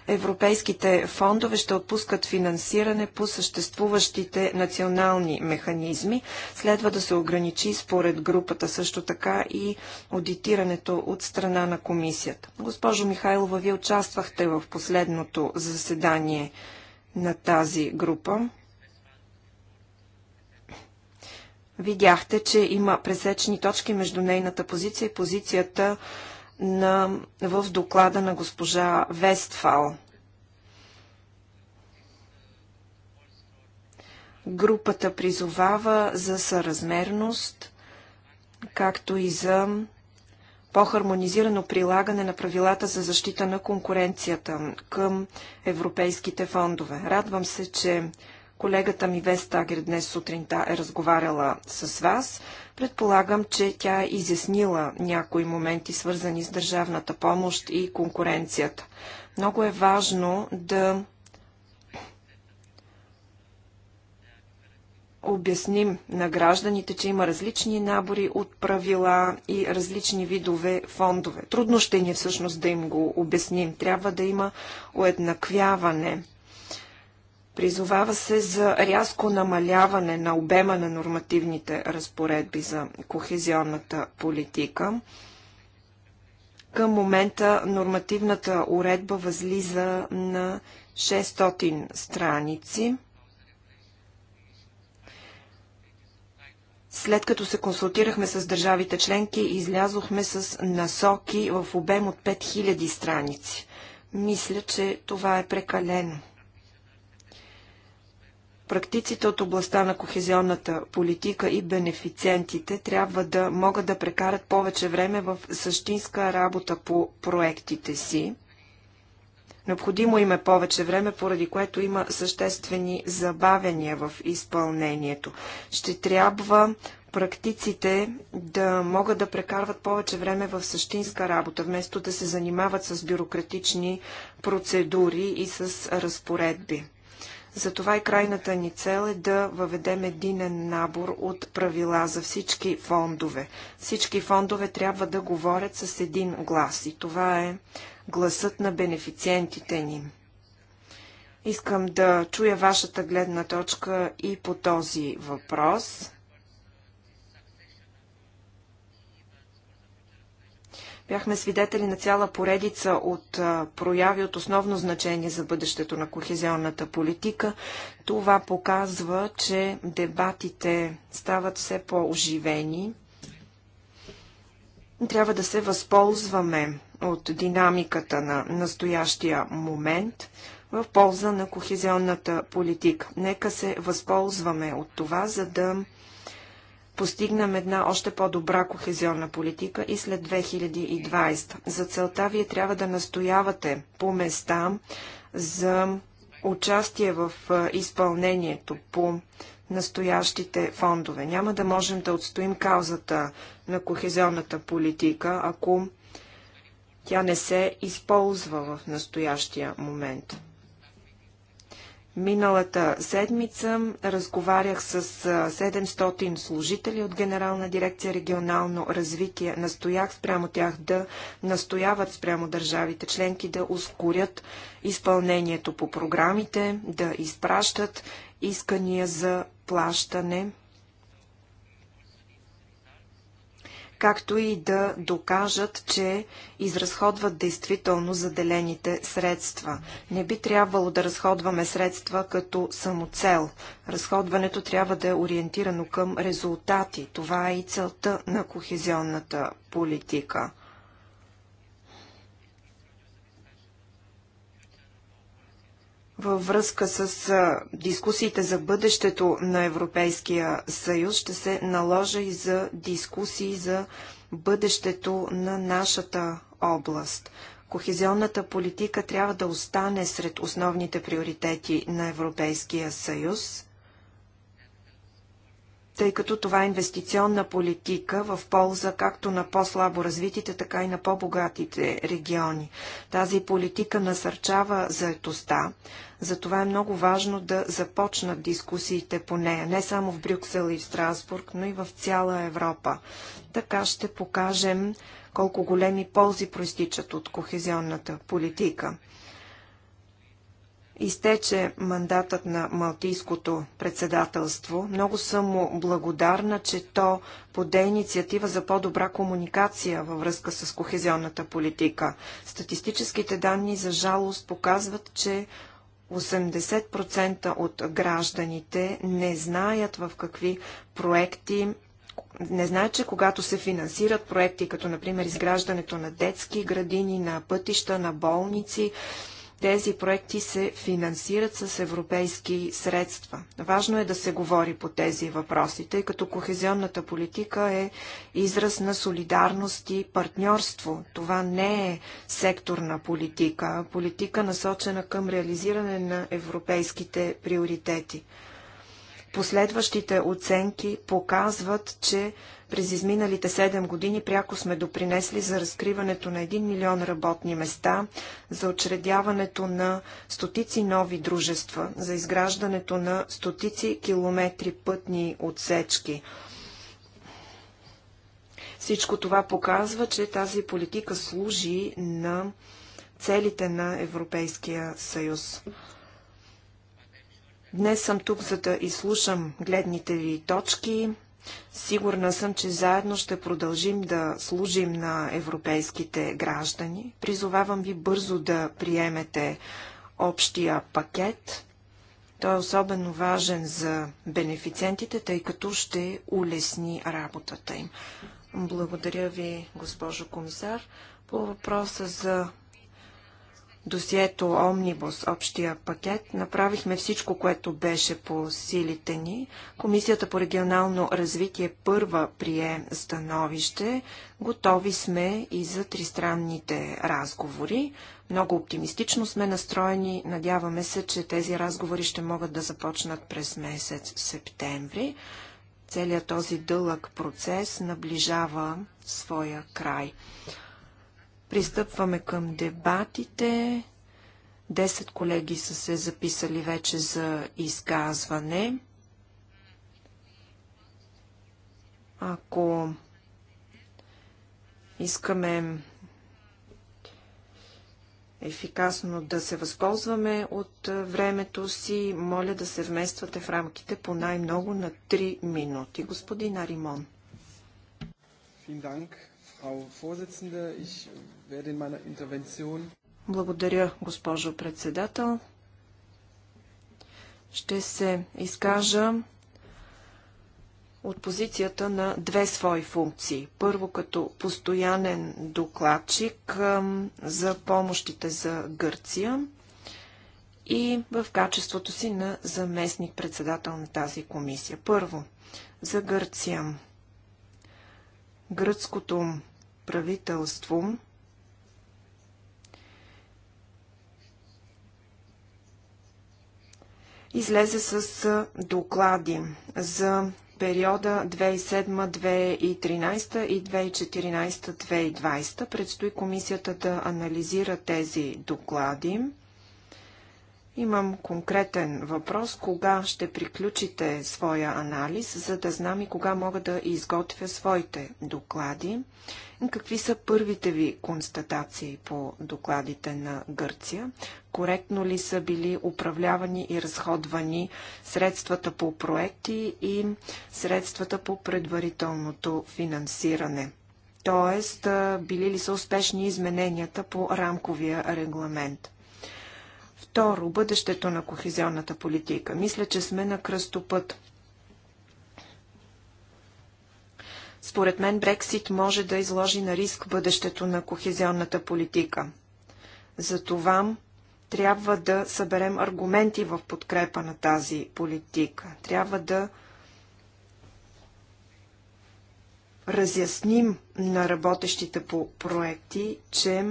Европейските фондове ще отпускат финансиране по съществуващите национални механизми. Следва да се ограничи според групата също така и аудитирането от страна на комисията. Госпожо Михайлова, вие участвахте в последното заседание на тази група. Видяхте, че има пресечни точки между нейната позиция и позицията на, в доклада на госпожа Вестфал. Групата призовава за съразмерност, както и за по-хармонизирано прилагане на правилата за защита на конкуренцията към европейските фондове. Радвам се, че Колегата ми Вестагер днес сутринта е разговаряла с вас. Предполагам, че тя е изяснила някои моменти, свързани с държавната помощ и конкуренцията. Много е важно да обясним на гражданите, че има различни набори от правила и различни видове фондове. Трудно ще ни е всъщност да им го обясним. Трябва да има уеднаквяване. Призовава се за рязко намаляване на обема на нормативните разпоредби за кохезионната политика. Към момента нормативната уредба възлиза на 600 страници. След като се консултирахме с държавите членки, излязохме с насоки в обем от 5000 страници. Мисля, че това е прекалено практиците от областта на кохезионната политика и бенефициентите трябва да могат да прекарат повече време в същинска работа по проектите си. Необходимо им е повече време, поради което има съществени забавения в изпълнението. Ще трябва практиците да могат да прекарват повече време в същинска работа, вместо да се занимават с бюрократични процедури и с разпоредби. Затова и крайната ни цел е да въведем единен набор от правила за всички фондове. Всички фондове трябва да говорят с един глас и това е гласът на бенефициентите ни. Искам да чуя вашата гледна точка и по този въпрос. Бяхме свидетели на цяла поредица от прояви от основно значение за бъдещето на кохезионната политика. Това показва, че дебатите стават все по-оживени. Трябва да се възползваме от динамиката на настоящия момент в полза на кохезионната политика. Нека се възползваме от това, за да постигнем една още по-добра кохезионна политика и след 2020. За целта вие трябва да настоявате по места за участие в изпълнението по настоящите фондове. Няма да можем да отстоим каузата на кохезионната политика, ако тя не се използва в настоящия момент. Миналата седмица разговарях с 700 служители от Генерална дирекция регионално развитие. Настоях спрямо тях да настояват спрямо държавите членки да ускорят изпълнението по програмите, да изпращат искания за плащане както и да докажат, че изразходват действително заделените средства. Не би трябвало да разходваме средства като самоцел. Разходването трябва да е ориентирано към резултати. Това е и целта на кохезионната политика. във връзка с дискусиите за бъдещето на Европейския съюз ще се наложа и за дискусии за бъдещето на нашата област. Кохезионната политика трябва да остане сред основните приоритети на Европейския съюз, тъй като това е инвестиционна политика в полза както на по-слабо развитите, така и на по-богатите региони. Тази политика насърчава заетостта, затова е много важно да започнат дискусиите по нея, не само в Брюксел и в Страсбург, но и в цяла Европа. Така ще покажем колко големи ползи проистичат от кохезионната политика. Изтече мандатът на Малтийското председателство. Много съм му благодарна, че то поде инициатива за по-добра комуникация във връзка с кохезионната политика. Статистическите данни за жалост показват, че 80% от гражданите не знаят в какви проекти не знаят, че когато се финансират проекти, като например изграждането на детски градини, на пътища, на болници, тези проекти се финансират с европейски средства. Важно е да се говори по тези въпроси, тъй като кохезионната политика е израз на солидарност и партньорство. Това не е секторна политика, а политика насочена към реализиране на европейските приоритети. Последващите оценки показват, че през изминалите 7 години пряко сме допринесли за разкриването на 1 милион работни места, за очредяването на стотици нови дружества, за изграждането на стотици километри пътни отсечки. Всичко това показва, че тази политика служи на целите на Европейския съюз. Днес съм тук, за да изслушам гледните ви точки, Сигурна съм, че заедно ще продължим да служим на европейските граждани. Призовавам ви бързо да приемете общия пакет. Той е особено важен за бенефициентите, тъй като ще улесни работата им. Благодаря ви, госпожо комисар. По въпроса за досието Омнибус, общия пакет, направихме всичко, което беше по силите ни. Комисията по регионално развитие първа прие становище. Готови сме и за тристранните разговори. Много оптимистично сме настроени. Надяваме се, че тези разговори ще могат да започнат през месец септември. Целият този дълъг процес наближава своя край. Пристъпваме към дебатите. Десет колеги са се записали вече за изказване. Ако искаме ефикасно да се възползваме от времето си, моля да се вмествате в рамките по най-много на 3 минути. Господин Аримон.
Финданк.
Благодаря, госпожо председател. Ще се изкажа от позицията на две свои функции. Първо като постоянен докладчик за помощите за Гърция и в качеството си на заместник председател на тази комисия. Първо, за Гърция. Гръцкото правителство излезе с доклади за периода 2007-2013 и 2014-2020. Предстои комисията да анализира тези доклади. Имам конкретен въпрос. Кога ще приключите своя анализ, за да знам и кога мога да изготвя своите доклади? Какви са първите ви констатации по докладите на Гърция? Коректно ли са били управлявани и разходвани средствата по проекти и средствата по предварителното финансиране? Тоест, били ли са успешни измененията по рамковия регламент? Второ, бъдещето на кохезионната политика. Мисля, че сме на кръстопът. Според мен Брексит може да изложи на риск бъдещето на кохезионната политика. Затова трябва да съберем аргументи в подкрепа на тази политика. Трябва да разясним на работещите по проекти, че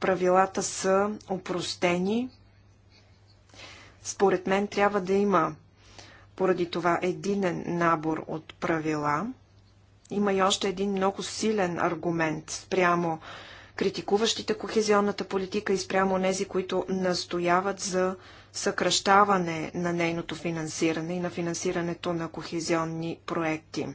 правилата са опростени, според мен трябва да има поради това единен набор от правила. Има и още един много силен аргумент спрямо критикуващите кохезионната политика и спрямо нези, които настояват за съкръщаване на нейното финансиране и на финансирането на кохезионни проекти.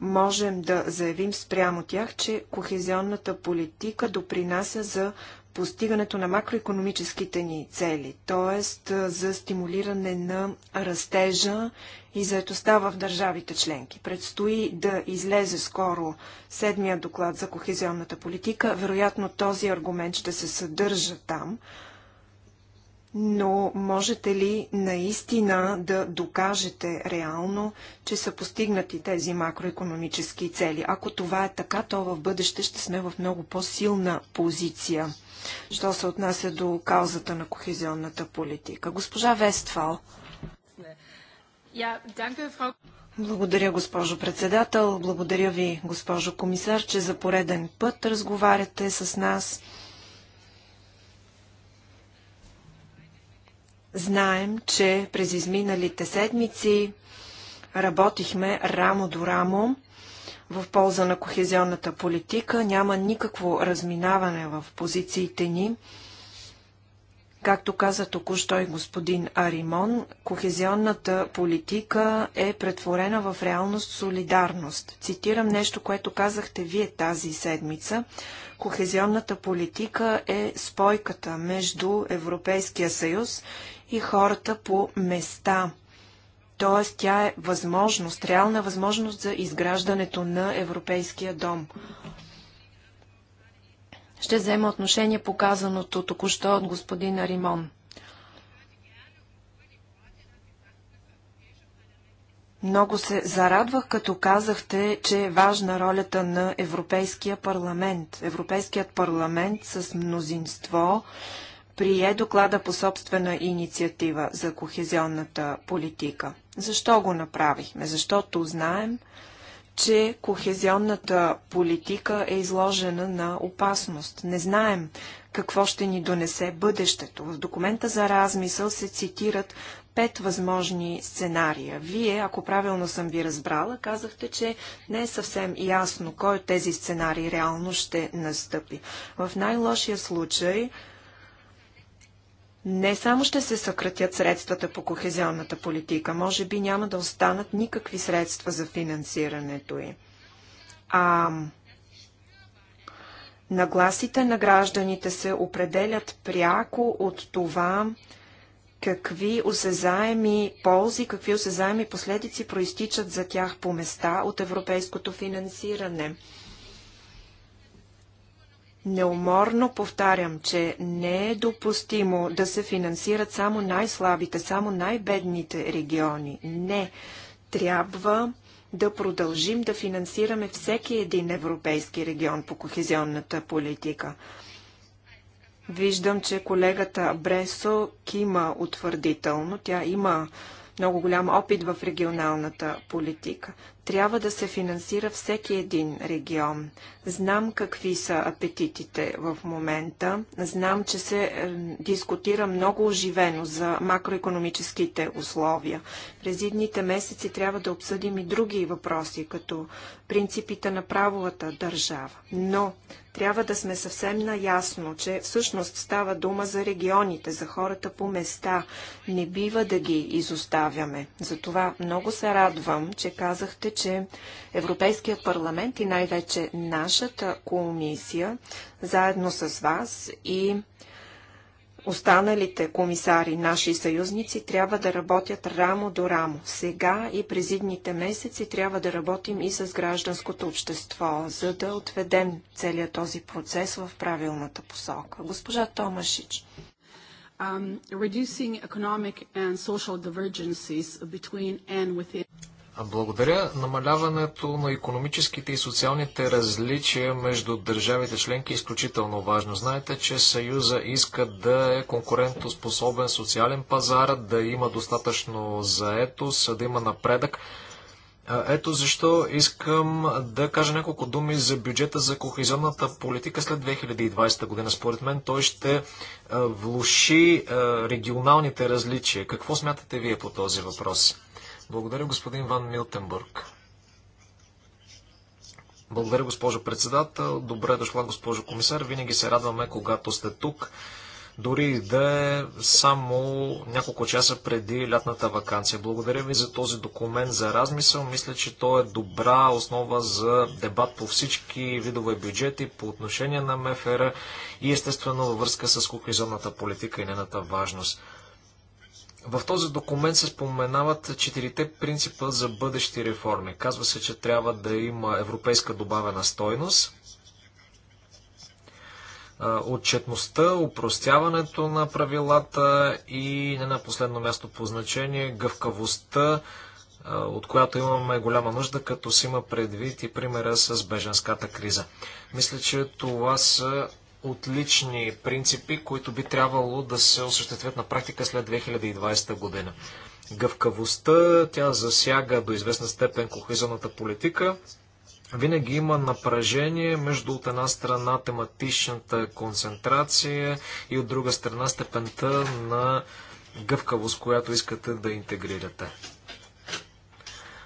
Можем да заявим спрямо тях, че кохезионната политика допринася за постигането на макроекономическите ни цели, т.е. за стимулиране на растежа и заетостта в държавите членки. Предстои да излезе скоро седмия доклад за кохезионната политика. Вероятно този аргумент ще се съдържа там. Но можете ли наистина да докажете реално, че са постигнати тези макроекономически цели? Ако това е така, то в бъдеще ще сме в много по-силна позиция що се отнася до каузата на кохезионната политика. Госпожа Вестфал. Благодаря, госпожо председател. Благодаря ви, госпожо комисар, че за пореден път разговаряте с нас. Знаем, че през изминалите седмици работихме рамо до рамо в полза на кохезионната политика. Няма никакво разминаване в позициите ни. Както каза току-що и господин Аримон, кохезионната политика е претворена в реалност солидарност. Цитирам нещо, което казахте вие тази седмица. Кохезионната политика е спойката между Европейския съюз и хората по места – т.е. тя е възможност, реална възможност за изграждането на Европейския дом. Ще взема отношение показаното току-що от господин Аримон. Много се зарадвах, като казахте, че е важна ролята на Европейския парламент. Европейският парламент с мнозинство прие доклада по собствена инициатива за кохезионната политика. Защо го направихме? Защото знаем, че кохезионната политика е изложена на опасност. Не знаем какво ще ни донесе бъдещето. В документа за размисъл се цитират пет възможни сценария. Вие, ако правилно съм ви разбрала, казахте, че не е съвсем ясно кой от тези сценарии реално ще настъпи. В най-лошия случай не само ще се съкратят средствата по кохезионната политика, може би няма да останат никакви средства за финансирането й. А нагласите на гражданите се определят пряко от това, какви осезаеми ползи, какви осезаеми последици проистичат за тях по места от европейското финансиране – Неуморно повтарям, че не е допустимо да се финансират само най-слабите, само най-бедните региони. Не. Трябва да продължим да финансираме всеки един европейски регион по кохезионната политика. Виждам, че колегата Бресо кима утвърдително. Тя има много голям опит в регионалната политика трябва да се финансира всеки един регион. Знам какви са апетитите в момента. Знам, че се е, дискутира много оживено за макроекономическите условия. През идните месеци трябва да обсъдим и други въпроси, като принципите на правовата държава. Но трябва да сме съвсем наясно, че всъщност става дума за регионите, за хората по места. Не бива да ги изоставяме. Затова много се радвам, че казахте, че Европейският парламент и най-вече нашата комисия, заедно с вас и останалите комисари, наши съюзници, трябва да работят рамо до рамо. Сега и през идните месеци трябва да работим и с гражданското общество, за да отведем целият този процес в правилната посока. Госпожа Томашич. Um, reducing economic and social divergences between
and within благодаря. Намаляването на економическите и социалните различия между държавите членки е изключително важно. Знаете, че Съюза иска да е конкурентоспособен социален пазар, да има достатъчно заетост, да има напредък. Ето защо искам да кажа няколко думи за бюджета за кохезионната политика след 2020 година. Според мен той ще влуши регионалните различия. Какво смятате вие по този въпрос? Благодаря, господин Ван Милтенбург. Благодаря, госпожо председател. Добре дошла, госпожо комисар. Винаги се радваме, когато сте тук. Дори да е само няколко часа преди лятната вакансия. Благодаря ви за този документ за размисъл. Мисля, че то е добра основа за дебат по всички видове бюджети, по отношение на МФР и естествено във връзка с кохезионната политика и нената важност. В този документ се споменават четирите принципа за бъдещи реформи. Казва се, че трябва да има европейска добавена стойност, отчетността, упростяването на правилата и не на последно място по значение гъвкавостта, от която имаме голяма нужда, като си има предвид и примера с беженската криза. Мисля, че това са отлични принципи, които би трябвало да се осъществят на практика след 2020 година. Гъвкавостта, тя засяга до известна степен кохезионната политика. Винаги има напрежение между от една страна тематичната концентрация и от друга страна степента на гъвкавост, която искате да интегрирате.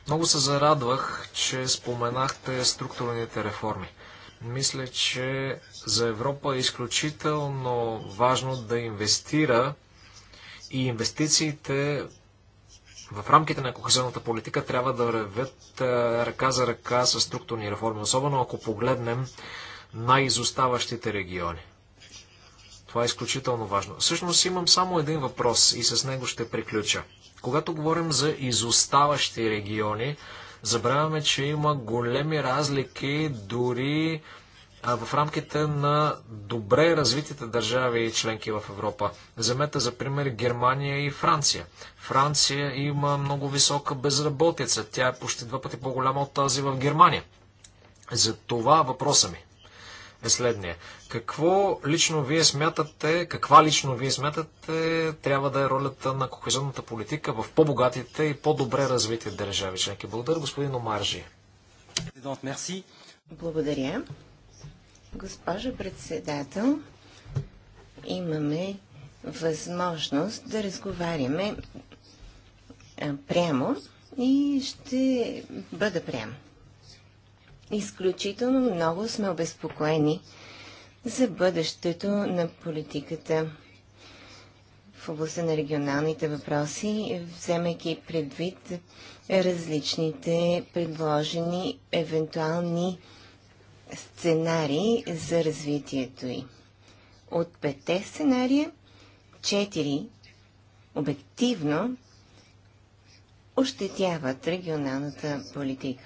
Много се зарадвах, че споменахте структурните реформи. Мисля, че за Европа е изключително важно да инвестира и инвестициите в рамките на кохезионната политика трябва да ревят ръка за ръка с структурни реформи, особено ако погледнем най-изоставащите региони. Това е изключително важно. Всъщност имам само един въпрос и с него ще приключа. Когато говорим за изоставащи региони, забравяме, че има големи разлики дори в рамките на добре развитите държави и членки в Европа. Вземете за пример Германия и Франция. Франция има много висока безработица. Тя е почти два пъти по-голяма от тази в Германия. За това въпроса ми е следния. Какво лично вие смятате, каква лично вие смятате трябва да е ролята на кохезионната политика в по-богатите и по-добре развити държави членки? Благодаря, господин Омаржи.
Благодаря. Госпожо председател, имаме възможност да разговаряме прямо и ще бъда прямо. Изключително много сме обезпокоени за бъдещето на политиката в областта на регионалните въпроси, вземайки предвид различните предложени евентуални сценарии за развитието й. От петте сценария, четири обективно ощетяват регионалната политика.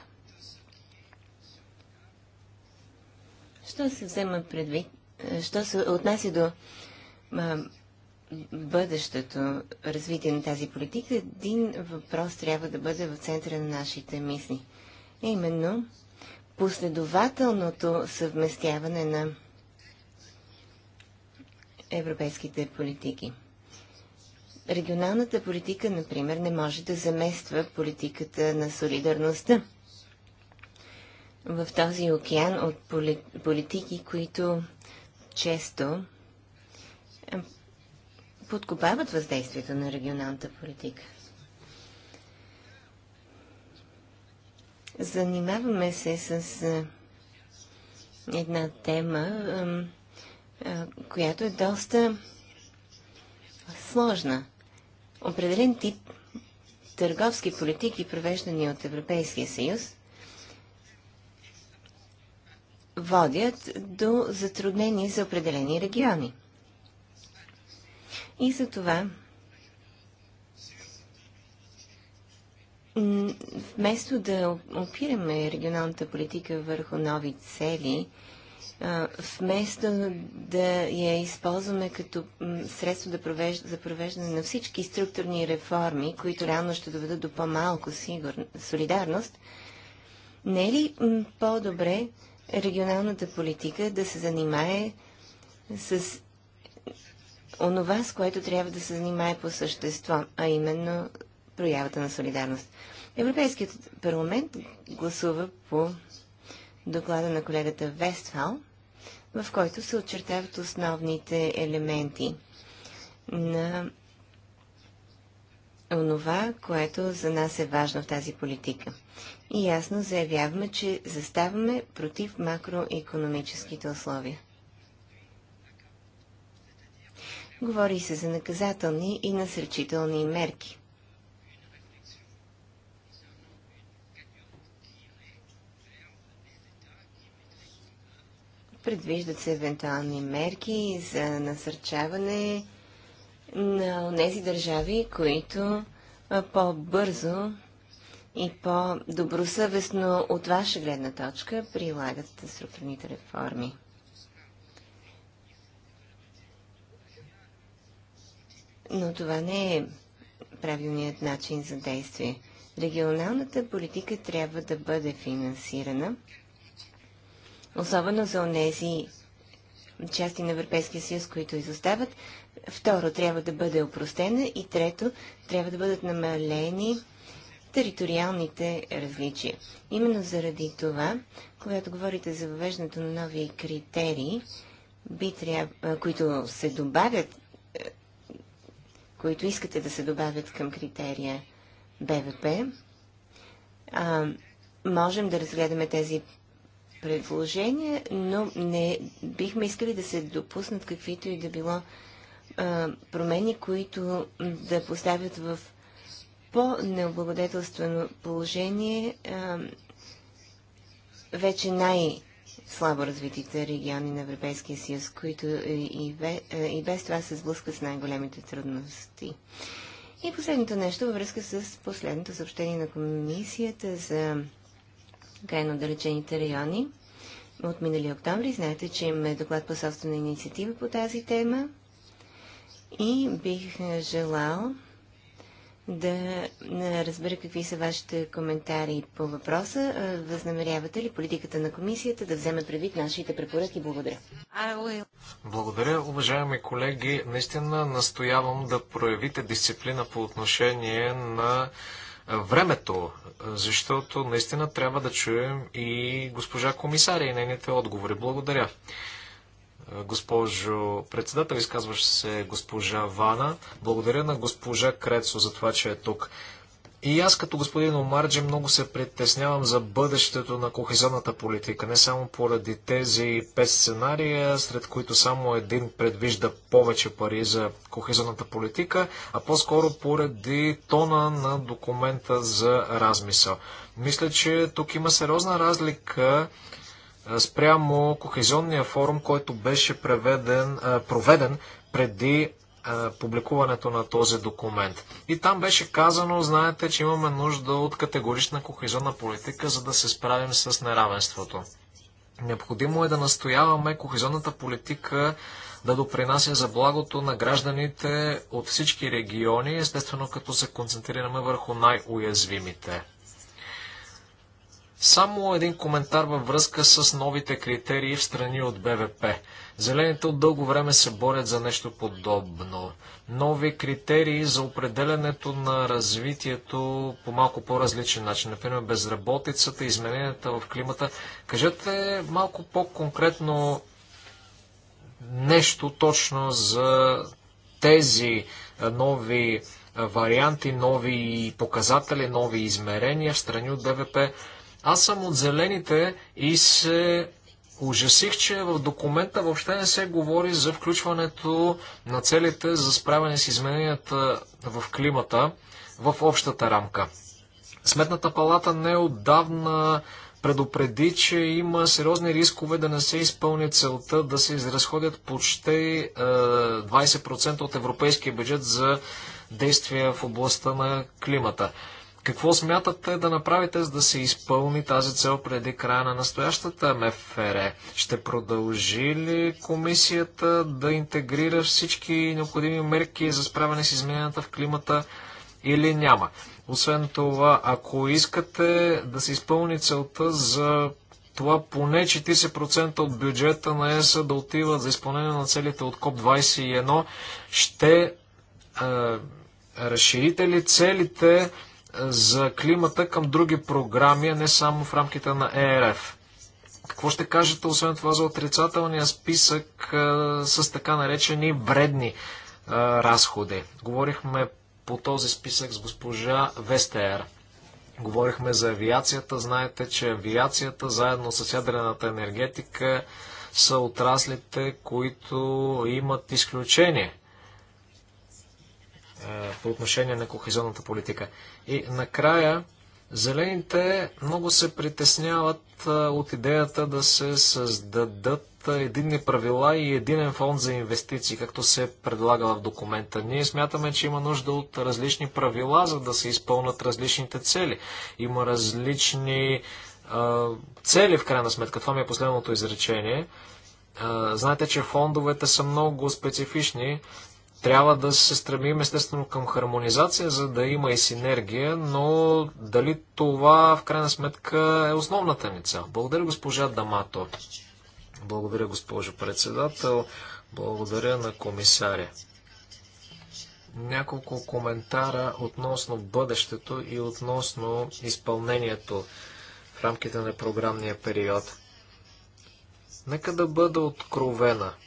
Що се взема предвид? Що се отнася до а, бъдещето развитие на тази политика, един въпрос трябва да бъде в центъра на нашите мисли. Именно последователното съвместяване на европейските политики. Регионалната политика, например, не може да замества политиката на солидарността в този океан от политики, които често подкопават въздействието на регионалната политика. Занимаваме се с една тема, която е доста сложна. Определен тип търговски политики, провеждани от Европейския съюз, водят до затруднения за определени региони. И за това вместо да опираме регионалната политика върху нови цели, вместо да я използваме като средство за провеждане на всички структурни реформи, които реално ще доведат до по-малко солидарност, не е ли по-добре регионалната политика да се занимае с онова, с което трябва да се занимае по същество, а именно проявата на солидарност. Европейският парламент гласува по доклада на колегата Вестфал, в който се очертават основните елементи на онова, което за нас е важно в тази политика. И ясно заявяваме, че заставаме против макроекономическите условия. Говори се за наказателни и насречителни мерки. Предвиждат се евентуални мерки за насърчаване на тези държави, които по-бързо и по-добросъвестно от ваша гледна точка прилагат структурните реформи. Но това не е правилният начин за действие. Регионалната политика трябва да бъде финансирана особено за онези части на Европейския съюз, които изостават. Второ, трябва да бъде опростена и трето, трябва да бъдат намалени териториалните различия. Именно заради това, когато говорите за въвеждането на нови критерии, би тряб... които се добавят, които искате да се добавят към критерия БВП, можем да разгледаме тези предложения, но не бихме искали да се допуснат каквито и да било промени, които да поставят в по-необлагодетелствено положение вече най- слабо развитите региони на Европейския съюз, които и, и без това се сблъскат с най-големите трудности. И последното нещо във връзка с последното съобщение на комисията за крайно отдалечените райони. От миналия октомври знаете, че имаме доклад по собствена инициатива по тази тема и бих е, желал да е, разбера какви са вашите коментари по въпроса. Е, възнамерявате ли политиката на комисията да вземе предвид нашите препоръки? Благодаря.
Благодаря, уважаеми колеги. Наистина настоявам да проявите дисциплина по отношение на времето, защото наистина трябва да чуем и госпожа комисаря и нейните отговори. Благодаря. Госпожо председател, изказваше се госпожа Вана. Благодаря на госпожа Крецо за това, че е тук. И аз като господин Омарджи много се притеснявам за бъдещето на кохезионната политика, не само поради тези пет сценария, сред които само един предвижда повече пари за кохезионната политика, а по-скоро поради тона на документа за размисъл. Мисля, че тук има сериозна разлика спрямо кохезионния форум, който беше проведен преди е, публикуването на този документ. И там беше казано, знаете, че имаме нужда от категорична кохезионна политика, за да се справим с неравенството. Необходимо е да настояваме кохезионната политика да допринася за благото на гражданите от всички региони, естествено като се концентрираме върху най-уязвимите. Само един коментар във връзка с новите критерии в страни от БВП. Зелените от дълго време се борят за нещо подобно. Нови критерии за определенето на развитието по малко по-различен начин. Например, безработицата, измененията в климата. Кажете малко по-конкретно нещо точно за тези нови варианти, нови показатели, нови измерения в страни от БВП. Аз съм от зелените и се ужасих, че в документа въобще не се говори за включването на целите за справяне с измененията в климата в общата рамка. Сметната палата не отдавна предупреди, че има сериозни рискове да не се изпълни целта да се изразходят почти 20% е, от европейския бюджет за действия в областта на климата. Какво смятате да направите, за да се изпълни тази цел преди края на настоящата МФР? Ще продължи ли комисията да интегрира всички необходими мерки за справяне с измененията в климата или няма? Освен това, ако искате да се изпълни целта за това поне 40% от бюджета на ЕС да отива за изпълнение на целите от КОП-21, ще е, разширите ли целите за климата към други програми, а не само в рамките на ЕРФ. Какво ще кажете, освен това, за отрицателния списък а, с така наречени вредни а, разходи? Говорихме по този списък с госпожа Вестер. Говорихме за авиацията. Знаете, че авиацията заедно с ядрената енергетика са отраслите, които имат изключение е, по отношение на кохезионната политика. И накрая, зелените много се притесняват от идеята да се създадат единни правила и единен фонд за инвестиции, както се предлага в документа. Ние смятаме, че има нужда от различни правила, за да се изпълнат различните цели. Има различни цели, в крайна сметка. Това ми е последното изречение. Знаете, че фондовете са много специфични трябва да се стремим естествено към хармонизация, за да има и синергия, но дали това в крайна сметка е основната ни цел? Благодаря госпожа Дамато. Благодаря госпожо председател. Благодаря на комисаря. Няколко коментара относно бъдещето и относно изпълнението в рамките на програмния период. Нека да бъда откровена –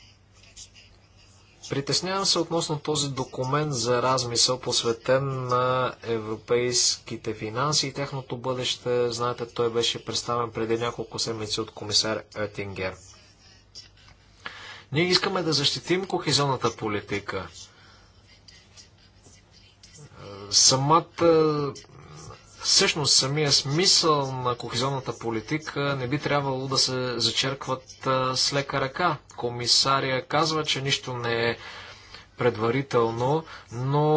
Притеснявам се относно този документ за размисъл, посветен на европейските финанси и тяхното бъдеще. Знаете, той беше представен преди няколко седмици от комисар Етингер. Ние искаме да защитим кохезионната политика. Самата всъщност самия смисъл на кохезионната политика не би трябвало да се зачеркват с лека ръка комисария казва, че нищо не е предварително, но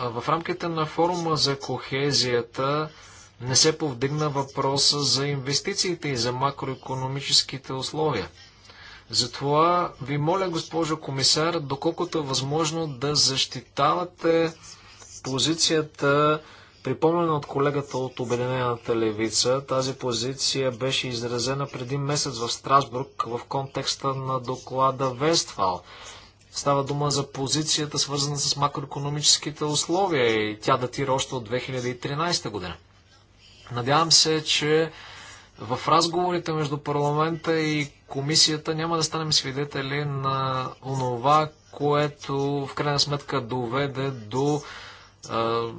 в рамките на форума за кохезията не се повдигна въпроса за инвестициите и за макроекономическите условия. Затова ви моля, госпожо комисар, доколкото е възможно да защитавате позицията Припомнена от колегата от Обединената левица, тази позиция беше изразена преди месец в Страсбург в контекста на доклада Вестфал. Става дума за позицията, свързана с макроекономическите условия и тя датира още от 2013 година. Надявам се, че в разговорите между парламента и комисията няма да станем свидетели на онова, което в крайна сметка доведе до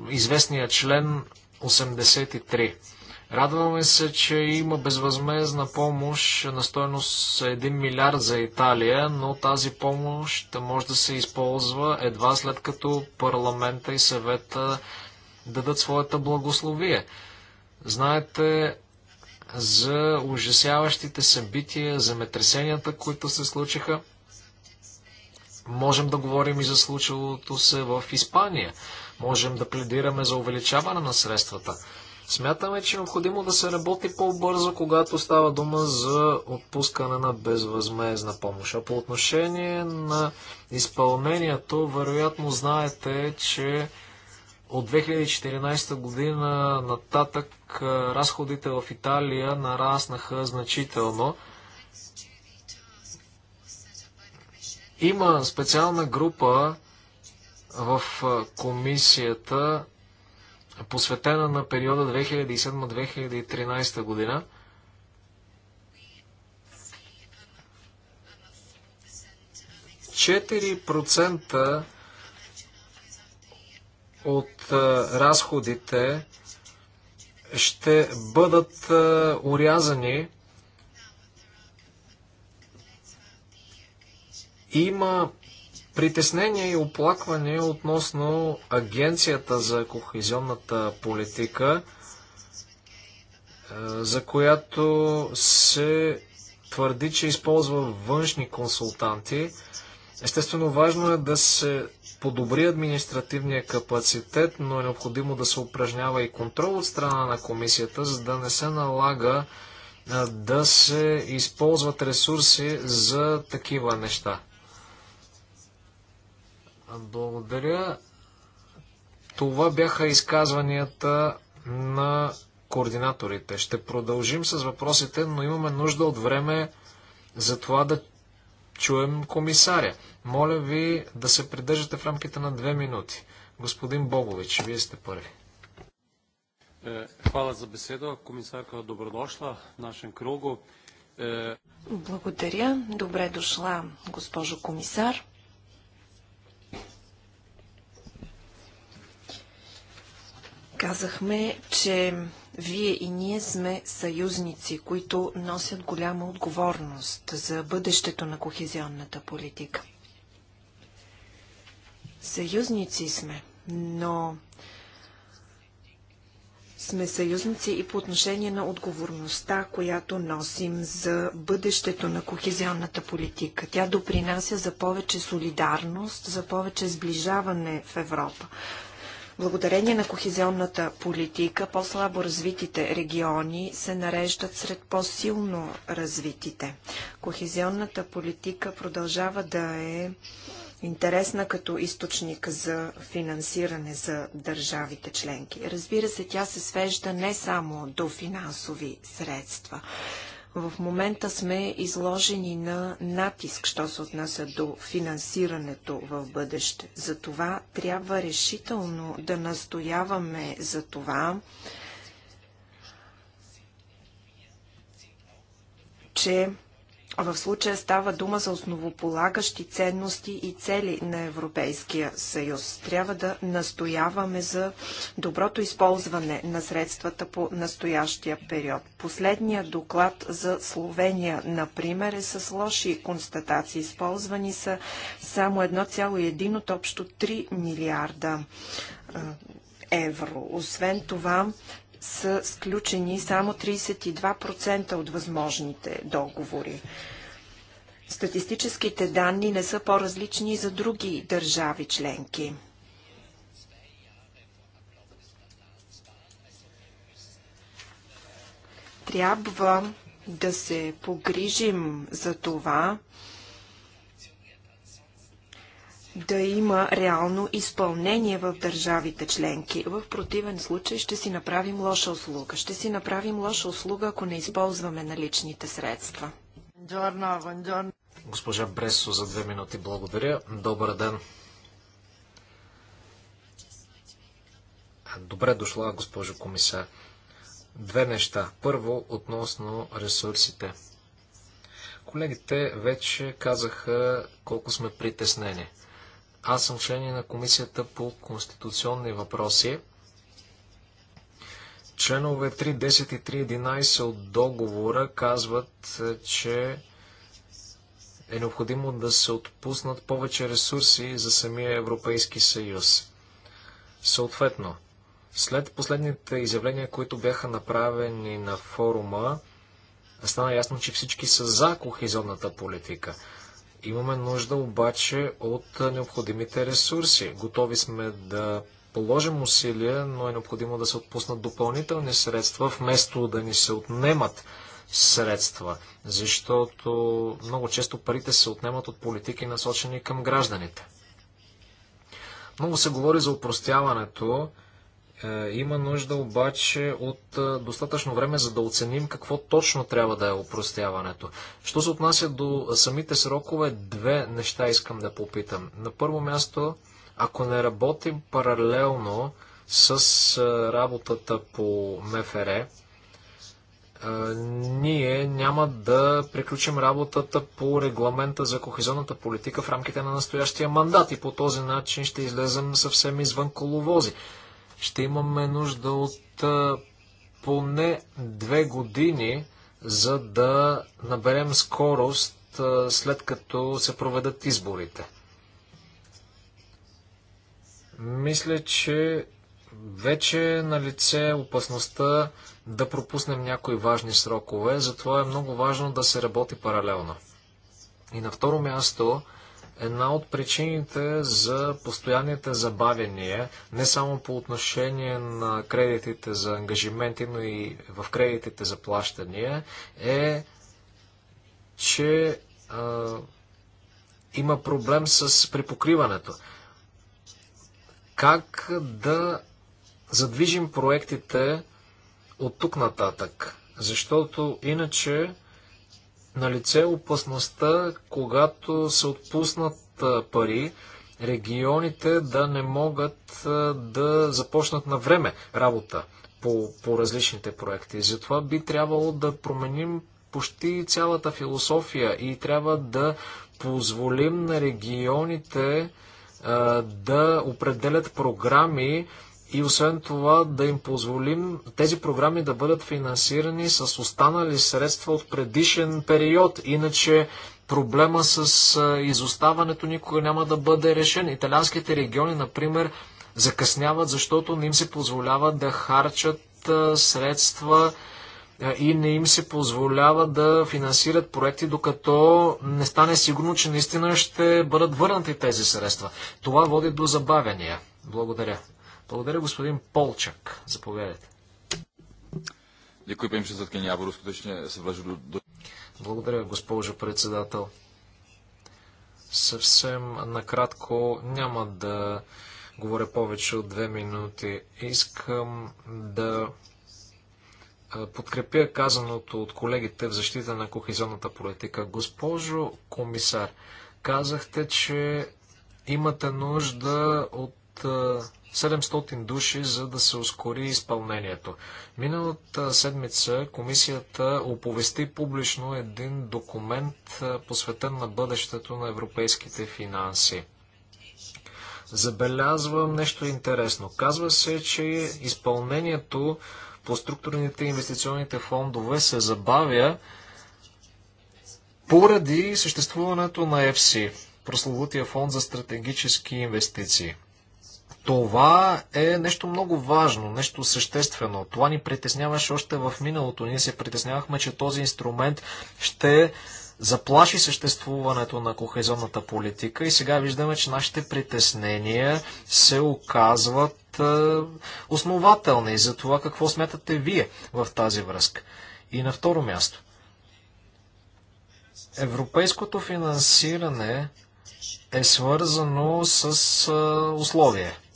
известния член 83. Радваме се, че има безвъзмезна помощ на стоеност 1 милиард за Италия, но тази помощ може да се използва едва след като парламента и съвета дадат своята благословие. Знаете за ужасяващите събития, земетресенията, които се случиха. Можем да говорим и за случилото се в Испания. Можем да пледираме за увеличаване на средствата. Смятаме, че е необходимо да се работи по-бързо, когато става дума за отпускане на безвъзмезна помощ. А по отношение на изпълнението, вероятно знаете, че от 2014 година нататък разходите в Италия нараснаха значително. Има специална група, в комисията, посветена на периода 2007-2013 година. Четири процента от разходите ще бъдат урязани. Има притеснения и оплаквания относно Агенцията за кохезионната политика, е, за която се твърди, че използва външни консултанти. Естествено, важно е да се подобри административния капацитет, но е необходимо да се упражнява и контрол от страна на комисията, за да не се налага е, да се използват ресурси за такива неща. Благодаря. Това бяха изказванията на координаторите. Ще продължим с въпросите, но имаме нужда от време за това да чуем комисаря. Моля ви да се придържате в рамките на две минути. Господин Богович, вие сте първи.
Е, хвала за беседа. Комисарка, добродошла в нашем кругу. Е,
Благодаря. Добре дошла, госпожо комисар. Казахме, че вие и ние сме съюзници, които носят голяма отговорност за бъдещето на кохезионната политика. Съюзници сме, но сме съюзници и по отношение на отговорността, която носим за бъдещето на кохезионната политика. Тя допринася за повече солидарност, за повече сближаване в Европа. Благодарение на кохезионната политика, по-слабо развитите региони се нареждат сред по-силно развитите. Кохезионната политика продължава да е интересна като източник за финансиране за държавите членки. Разбира се, тя се свежда не само до финансови средства. В момента сме изложени на натиск, що се отнася до финансирането в бъдеще. Затова трябва решително да настояваме за това, че а в случая става дума за основополагащи ценности и цели на Европейския съюз. Трябва да настояваме за доброто използване на средствата по настоящия период. Последният доклад за Словения, например, е с лоши констатации. Използвани са само 1,1 от общо 3 милиарда евро. Освен това, са сключени само 32% от възможните договори. Статистическите данни не са по-различни за други държави членки. Трябва да се погрижим за това да има реално изпълнение в държавите членки. В противен случай ще си направим лоша услуга. Ще си направим лоша услуга, ако не използваме наличните средства.
Госпожа Бресо за две минути благодаря. Добър ден. Добре дошла, госпожо комисар. Две неща. Първо, относно ресурсите. Колегите вече казаха колко сме притеснени. Аз съм член на Комисията по конституционни въпроси. Членове 3, 10 и 3, 11 от договора казват, е, че е необходимо да се отпуснат повече ресурси за самия Европейски съюз. Съответно, след последните изявления, които бяха направени на форума, стана ясно, че всички са за кохезионната политика. Имаме нужда обаче от необходимите ресурси. Готови сме да положим усилия, но е необходимо да се отпуснат допълнителни средства, вместо да ни се отнемат средства, защото много често парите се отнемат от политики насочени към гражданите. Много се говори за упростяването. Е, има нужда обаче от е, достатъчно време, за да оценим какво точно трябва да е опростяването. Що се отнася до самите срокове, две неща искам да попитам. На първо място, ако не работим паралелно с е, работата по МФР, ние няма да приключим работата по регламента за кохезионната политика в рамките на настоящия мандат и по този начин ще излезем съвсем извън коловози ще имаме нужда от поне две години, за да наберем скорост след като се проведат изборите. Мисля, че вече е на лице опасността да пропуснем някои важни срокове, затова е много важно да се работи паралелно. И на второ място, една от причините за постоянните забавения, не само по отношение на кредитите за ангажименти, но и в кредитите за плащания, е, че а, има проблем с припокриването. Как да задвижим проектите от тук нататък? Защото иначе на лице е опасността, когато се отпуснат пари, регионите да не могат да започнат на време работа по, по различните проекти. Затова би трябвало да променим почти цялата философия и трябва да позволим на регионите да определят програми, и освен това да им позволим тези програми да бъдат финансирани с останали средства от предишен период. Иначе проблема с изоставането никога няма да бъде решен. Италианските региони, например, закъсняват, защото не им се позволява да харчат средства и не им се позволява да финансират проекти, докато не стане сигурно, че наистина ще бъдат върнати тези средства. Това води до забавяния. Благодаря. Благодаря, господин Полчак. Заповядайте.
Děkuji, paní předsedkyně. Já budu skutečně se do...
Благодаря, госпожо председател. Съвсем накратко няма да говоря повече от две минути. Искам да подкрепя казаното от колегите в защита на кохезионната политика. Госпожо комисар, казахте, че имате нужда от 700 души, за да се ускори изпълнението. Миналата седмица комисията оповести публично един документ, е, посветен на бъдещето на европейските финанси. Забелязвам нещо интересно. Казва се, че изпълнението по структурните инвестиционните фондове се забавя поради съществуването на ЕФСИ, прословутия фонд за стратегически инвестиции. Това е нещо много важно, нещо съществено. Това ни притесняваше още в миналото. Ние се притеснявахме, че този инструмент ще заплаши съществуването на кохезионната политика и сега виждаме, че нашите притеснения се оказват е, основателни за това какво смятате вие в тази връзка. И на второ място. Европейското финансиране е свързано с е,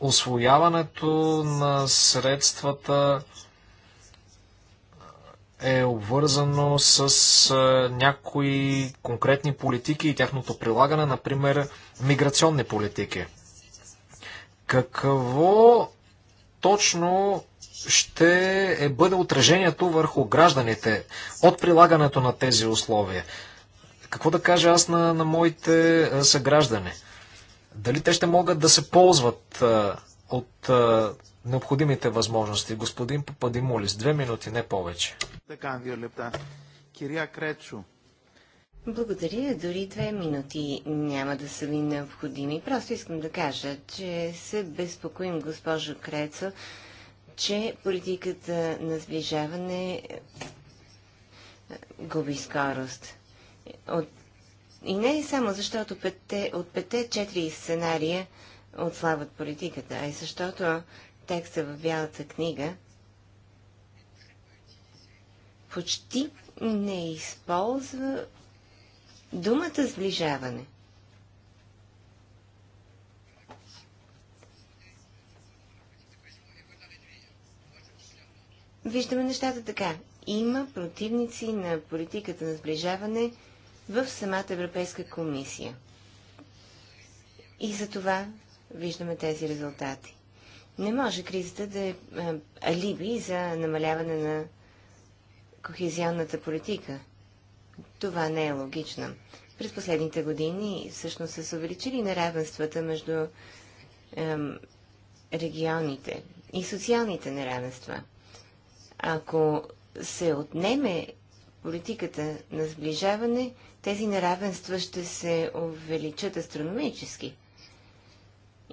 освояването на средствата е обвързано с някои конкретни политики и тяхното прилагане, например миграционни политики. Какво точно ще е бъде отражението върху гражданите от прилагането на тези условия? Какво да кажа аз на, на моите съграждани? Дали те ще могат да се ползват от необходимите възможности? Господин Пападимолис, две минути, не повече. Кирия Кречо.
Благодаря. Дори две минути няма да са ви необходими. Просто искам да кажа, че се безпокоим, госпожо Крецо, че политиката на сближаване губи скорост. От и не само защото петте, от пете четири сценария отслабват политиката, а и защото текста в Бялата книга почти не използва думата сближаване. Виждаме нещата така. Има противници на политиката на сближаване – в самата Европейска комисия. И за това виждаме тези резултати. Не може кризата да е, е алиби за намаляване на кохезионната политика. Това не е логично. През последните години всъщност са се увеличили неравенствата между ем, регионите и социалните неравенства. Ако се отнеме политиката на сближаване, тези неравенства ще се увеличат астрономически.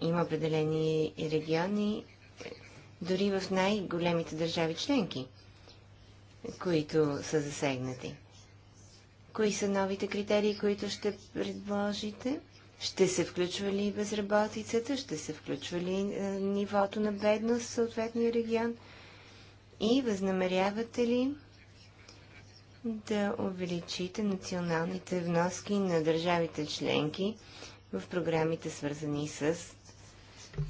Има определени региони, дори в най-големите държави членки, които са засегнати. Кои са новите критерии, които ще предложите? Ще се включва ли безработицата? Ще се включва ли е, нивото на бедност в съответния регион? И възнамерявате ли да увеличите националните вноски на държавите членки в програмите, свързани с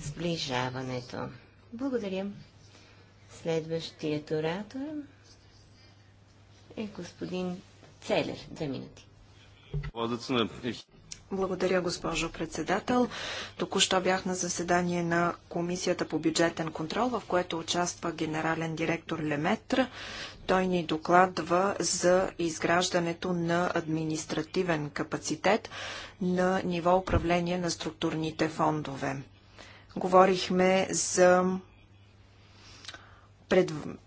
сближаването. Благодаря. Следващият оратор е господин Целер. Две минути.
Благодаря, госпожо председател. Току-що бях на заседание на Комисията по бюджетен контрол, в което участва генерален директор Леметр. Той ни докладва за изграждането на административен капацитет на ниво управление на структурните фондове. Говорихме за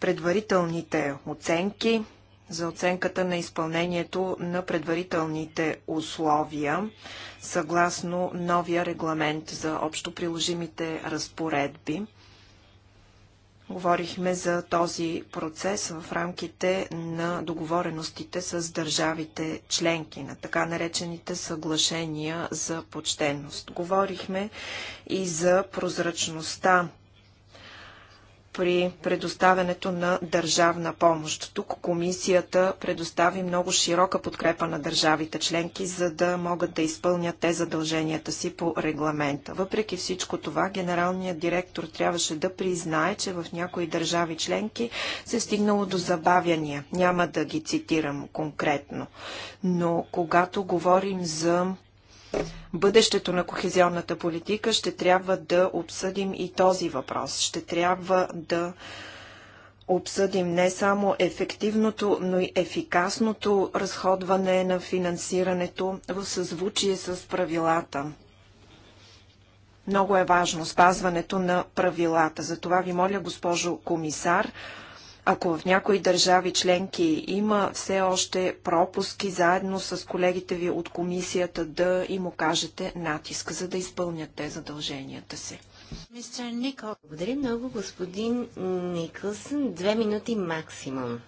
предварителните оценки, за оценката на изпълнението на предварителните условия, съгласно новия регламент за общо приложимите разпоредби. Говорихме за този процес в рамките на договореностите с държавите членки, на така наречените съглашения за почтенност. Говорихме и за прозрачността при предоставянето на държавна помощ. Тук комисията предостави много широка подкрепа на държавите членки, за да могат да изпълнят те задълженията си по регламента. Въпреки всичко това, генералният директор трябваше да признае, че в някои държави членки се е стигнало до забавяния. Няма да ги цитирам конкретно. Но когато говорим за бъдещето на кохезионната политика, ще трябва да обсъдим и този въпрос. Ще трябва да обсъдим не само ефективното, но и ефикасното разходване на финансирането в съзвучие с правилата. Много е важно спазването на правилата. Затова ви моля, госпожо комисар, ако в някои държави членки има все още пропуски, заедно с колегите ви от комисията
да им окажете натиск, за да изпълнят те задълженията си. Мистер Никол. Благодаря много, господин Никълсън. Две минути максимум.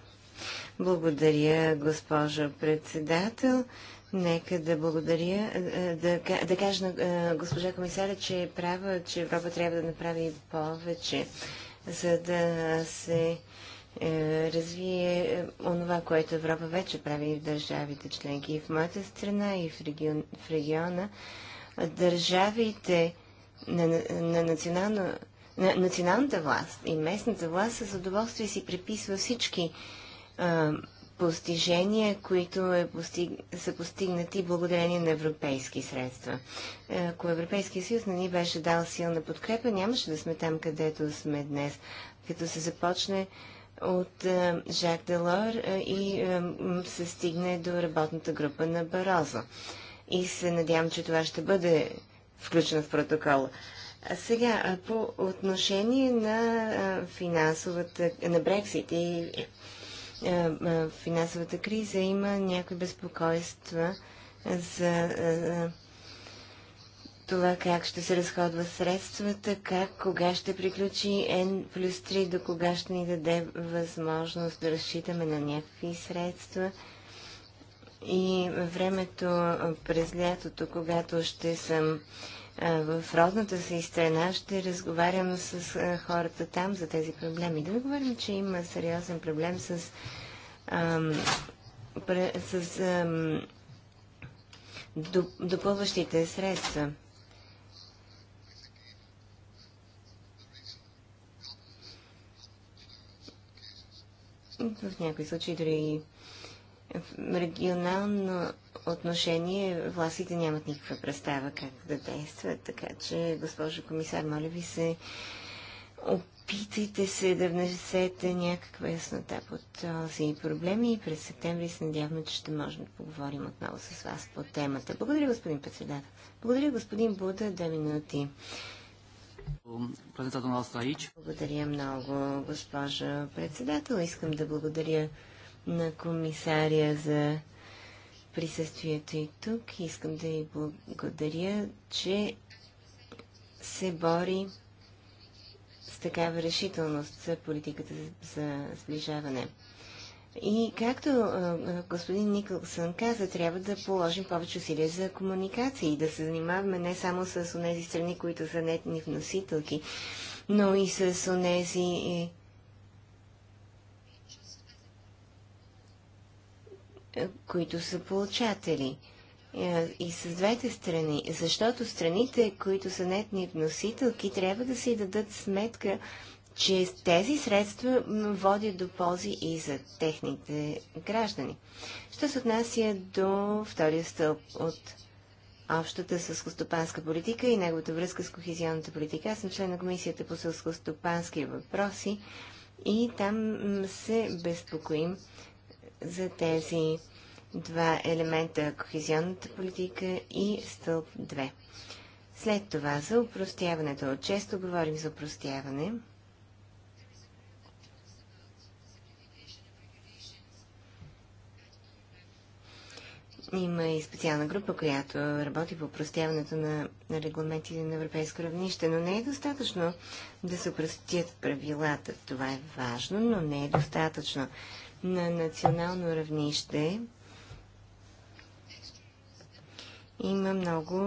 Благодаря, госпожо председател. Нека да благодаря, е, е, да, да кажа на е, госпожа комисаря, че е права, че Европа трябва да направи повече, за да се е, развие е, онова, което Европа вече прави и в държавите членки. И в моята страна, и в, регион, в региона, държавите на, на, на на националната власт и местната власт с удоволствие си приписва всички а, постижения, които е постиг... са постигнати благодарение на европейски средства. Ако Европейския съюз не ни беше дал силна подкрепа, нямаше да сме там, където сме днес. Като се започне от е, Жак Делор е, и е, се стигне до работната група на Барозо. И се надявам, че това ще бъде включено в протокола. А сега, по отношение на финансовата, на Брексит и финансовата криза, има някои безпокойства за това как ще се разходват средствата, как, кога ще приключи N плюс 3, до кога ще ни даде възможност да разчитаме на някакви средства и времето през лятото, когато ще съм в родната си страна, ще разговарям с хората там за тези проблеми. Да не говорим, че има сериозен проблем с, ам, с ам, допълващите средства. в някои случаи дори и в регионално отношение властите нямат никаква представа как да действат, така че, госпожо комисар, моля ви се, опитайте се да внесете някаква яснота под този проблем и през септември се надяваме, че ще можем да поговорим отново с вас по темата. Благодаря, господин председател. Благодаря, господин Буда. Две минути. Благодаря много, госпожа председател. Искам да благодаря на комисария за присъствието и тук. Искам да ви благодаря, че се бори с такава решителност за политиката за сближаване. И както а, господин Никълсън каза, трябва да положим повече усилия за комуникация и да се занимаваме не само с тези страни, които са нетни вносителки, но и с онези е, е, които са получатели. Е, и с двете страни, защото страните, които са нетни вносителки, трябва да си дадат сметка че тези средства водят до ползи и за техните граждани. Що се отнася до втория стълб от общата сълскостопанска политика и неговата връзка с кохезионната политика. Аз съм член на Комисията по сълскостопански въпроси и там се безпокоим за тези два елемента – кохезионната политика и стълб 2. След това за упростяването. Често говорим за упростяване – Има и специална група, която работи по простяването на, на регламентите на европейско равнище, но не е достатъчно да се простят правилата. Това е важно, но не е достатъчно. На национално равнище има много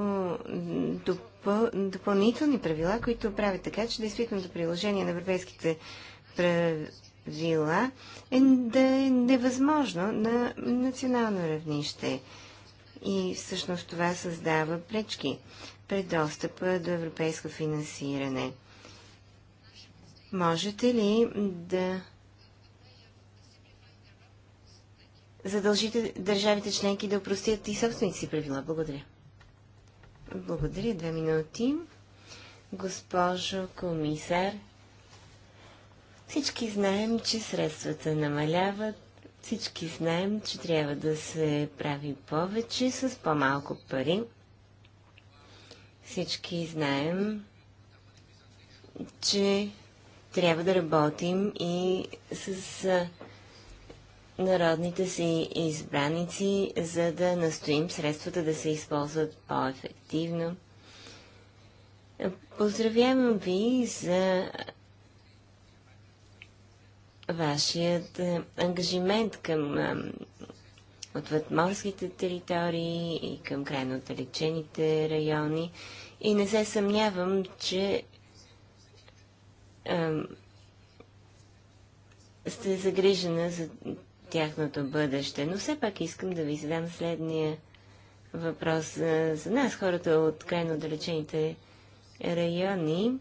допъл... допълнителни правила, които правят така, че действителното приложение на европейските правила вила е да е невъзможно на национално равнище. И всъщност това създава пречки пред достъпа до европейско финансиране. Можете ли да задължите държавите членки да упростят и собствените си правила? Благодаря. Благодаря. Две минути. Госпожо комисар, всички знаем, че средствата намаляват, всички знаем, че трябва да се прави повече с по-малко пари. Всички знаем, че трябва да работим и с народните си избраници, за да настоим средствата да се използват по-ефективно. Поздравявам ви за вашият е, ангажимент към е, отвъдморските територии и към крайно отдалечените райони. И не се съмнявам, че а, е, сте загрижена за тяхното бъдеще. Но все пак искам да ви задам следния въпрос за, за нас, хората от крайно отдалечените райони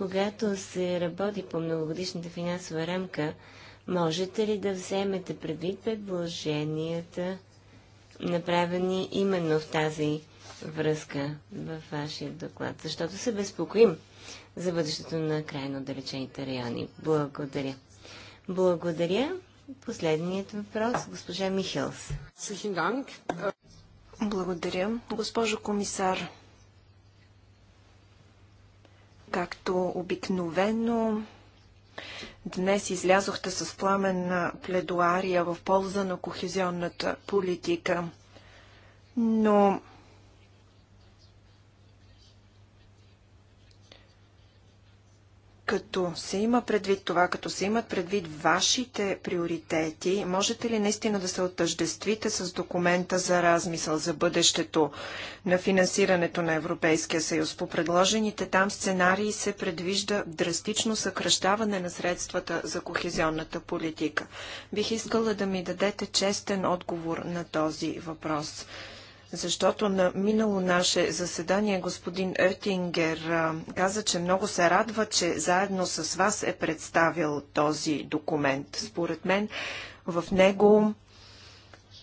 когато се работи по многогодишната финансова рамка, можете ли да вземете предвид предложенията, направени именно в тази връзка в вашия доклад? Защото се безпокоим за бъдещето на крайно отдалечените райони. Благодаря. Благодаря. Последният въпрос, госпожа Михелс. Благодаря. Госпожо
комисар, Както обикновено, днес излязохте с пламенна пледуария в полза на кохезионната политика, но Като се има предвид това, като се имат предвид вашите приоритети, можете ли наистина да се отъждествите с документа за размисъл за бъдещето на финансирането на Европейския съюз? По предложените там сценарии се предвижда драстично съкръщаване на средствата за кохезионната политика. Бих искала да ми дадете честен отговор на този въпрос защото на минало наше заседание господин Ертингер каза, че много се радва, че заедно с вас е представил този документ. Според мен в него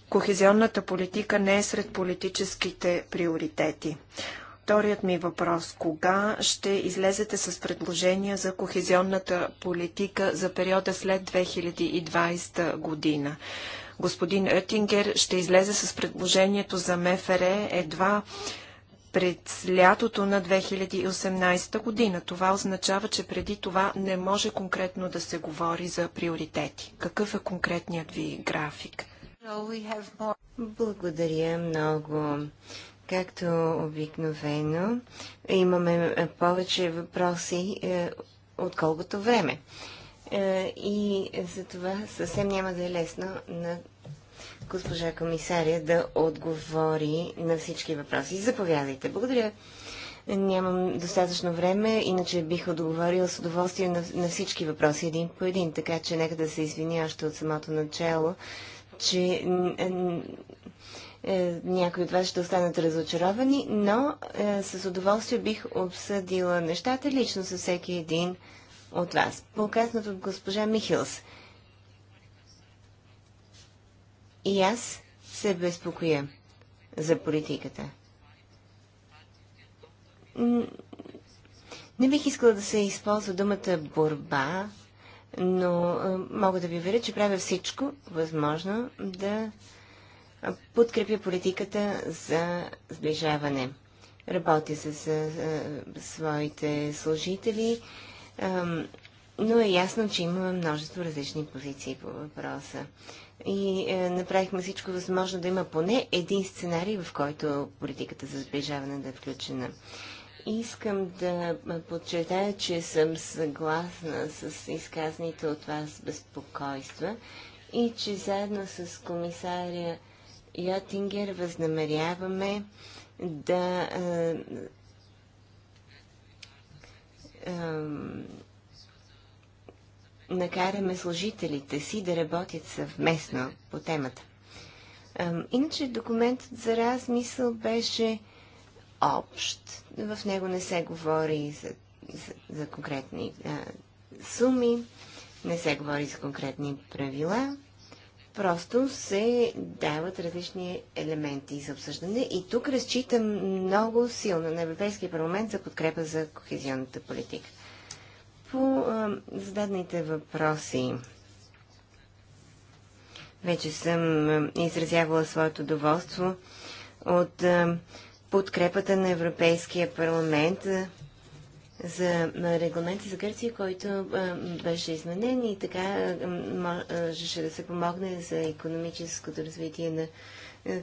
кохезионната политика не е сред политическите приоритети. Вторият ми въпрос. Кога ще излезете с предложения за кохезионната политика за периода след 2020 година? господин Оттингер ще излезе с предложението за МФР едва пред лятото на 2018 година. Това означава, че преди това не може конкретно да се говори за приоритети. Какъв е конкретният ви
график? Благодаря много. Както обикновено, имаме повече въпроси, е, отколкото време. Е, и за това съвсем няма да е лесно на госпожа комисаря да отговори на всички въпроси. Заповядайте. Благодаря. Нямам достатъчно време, иначе бих отговорил с удоволствие на, на всички въпроси един по един, така че нека да се извиня още от самото начало, че е, някои от вас ще останат разочаровани, но е, с удоволствие бих обсъдила нещата лично с всеки един от вас, по По-късно от госпожа Михилс. И аз се безпокоя за политиката. Не бих искала да се използва думата борба, но мога да ви уверя, че правя всичко възможно да подкрепя политиката за сближаване. Работя се с своите служители, но е ясно, че има множество различни позиции по въпроса. И е, направихме всичко възможно да има поне един сценарий, в който политиката за сближаване да е включена. Искам да подчертая, че съм съгласна с изказаните от вас безпокойства и че заедно с комисаря Йотингер възнамеряваме да е, накараме служителите си да работят съвместно по темата. Иначе документът за размисъл беше общ. В него не се говори за, за, за конкретни а, суми, не се говори за конкретни правила. Просто се дават различни елементи за обсъждане и тук разчитам много силно на Европейския парламент за подкрепа за кохезионната политика. По а, зададените въпроси вече съм изразявала своето доволство от а, подкрепата на Европейския парламент а, за регламента за Гърция, който беше изменен и така можеше да се помогне за економическото развитие на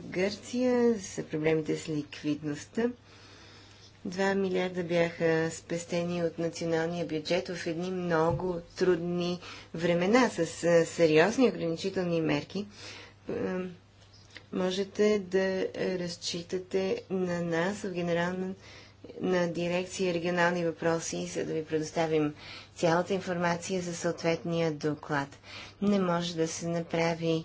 Гърция, за проблемите с ликвидността. Два милиарда бяха спестени от националния бюджет в едни много трудни времена с сериозни ограничителни мерки. Можете да разчитате на нас в Генерална на дирекция регионални въпроси, за да ви предоставим цялата информация за съответния доклад. Не може да се направи.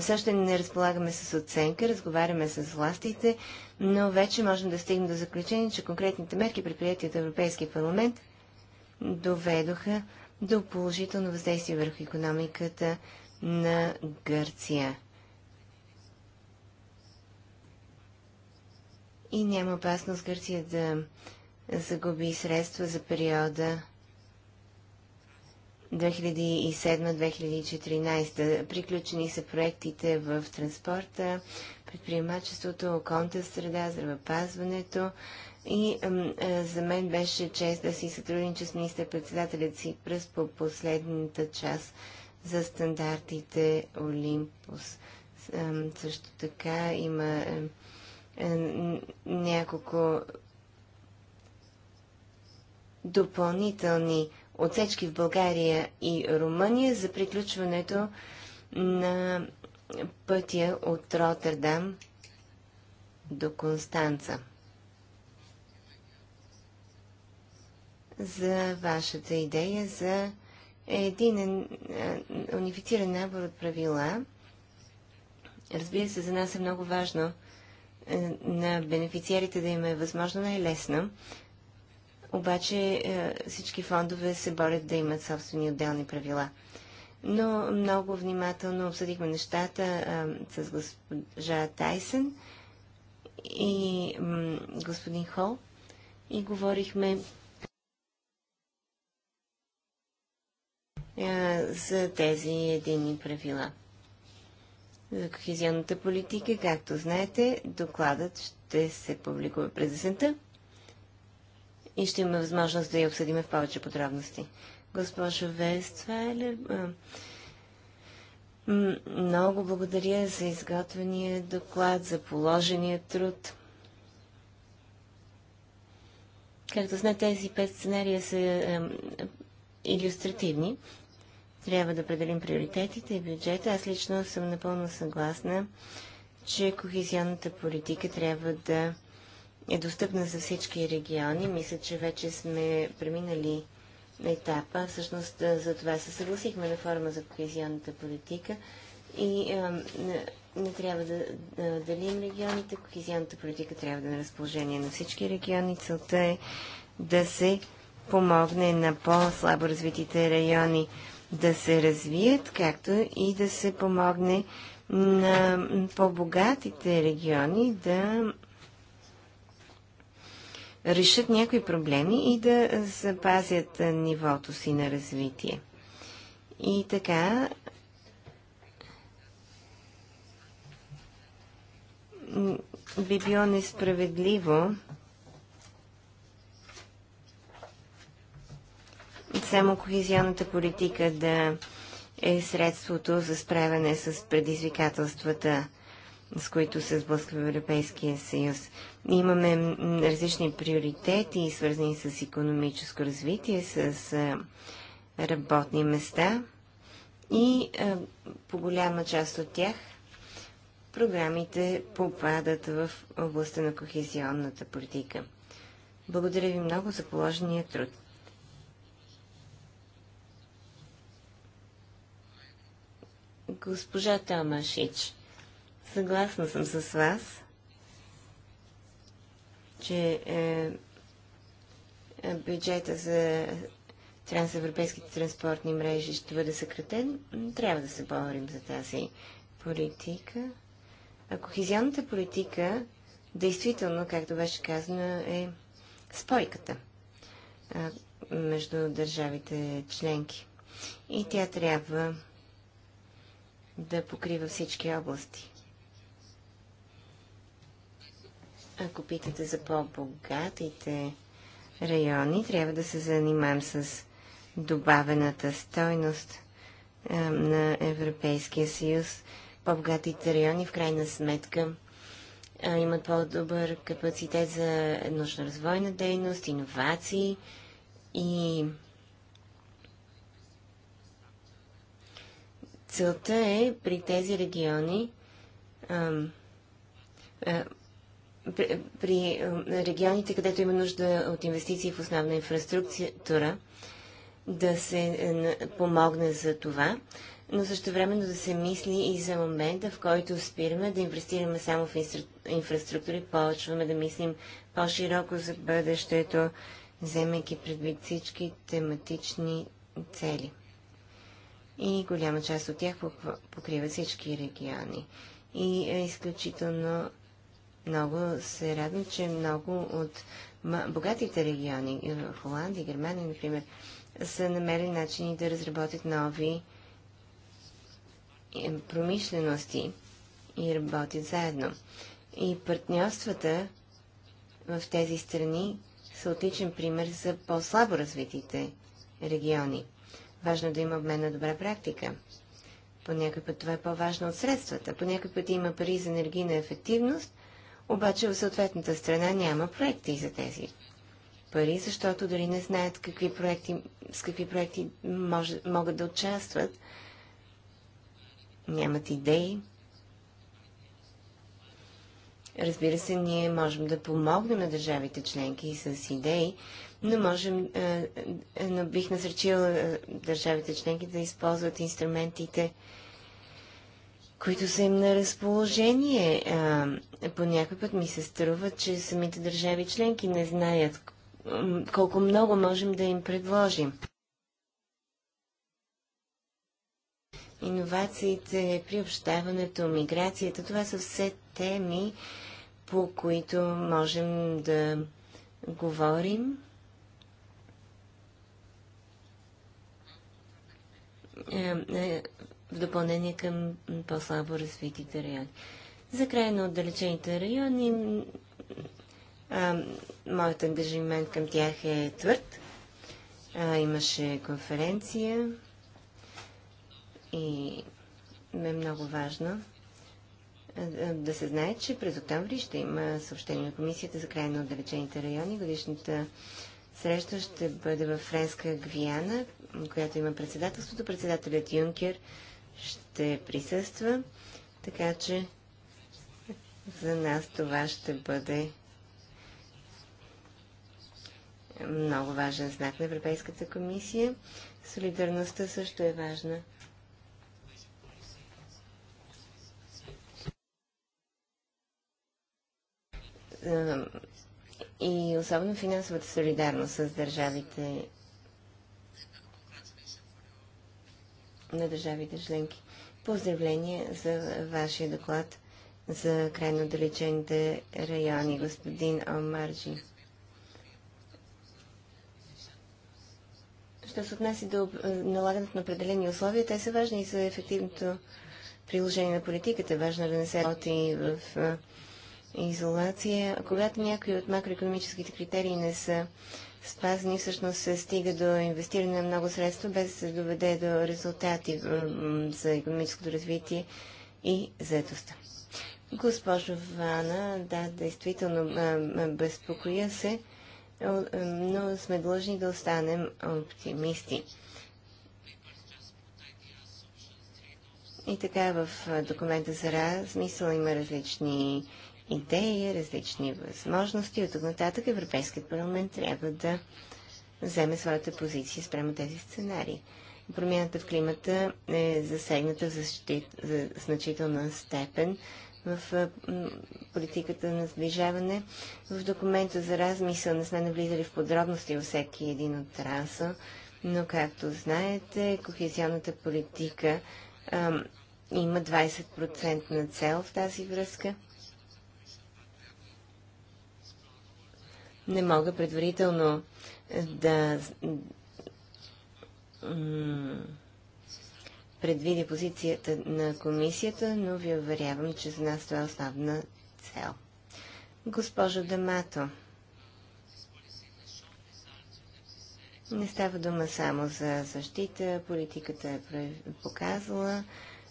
Все още не разполагаме с оценка, разговаряме с властите, но вече можем да стигнем до заключение, че конкретните мерки, предприяти от Европейския парламент, доведоха до положително въздействие върху економиката на Гърция. и няма опасност Гърция да загуби средства за периода 2007-2014. Приключени са проектите в транспорта, предприемачеството, околната среда, здравеопазването и э, за мен беше чест да си сътруднича с министър-председателят си през по последната част за стандартите Олимпус. Също така има е, няколко допълнителни отсечки в България и Румъния за приключването на пътя от Роттердам до Констанца. За вашата идея за един е, унифициран набор от правила. Разбира се, за нас е много важно е, на бенефициарите да им е възможно най-лесно. Обаче е, всички фондове се борят да имат собствени отделни правила. Но много внимателно обсъдихме нещата а, е, с госпожа Тайсен и господин Хол и говорихме а, за тези едини правила за кохезионната политика. Както знаете, докладът ще се публикува през десента и ще има възможност да я обсъдим в повече подробности. Госпожо Вествайлер, много благодаря за изготвения доклад, за положения труд. Както знаете, тези пет сценария са иллюстративни. Трябва да определим приоритетите и бюджета. Аз лично съм напълно съгласна, че кохезионната политика трябва да е достъпна за всички региони. Мисля, че вече сме преминали на етапа. Всъщност за това се съгласихме на форма за кохезионната политика и а, не, не трябва да, да делим регионите. Кохезионната политика трябва да е на разположение на всички региони. Целта е да се помогне на по-слабо развитите райони да се развият, както и да се помогне на по-богатите региони да решат някои проблеми и да запазят нивото си на развитие. И така би било несправедливо само кохезионната политика да е средството за справяне с предизвикателствата, с които се сблъсква Европейския съюз. Имаме различни приоритети, свързани с економическо развитие, с работни места и по голяма част от тях програмите попадат в областта на кохезионната политика. Благодаря ви много за положения труд. Госпожа Тамашич, съгласна съм с вас, че е, е, бюджета за трансевропейските транспортни мрежи ще бъде съкратен. Трябва да се борим за тази политика. А кохезионната политика, действително, както беше казано, е спойката между държавите членки. И тя трябва да покрива всички области. Ако питате за по-богатите райони, трябва да се занимаем с добавената стойност на Европейския съюз. По-богатите райони в крайна сметка имат по-добър капацитет за научно-развойна дейност, иновации и Целта е при тези региони, ам, а, при, при регионите, където има нужда от инвестиции в основна инфраструктура, да се е, помогне за това, но също времено да се мисли и за момента, в който спираме да инвестираме само в инфраструктури, почваме да мислим по-широко за бъдещето, вземайки предвид всички тематични цели и голяма част от тях покриват всички региони. И е изключително много се радвам, че много от богатите региони, е, Холандия, Германия, например, са намерили начини да разработят нови е, промишлености и работят заедно. И партньорствата в тези страни са отличен пример за по-слабо развитите региони. Важно е да има обмен на добра практика. По някой път това е по-важно от средствата. По някой път има пари за енергийна ефективност, обаче в съответната страна няма проекти за тези пари, защото дори не знаят какви проекти, с какви проекти мож, могат да участват. Нямат идеи. Разбира се, ние можем да помогнем на държавите членки с идеи, но можем, е, е, но бих насречила е, държавите членки да използват инструментите, които са им на разположение. По някой път ми се струва, че самите държави членки не знаят колко много можем да им предложим. Иновациите, приобщаването, миграцията, това са все теми, по които можем да говорим Е, е, в допълнение към по-слабо развитите райони. За край на отдалечените райони а, моят ангажимент към тях е твърд. А, имаше конференция и ме е много важно да се знае, че през октомври ще има съобщение на Комисията за край на отдалечените райони. Годишната среща ще бъде във Френска Гвиана която има председателството. Председателят Юнкер ще присъства, така че за нас това ще бъде много важен знак на Европейската комисия. Солидарността също е важна. И особено финансовата солидарност с държавите на държавите членки. Поздравление за вашия доклад за крайно отдалечените райони, господин Омарджи. Що се отнася до е, налагането на определени условия, те са важни и за ефективното приложение на политиката. Важно е да не се работи в е, изолация. Когато някои от макроекономическите критерии не са спазни, всъщност се стига до инвестиране на много средства, без да се доведе до резултати за економическото развитие и заедостта. Госпожо Вана, да, действително безпокоя се, но сме длъжни да останем оптимисти. И така в документа за размисъл има различни идеи, различни възможности. От тук нататък Европейският парламент трябва да вземе своята позиция спрямо тези сценарии. Промяната в климата е засегната за, щит, за значителна степен в политиката на сближаване. В документа за размисъл не сме навлизали в подробности във всеки един раса, но както знаете, кохезионната политика а, има 20% на цел в тази връзка. не мога предварително да предвидя позицията на комисията, но ви уверявам, че за нас това е основна цел. Госпожо Дамато, не става дума само за защита. Политиката е показала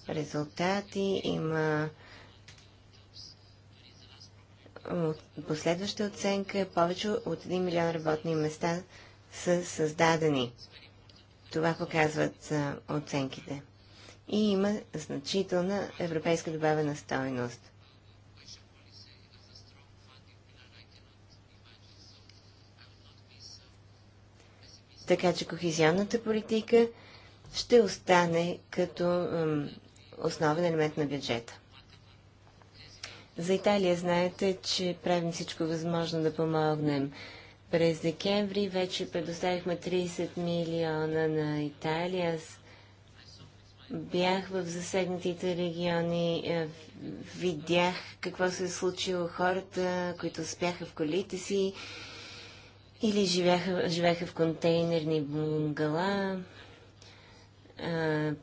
резултати. Има последваща оценка е повече от 1 милион работни места са създадени. Това показват оценките. И има значителна европейска добавена стойност. Така че кохезионната политика ще остане като основен елемент на бюджета. За Италия знаете, че правим всичко възможно да помогнем. През декември вече предоставихме 30 милиона на Италия. Бях в засегнатите региони, е, видях какво се е случило хората, които спяха в колите си или живяха, в контейнерни бунгала. и а,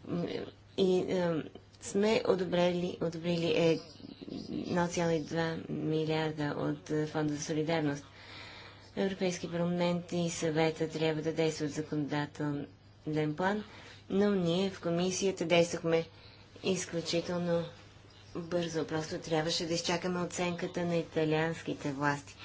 е, сме одобрили, одобрили е 1,2 милиарда от е, Фонда за солидарност. Европейски парламент и съвета трябва да действат законодателен план, но ние в комисията действахме изключително бързо. Просто трябваше да изчакаме оценката на италианските власти.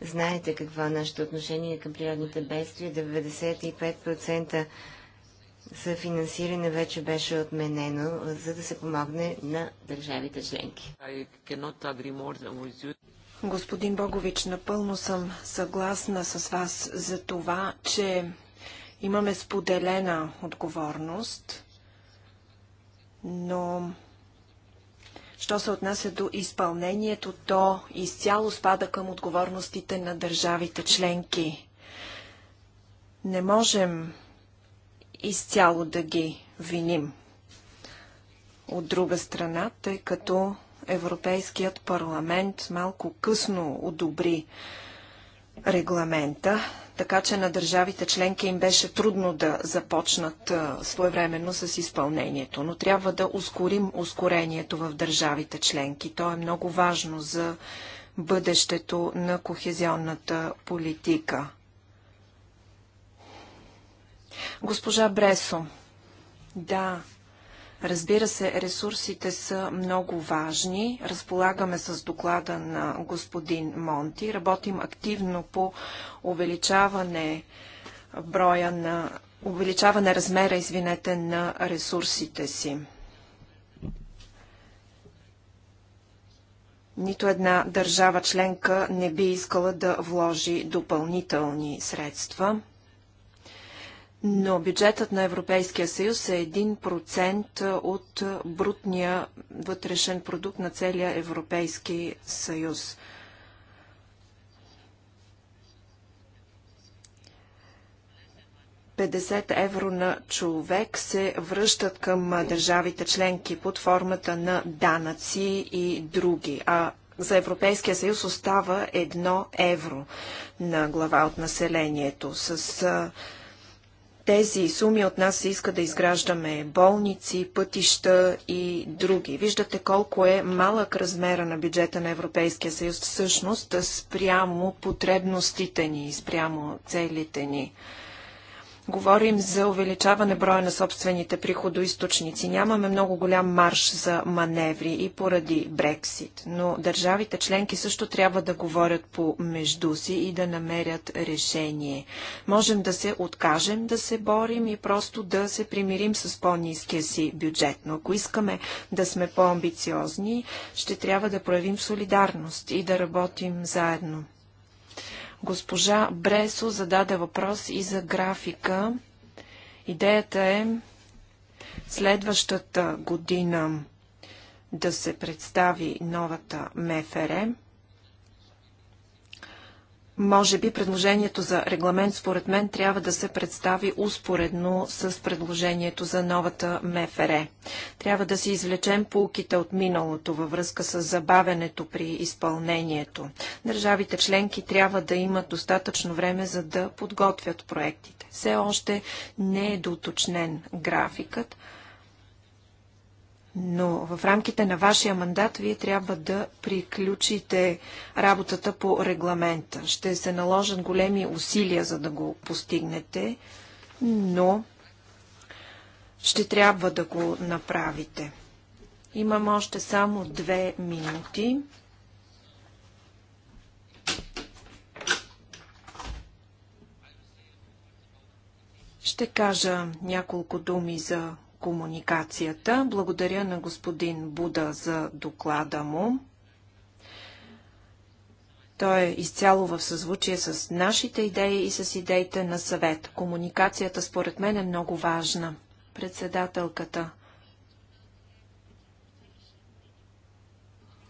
Знаете какво е нашето отношение към природните бедствия. 95% за финансиране вече беше отменено, за да се помогне на държавите членки. Господин Богович, напълно съм съгласна
с вас за това, че имаме споделена отговорност, но що се отнася до изпълнението, то изцяло спада към отговорностите на държавите членки. Не можем изцяло да ги виним. От друга страна, тъй като Европейският парламент малко късно одобри регламента, така че на държавите членки им беше трудно да започнат своевременно с изпълнението, но трябва да ускорим ускорението в държавите членки. То е много важно за бъдещето на кохезионната политика. Госпожа Бресо, да, Разбира се, ресурсите са много важни. Разполагаме с доклада на господин Монти. Работим активно по увеличаване броя на увеличаване размера, извинете, на ресурсите си. Нито една държава членка не би искала да вложи допълнителни средства но бюджетът на Европейския съюз е 1% от брутния вътрешен продукт на целия Европейски съюз. евро на човек се връщат към държавите членки под формата на данъци и други, а за Европейския съюз остава едно евро на глава от населението. С тези суми от нас се иска да изграждаме болници, пътища и други. Виждате колко е малък размера на бюджета на Европейския съюз всъщност спрямо потребностите ни, спрямо целите ни. Говорим за увеличаване броя на собствените приходоисточници. Нямаме много голям марш за маневри и поради Брексит, но държавите членки също трябва да говорят по между си и да намерят решение. Можем да се откажем да се борим и просто да се примирим с по-низкия си бюджет. Но ако искаме да сме по-амбициозни, ще трябва да проявим солидарност и да работим заедно. Госпожа Бресо зададе въпрос и за графика. Идеята е следващата година да се представи новата МФР. Може би предложението за регламент според мен трябва да се представи успоредно с предложението за новата МФР. Трябва да си извлечем полките от миналото във връзка с забавенето при изпълнението. Държавите членки трябва да имат достатъчно време за да подготвят проектите. Все още не е доточнен графикът но в рамките на вашия мандат вие трябва да приключите работата по регламента. Ще се наложат големи усилия, за да го постигнете, но ще трябва да го направите. Имам още само две минути. Ще кажа няколко думи за комуникацията. Благодаря на господин Буда за доклада му. Той е изцяло в съзвучие с нашите идеи и с идеите на съвет. Комуникацията според мен е много важна. Председателката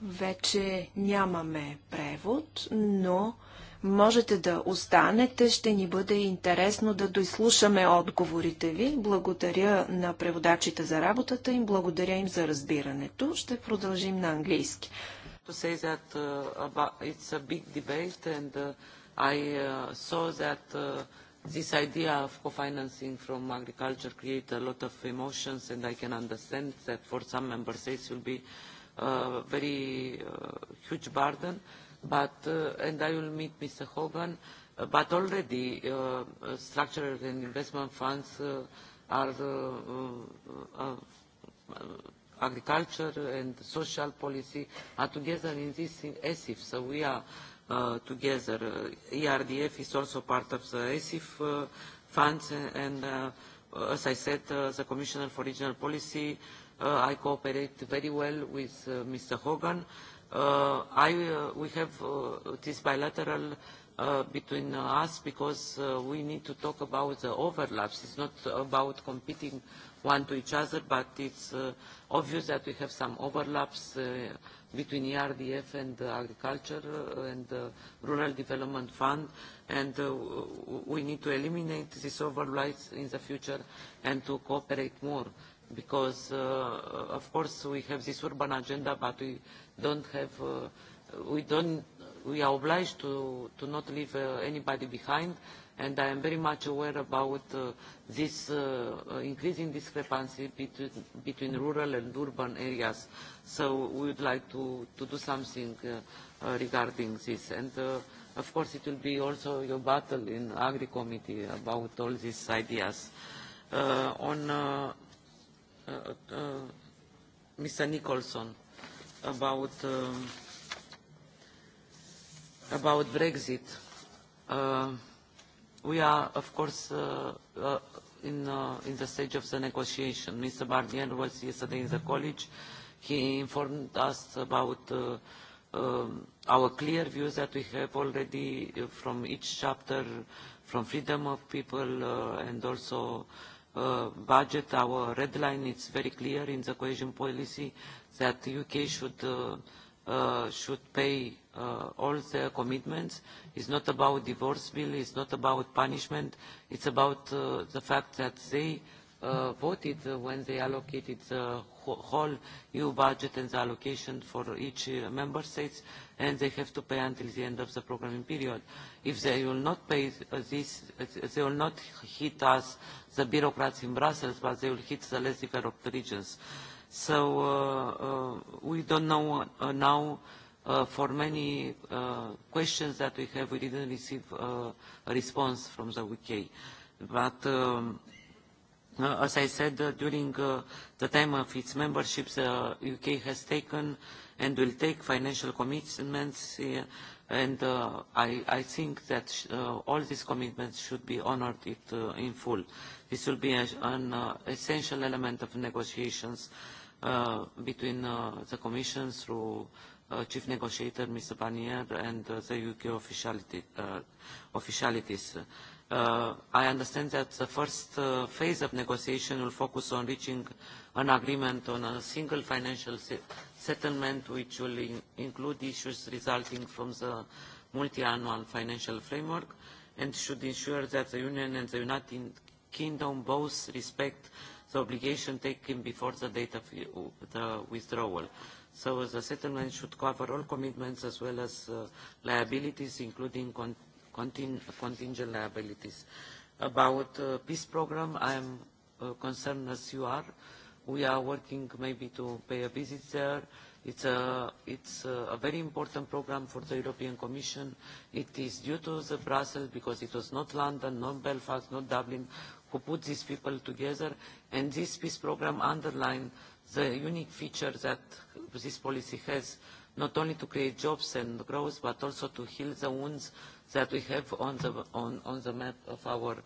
вече нямаме превод, но Можете да останете, ще ни бъде интересно да доислушаме отговорите ви. Благодаря на преводачите за работата им, благодаря им за разбирането. Ще продължим на английски.
This idea of co-financing from agriculture creates a lot of emotions and I can understand that for some member states will be a uh, very uh, huge burden but uh, and I will meet Mr. Hogan. But already, uh, structural and investment funds uh, are uh, uh, agriculture and social policy are together in this in ESIF. So we are uh, together. Uh, ERDF is also part of the ESIF uh, funds, and and uh, as I said, uh, the Commissioner for Regional Policy. Uh, I cooperate very well with uh, Mr. Hogan uh, I, uh, we have uh, this bilateral uh, between us because uh, we need to talk about the overlaps. It's not about competing one to each other, but it's uh, obvious that we have some overlaps uh, between ERDF and uh, agriculture and uh, rural development fund, and uh, we need to eliminate these overlaps in the future and to cooperate more because, uh, of course, we have this urban agenda, but we don't have, uh, we don't, we are obliged to, to not leave uh, anybody behind, and I am very much aware about uh, this uh, increasing discrepancy between, between rural and urban areas. So we would like to, to do something uh, uh, regarding this. And uh, of course, it will be also your battle in Agri Committee about all these ideas. Uh, on uh, uh, Mr. Nicholson about uh, about Brexit. Uh, we are, of course, uh, uh, in uh, in the stage of the negotiation. Mr. Barnier was yesterday in the college. He informed us about. Uh, um, our clear views that we have already from each chapter, from freedom of people uh, and also uh, budget, our red line, it's very clear in the cohesion policy that the UK should uh, uh, should pay uh, all their commitments. It's not about divorce bill, it's not about punishment, it's about uh, the fact that they uh, voted when they allocated the whole EU budget and the allocation for each member states, and they have to pay until the end of the programming period. If they will not pay this, they will not hit us, the bureaucrats in Brussels, but they will hit the less developed regions. So uh, uh, we don't know uh, now uh, for many uh, questions that we have, we didn't receive uh, a response from the UK. But um, as I said, uh, during uh, the time of its membership, the UK has taken and will take financial commitments, uh, and uh, I, I think that sh uh, all these commitments should be honored it, uh, in full. This will be a, an uh, essential element of negotiations uh, between uh, the Commission through uh, Chief Negotiator Mr. Barnier and uh, the UK officiality, uh, officialities. Uh, Uh, I understand that the first uh, phase of negotiation will focus on reaching an agreement on a single financial se settlement, which will in include issues resulting from the multi-annual financial framework and should ensure that the Union and the United Kingdom both respect the obligation taken before the date of the withdrawal. So the settlement should cover all commitments as well as uh, liabilities, including con contingent liabilities. About uh, peace program, I am uh, concerned as you are. We are working maybe to pay a visit there. It's a, it's a very important program for the European Commission. It is due to the Brussels because it was not London, not Belfast, not Dublin who put these people together. And this peace program underlined the unique feature that this policy has, not only to create jobs and growth, but also to heal the wounds that we have on the, on, on the map of our,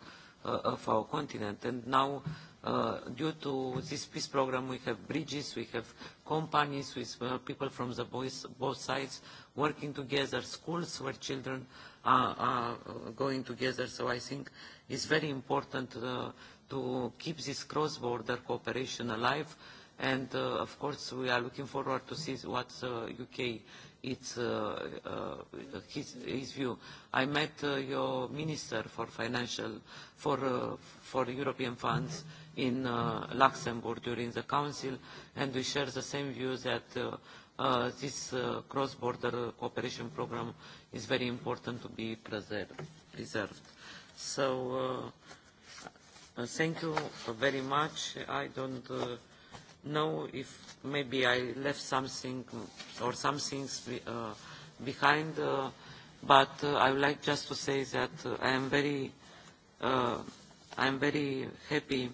uh, of our continent. And now, uh, due to this peace program, we have bridges, we have companies with uh, people from the boys, both sides working together, schools where children are, are going together. So I think it's very important uh, to keep this cross-border cooperation alive. And uh, of course, we are looking forward to see what the UK its, uh, uh, his, his view. I met uh, your minister for financial, for, uh, for European funds in uh, Luxembourg during the council, and we share the same view that uh, uh, this uh, cross-border cooperation program is very important to be preserved. preserved. So uh, uh, thank you very much. I don't... Uh, know if maybe I left something or some things uh, behind, uh, but uh, I would like just to say that uh, I am very, uh, I am very happy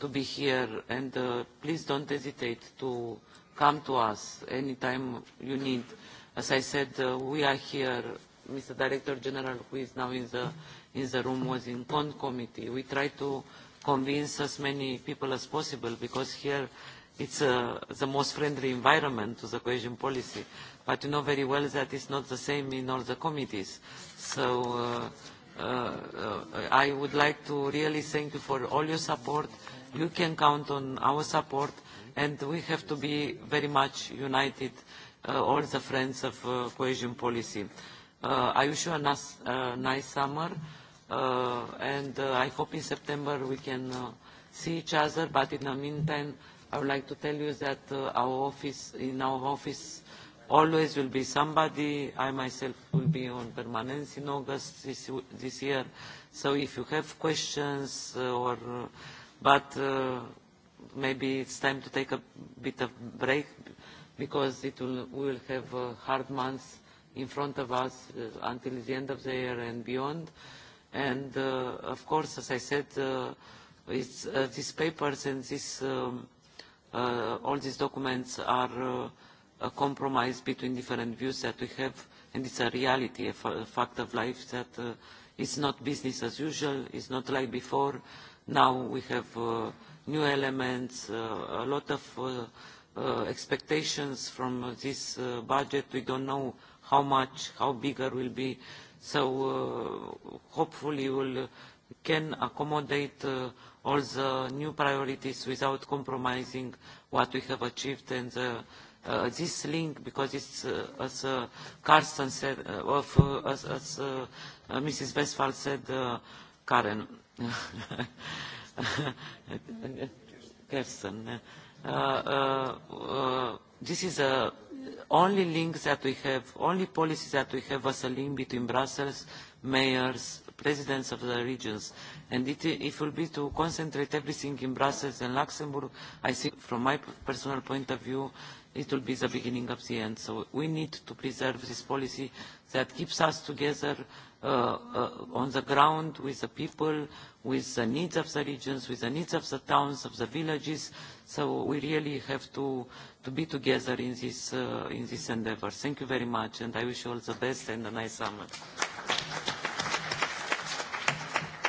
to be here, and uh, please don't hesitate to come to us anytime you need. As I said, uh, we are here. Mr. Director General, who is now in the in the room, was in Pond Committee. We try to convince as many people as possible because here it's a, the most friendly environment to the cohesion policy. But you know very well that it's not the same in all the committees. So uh, uh, I would like to really thank you for all your support. You can count on our support, and we have to be very much united, uh, all the friends of uh, cohesion policy. Uh, I wish you a nice, uh, nice summer, uh, and uh, I hope in September we can uh, see each other, but in the meantime, I would like to tell you that uh, our office, in our office, always will be somebody. I myself will be on permanence in August this, this year. So if you have questions uh, or, uh, but uh, maybe it's time to take a bit of break because it will, we will have a hard months in front of us uh, until the end of the year and beyond. And uh, of course, as I said, uh, it's, uh, these papers and this um, uh, all these documents are uh, a compromise between different views that we have, and it's a reality, a, f a fact of life that uh, it's not business as usual, it's not like before. Now we have uh, new elements, uh, a lot of uh, uh, expectations from this uh, budget. We don't know how much, how bigger will be. So uh, hopefully we'll, can accommodate uh, all the new priorities without compromising what we have achieved and uh, uh, this link, because it's, uh, as uh, Carsten said, uh, of, uh, as, as uh, uh, Mrs. Westphal said, uh, Karen, Kirsten, uh, uh, uh, this is a only link that we have, only policy that we have as a link between Brussels, mayors, presidents of the regions. Uh, and it, if will be to concentrate everything in Brussels and Luxembourg, I think from my personal point of view, it will be the beginning of the end. So we need to preserve this policy that keeps us together uh, uh, on the ground with the people, with the needs of the regions, with the needs of the towns, of the villages. So we really have to, to be together in this, uh, in this endeavor. Thank you very much, and I wish you all the best and a nice summer.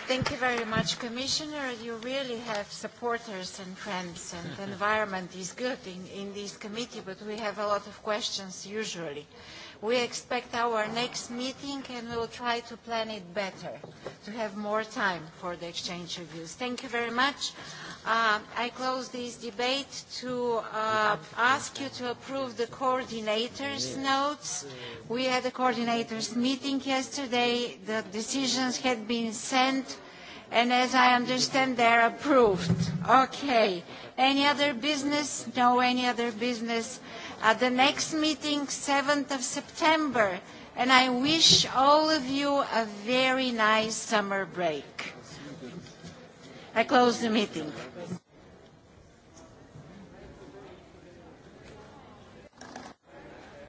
Thank you very much, Commissioner. You really have supporters and friends, and the environment is good in, in this committee, but we have a lot of questions usually. We expect our next meeting and we will try to plan it better, to have more time for the exchange of views. Thank you very much. Uh, I close this debate to uh, ask you to approve the coordinators' notes. We had a coordinators' meeting yesterday. The decisions had been sent and as I understand, they are approved. Okay. Any other business? No, any other business? at the next meeting, 7th of September. And I wish all of you a very nice summer break. I close the meeting.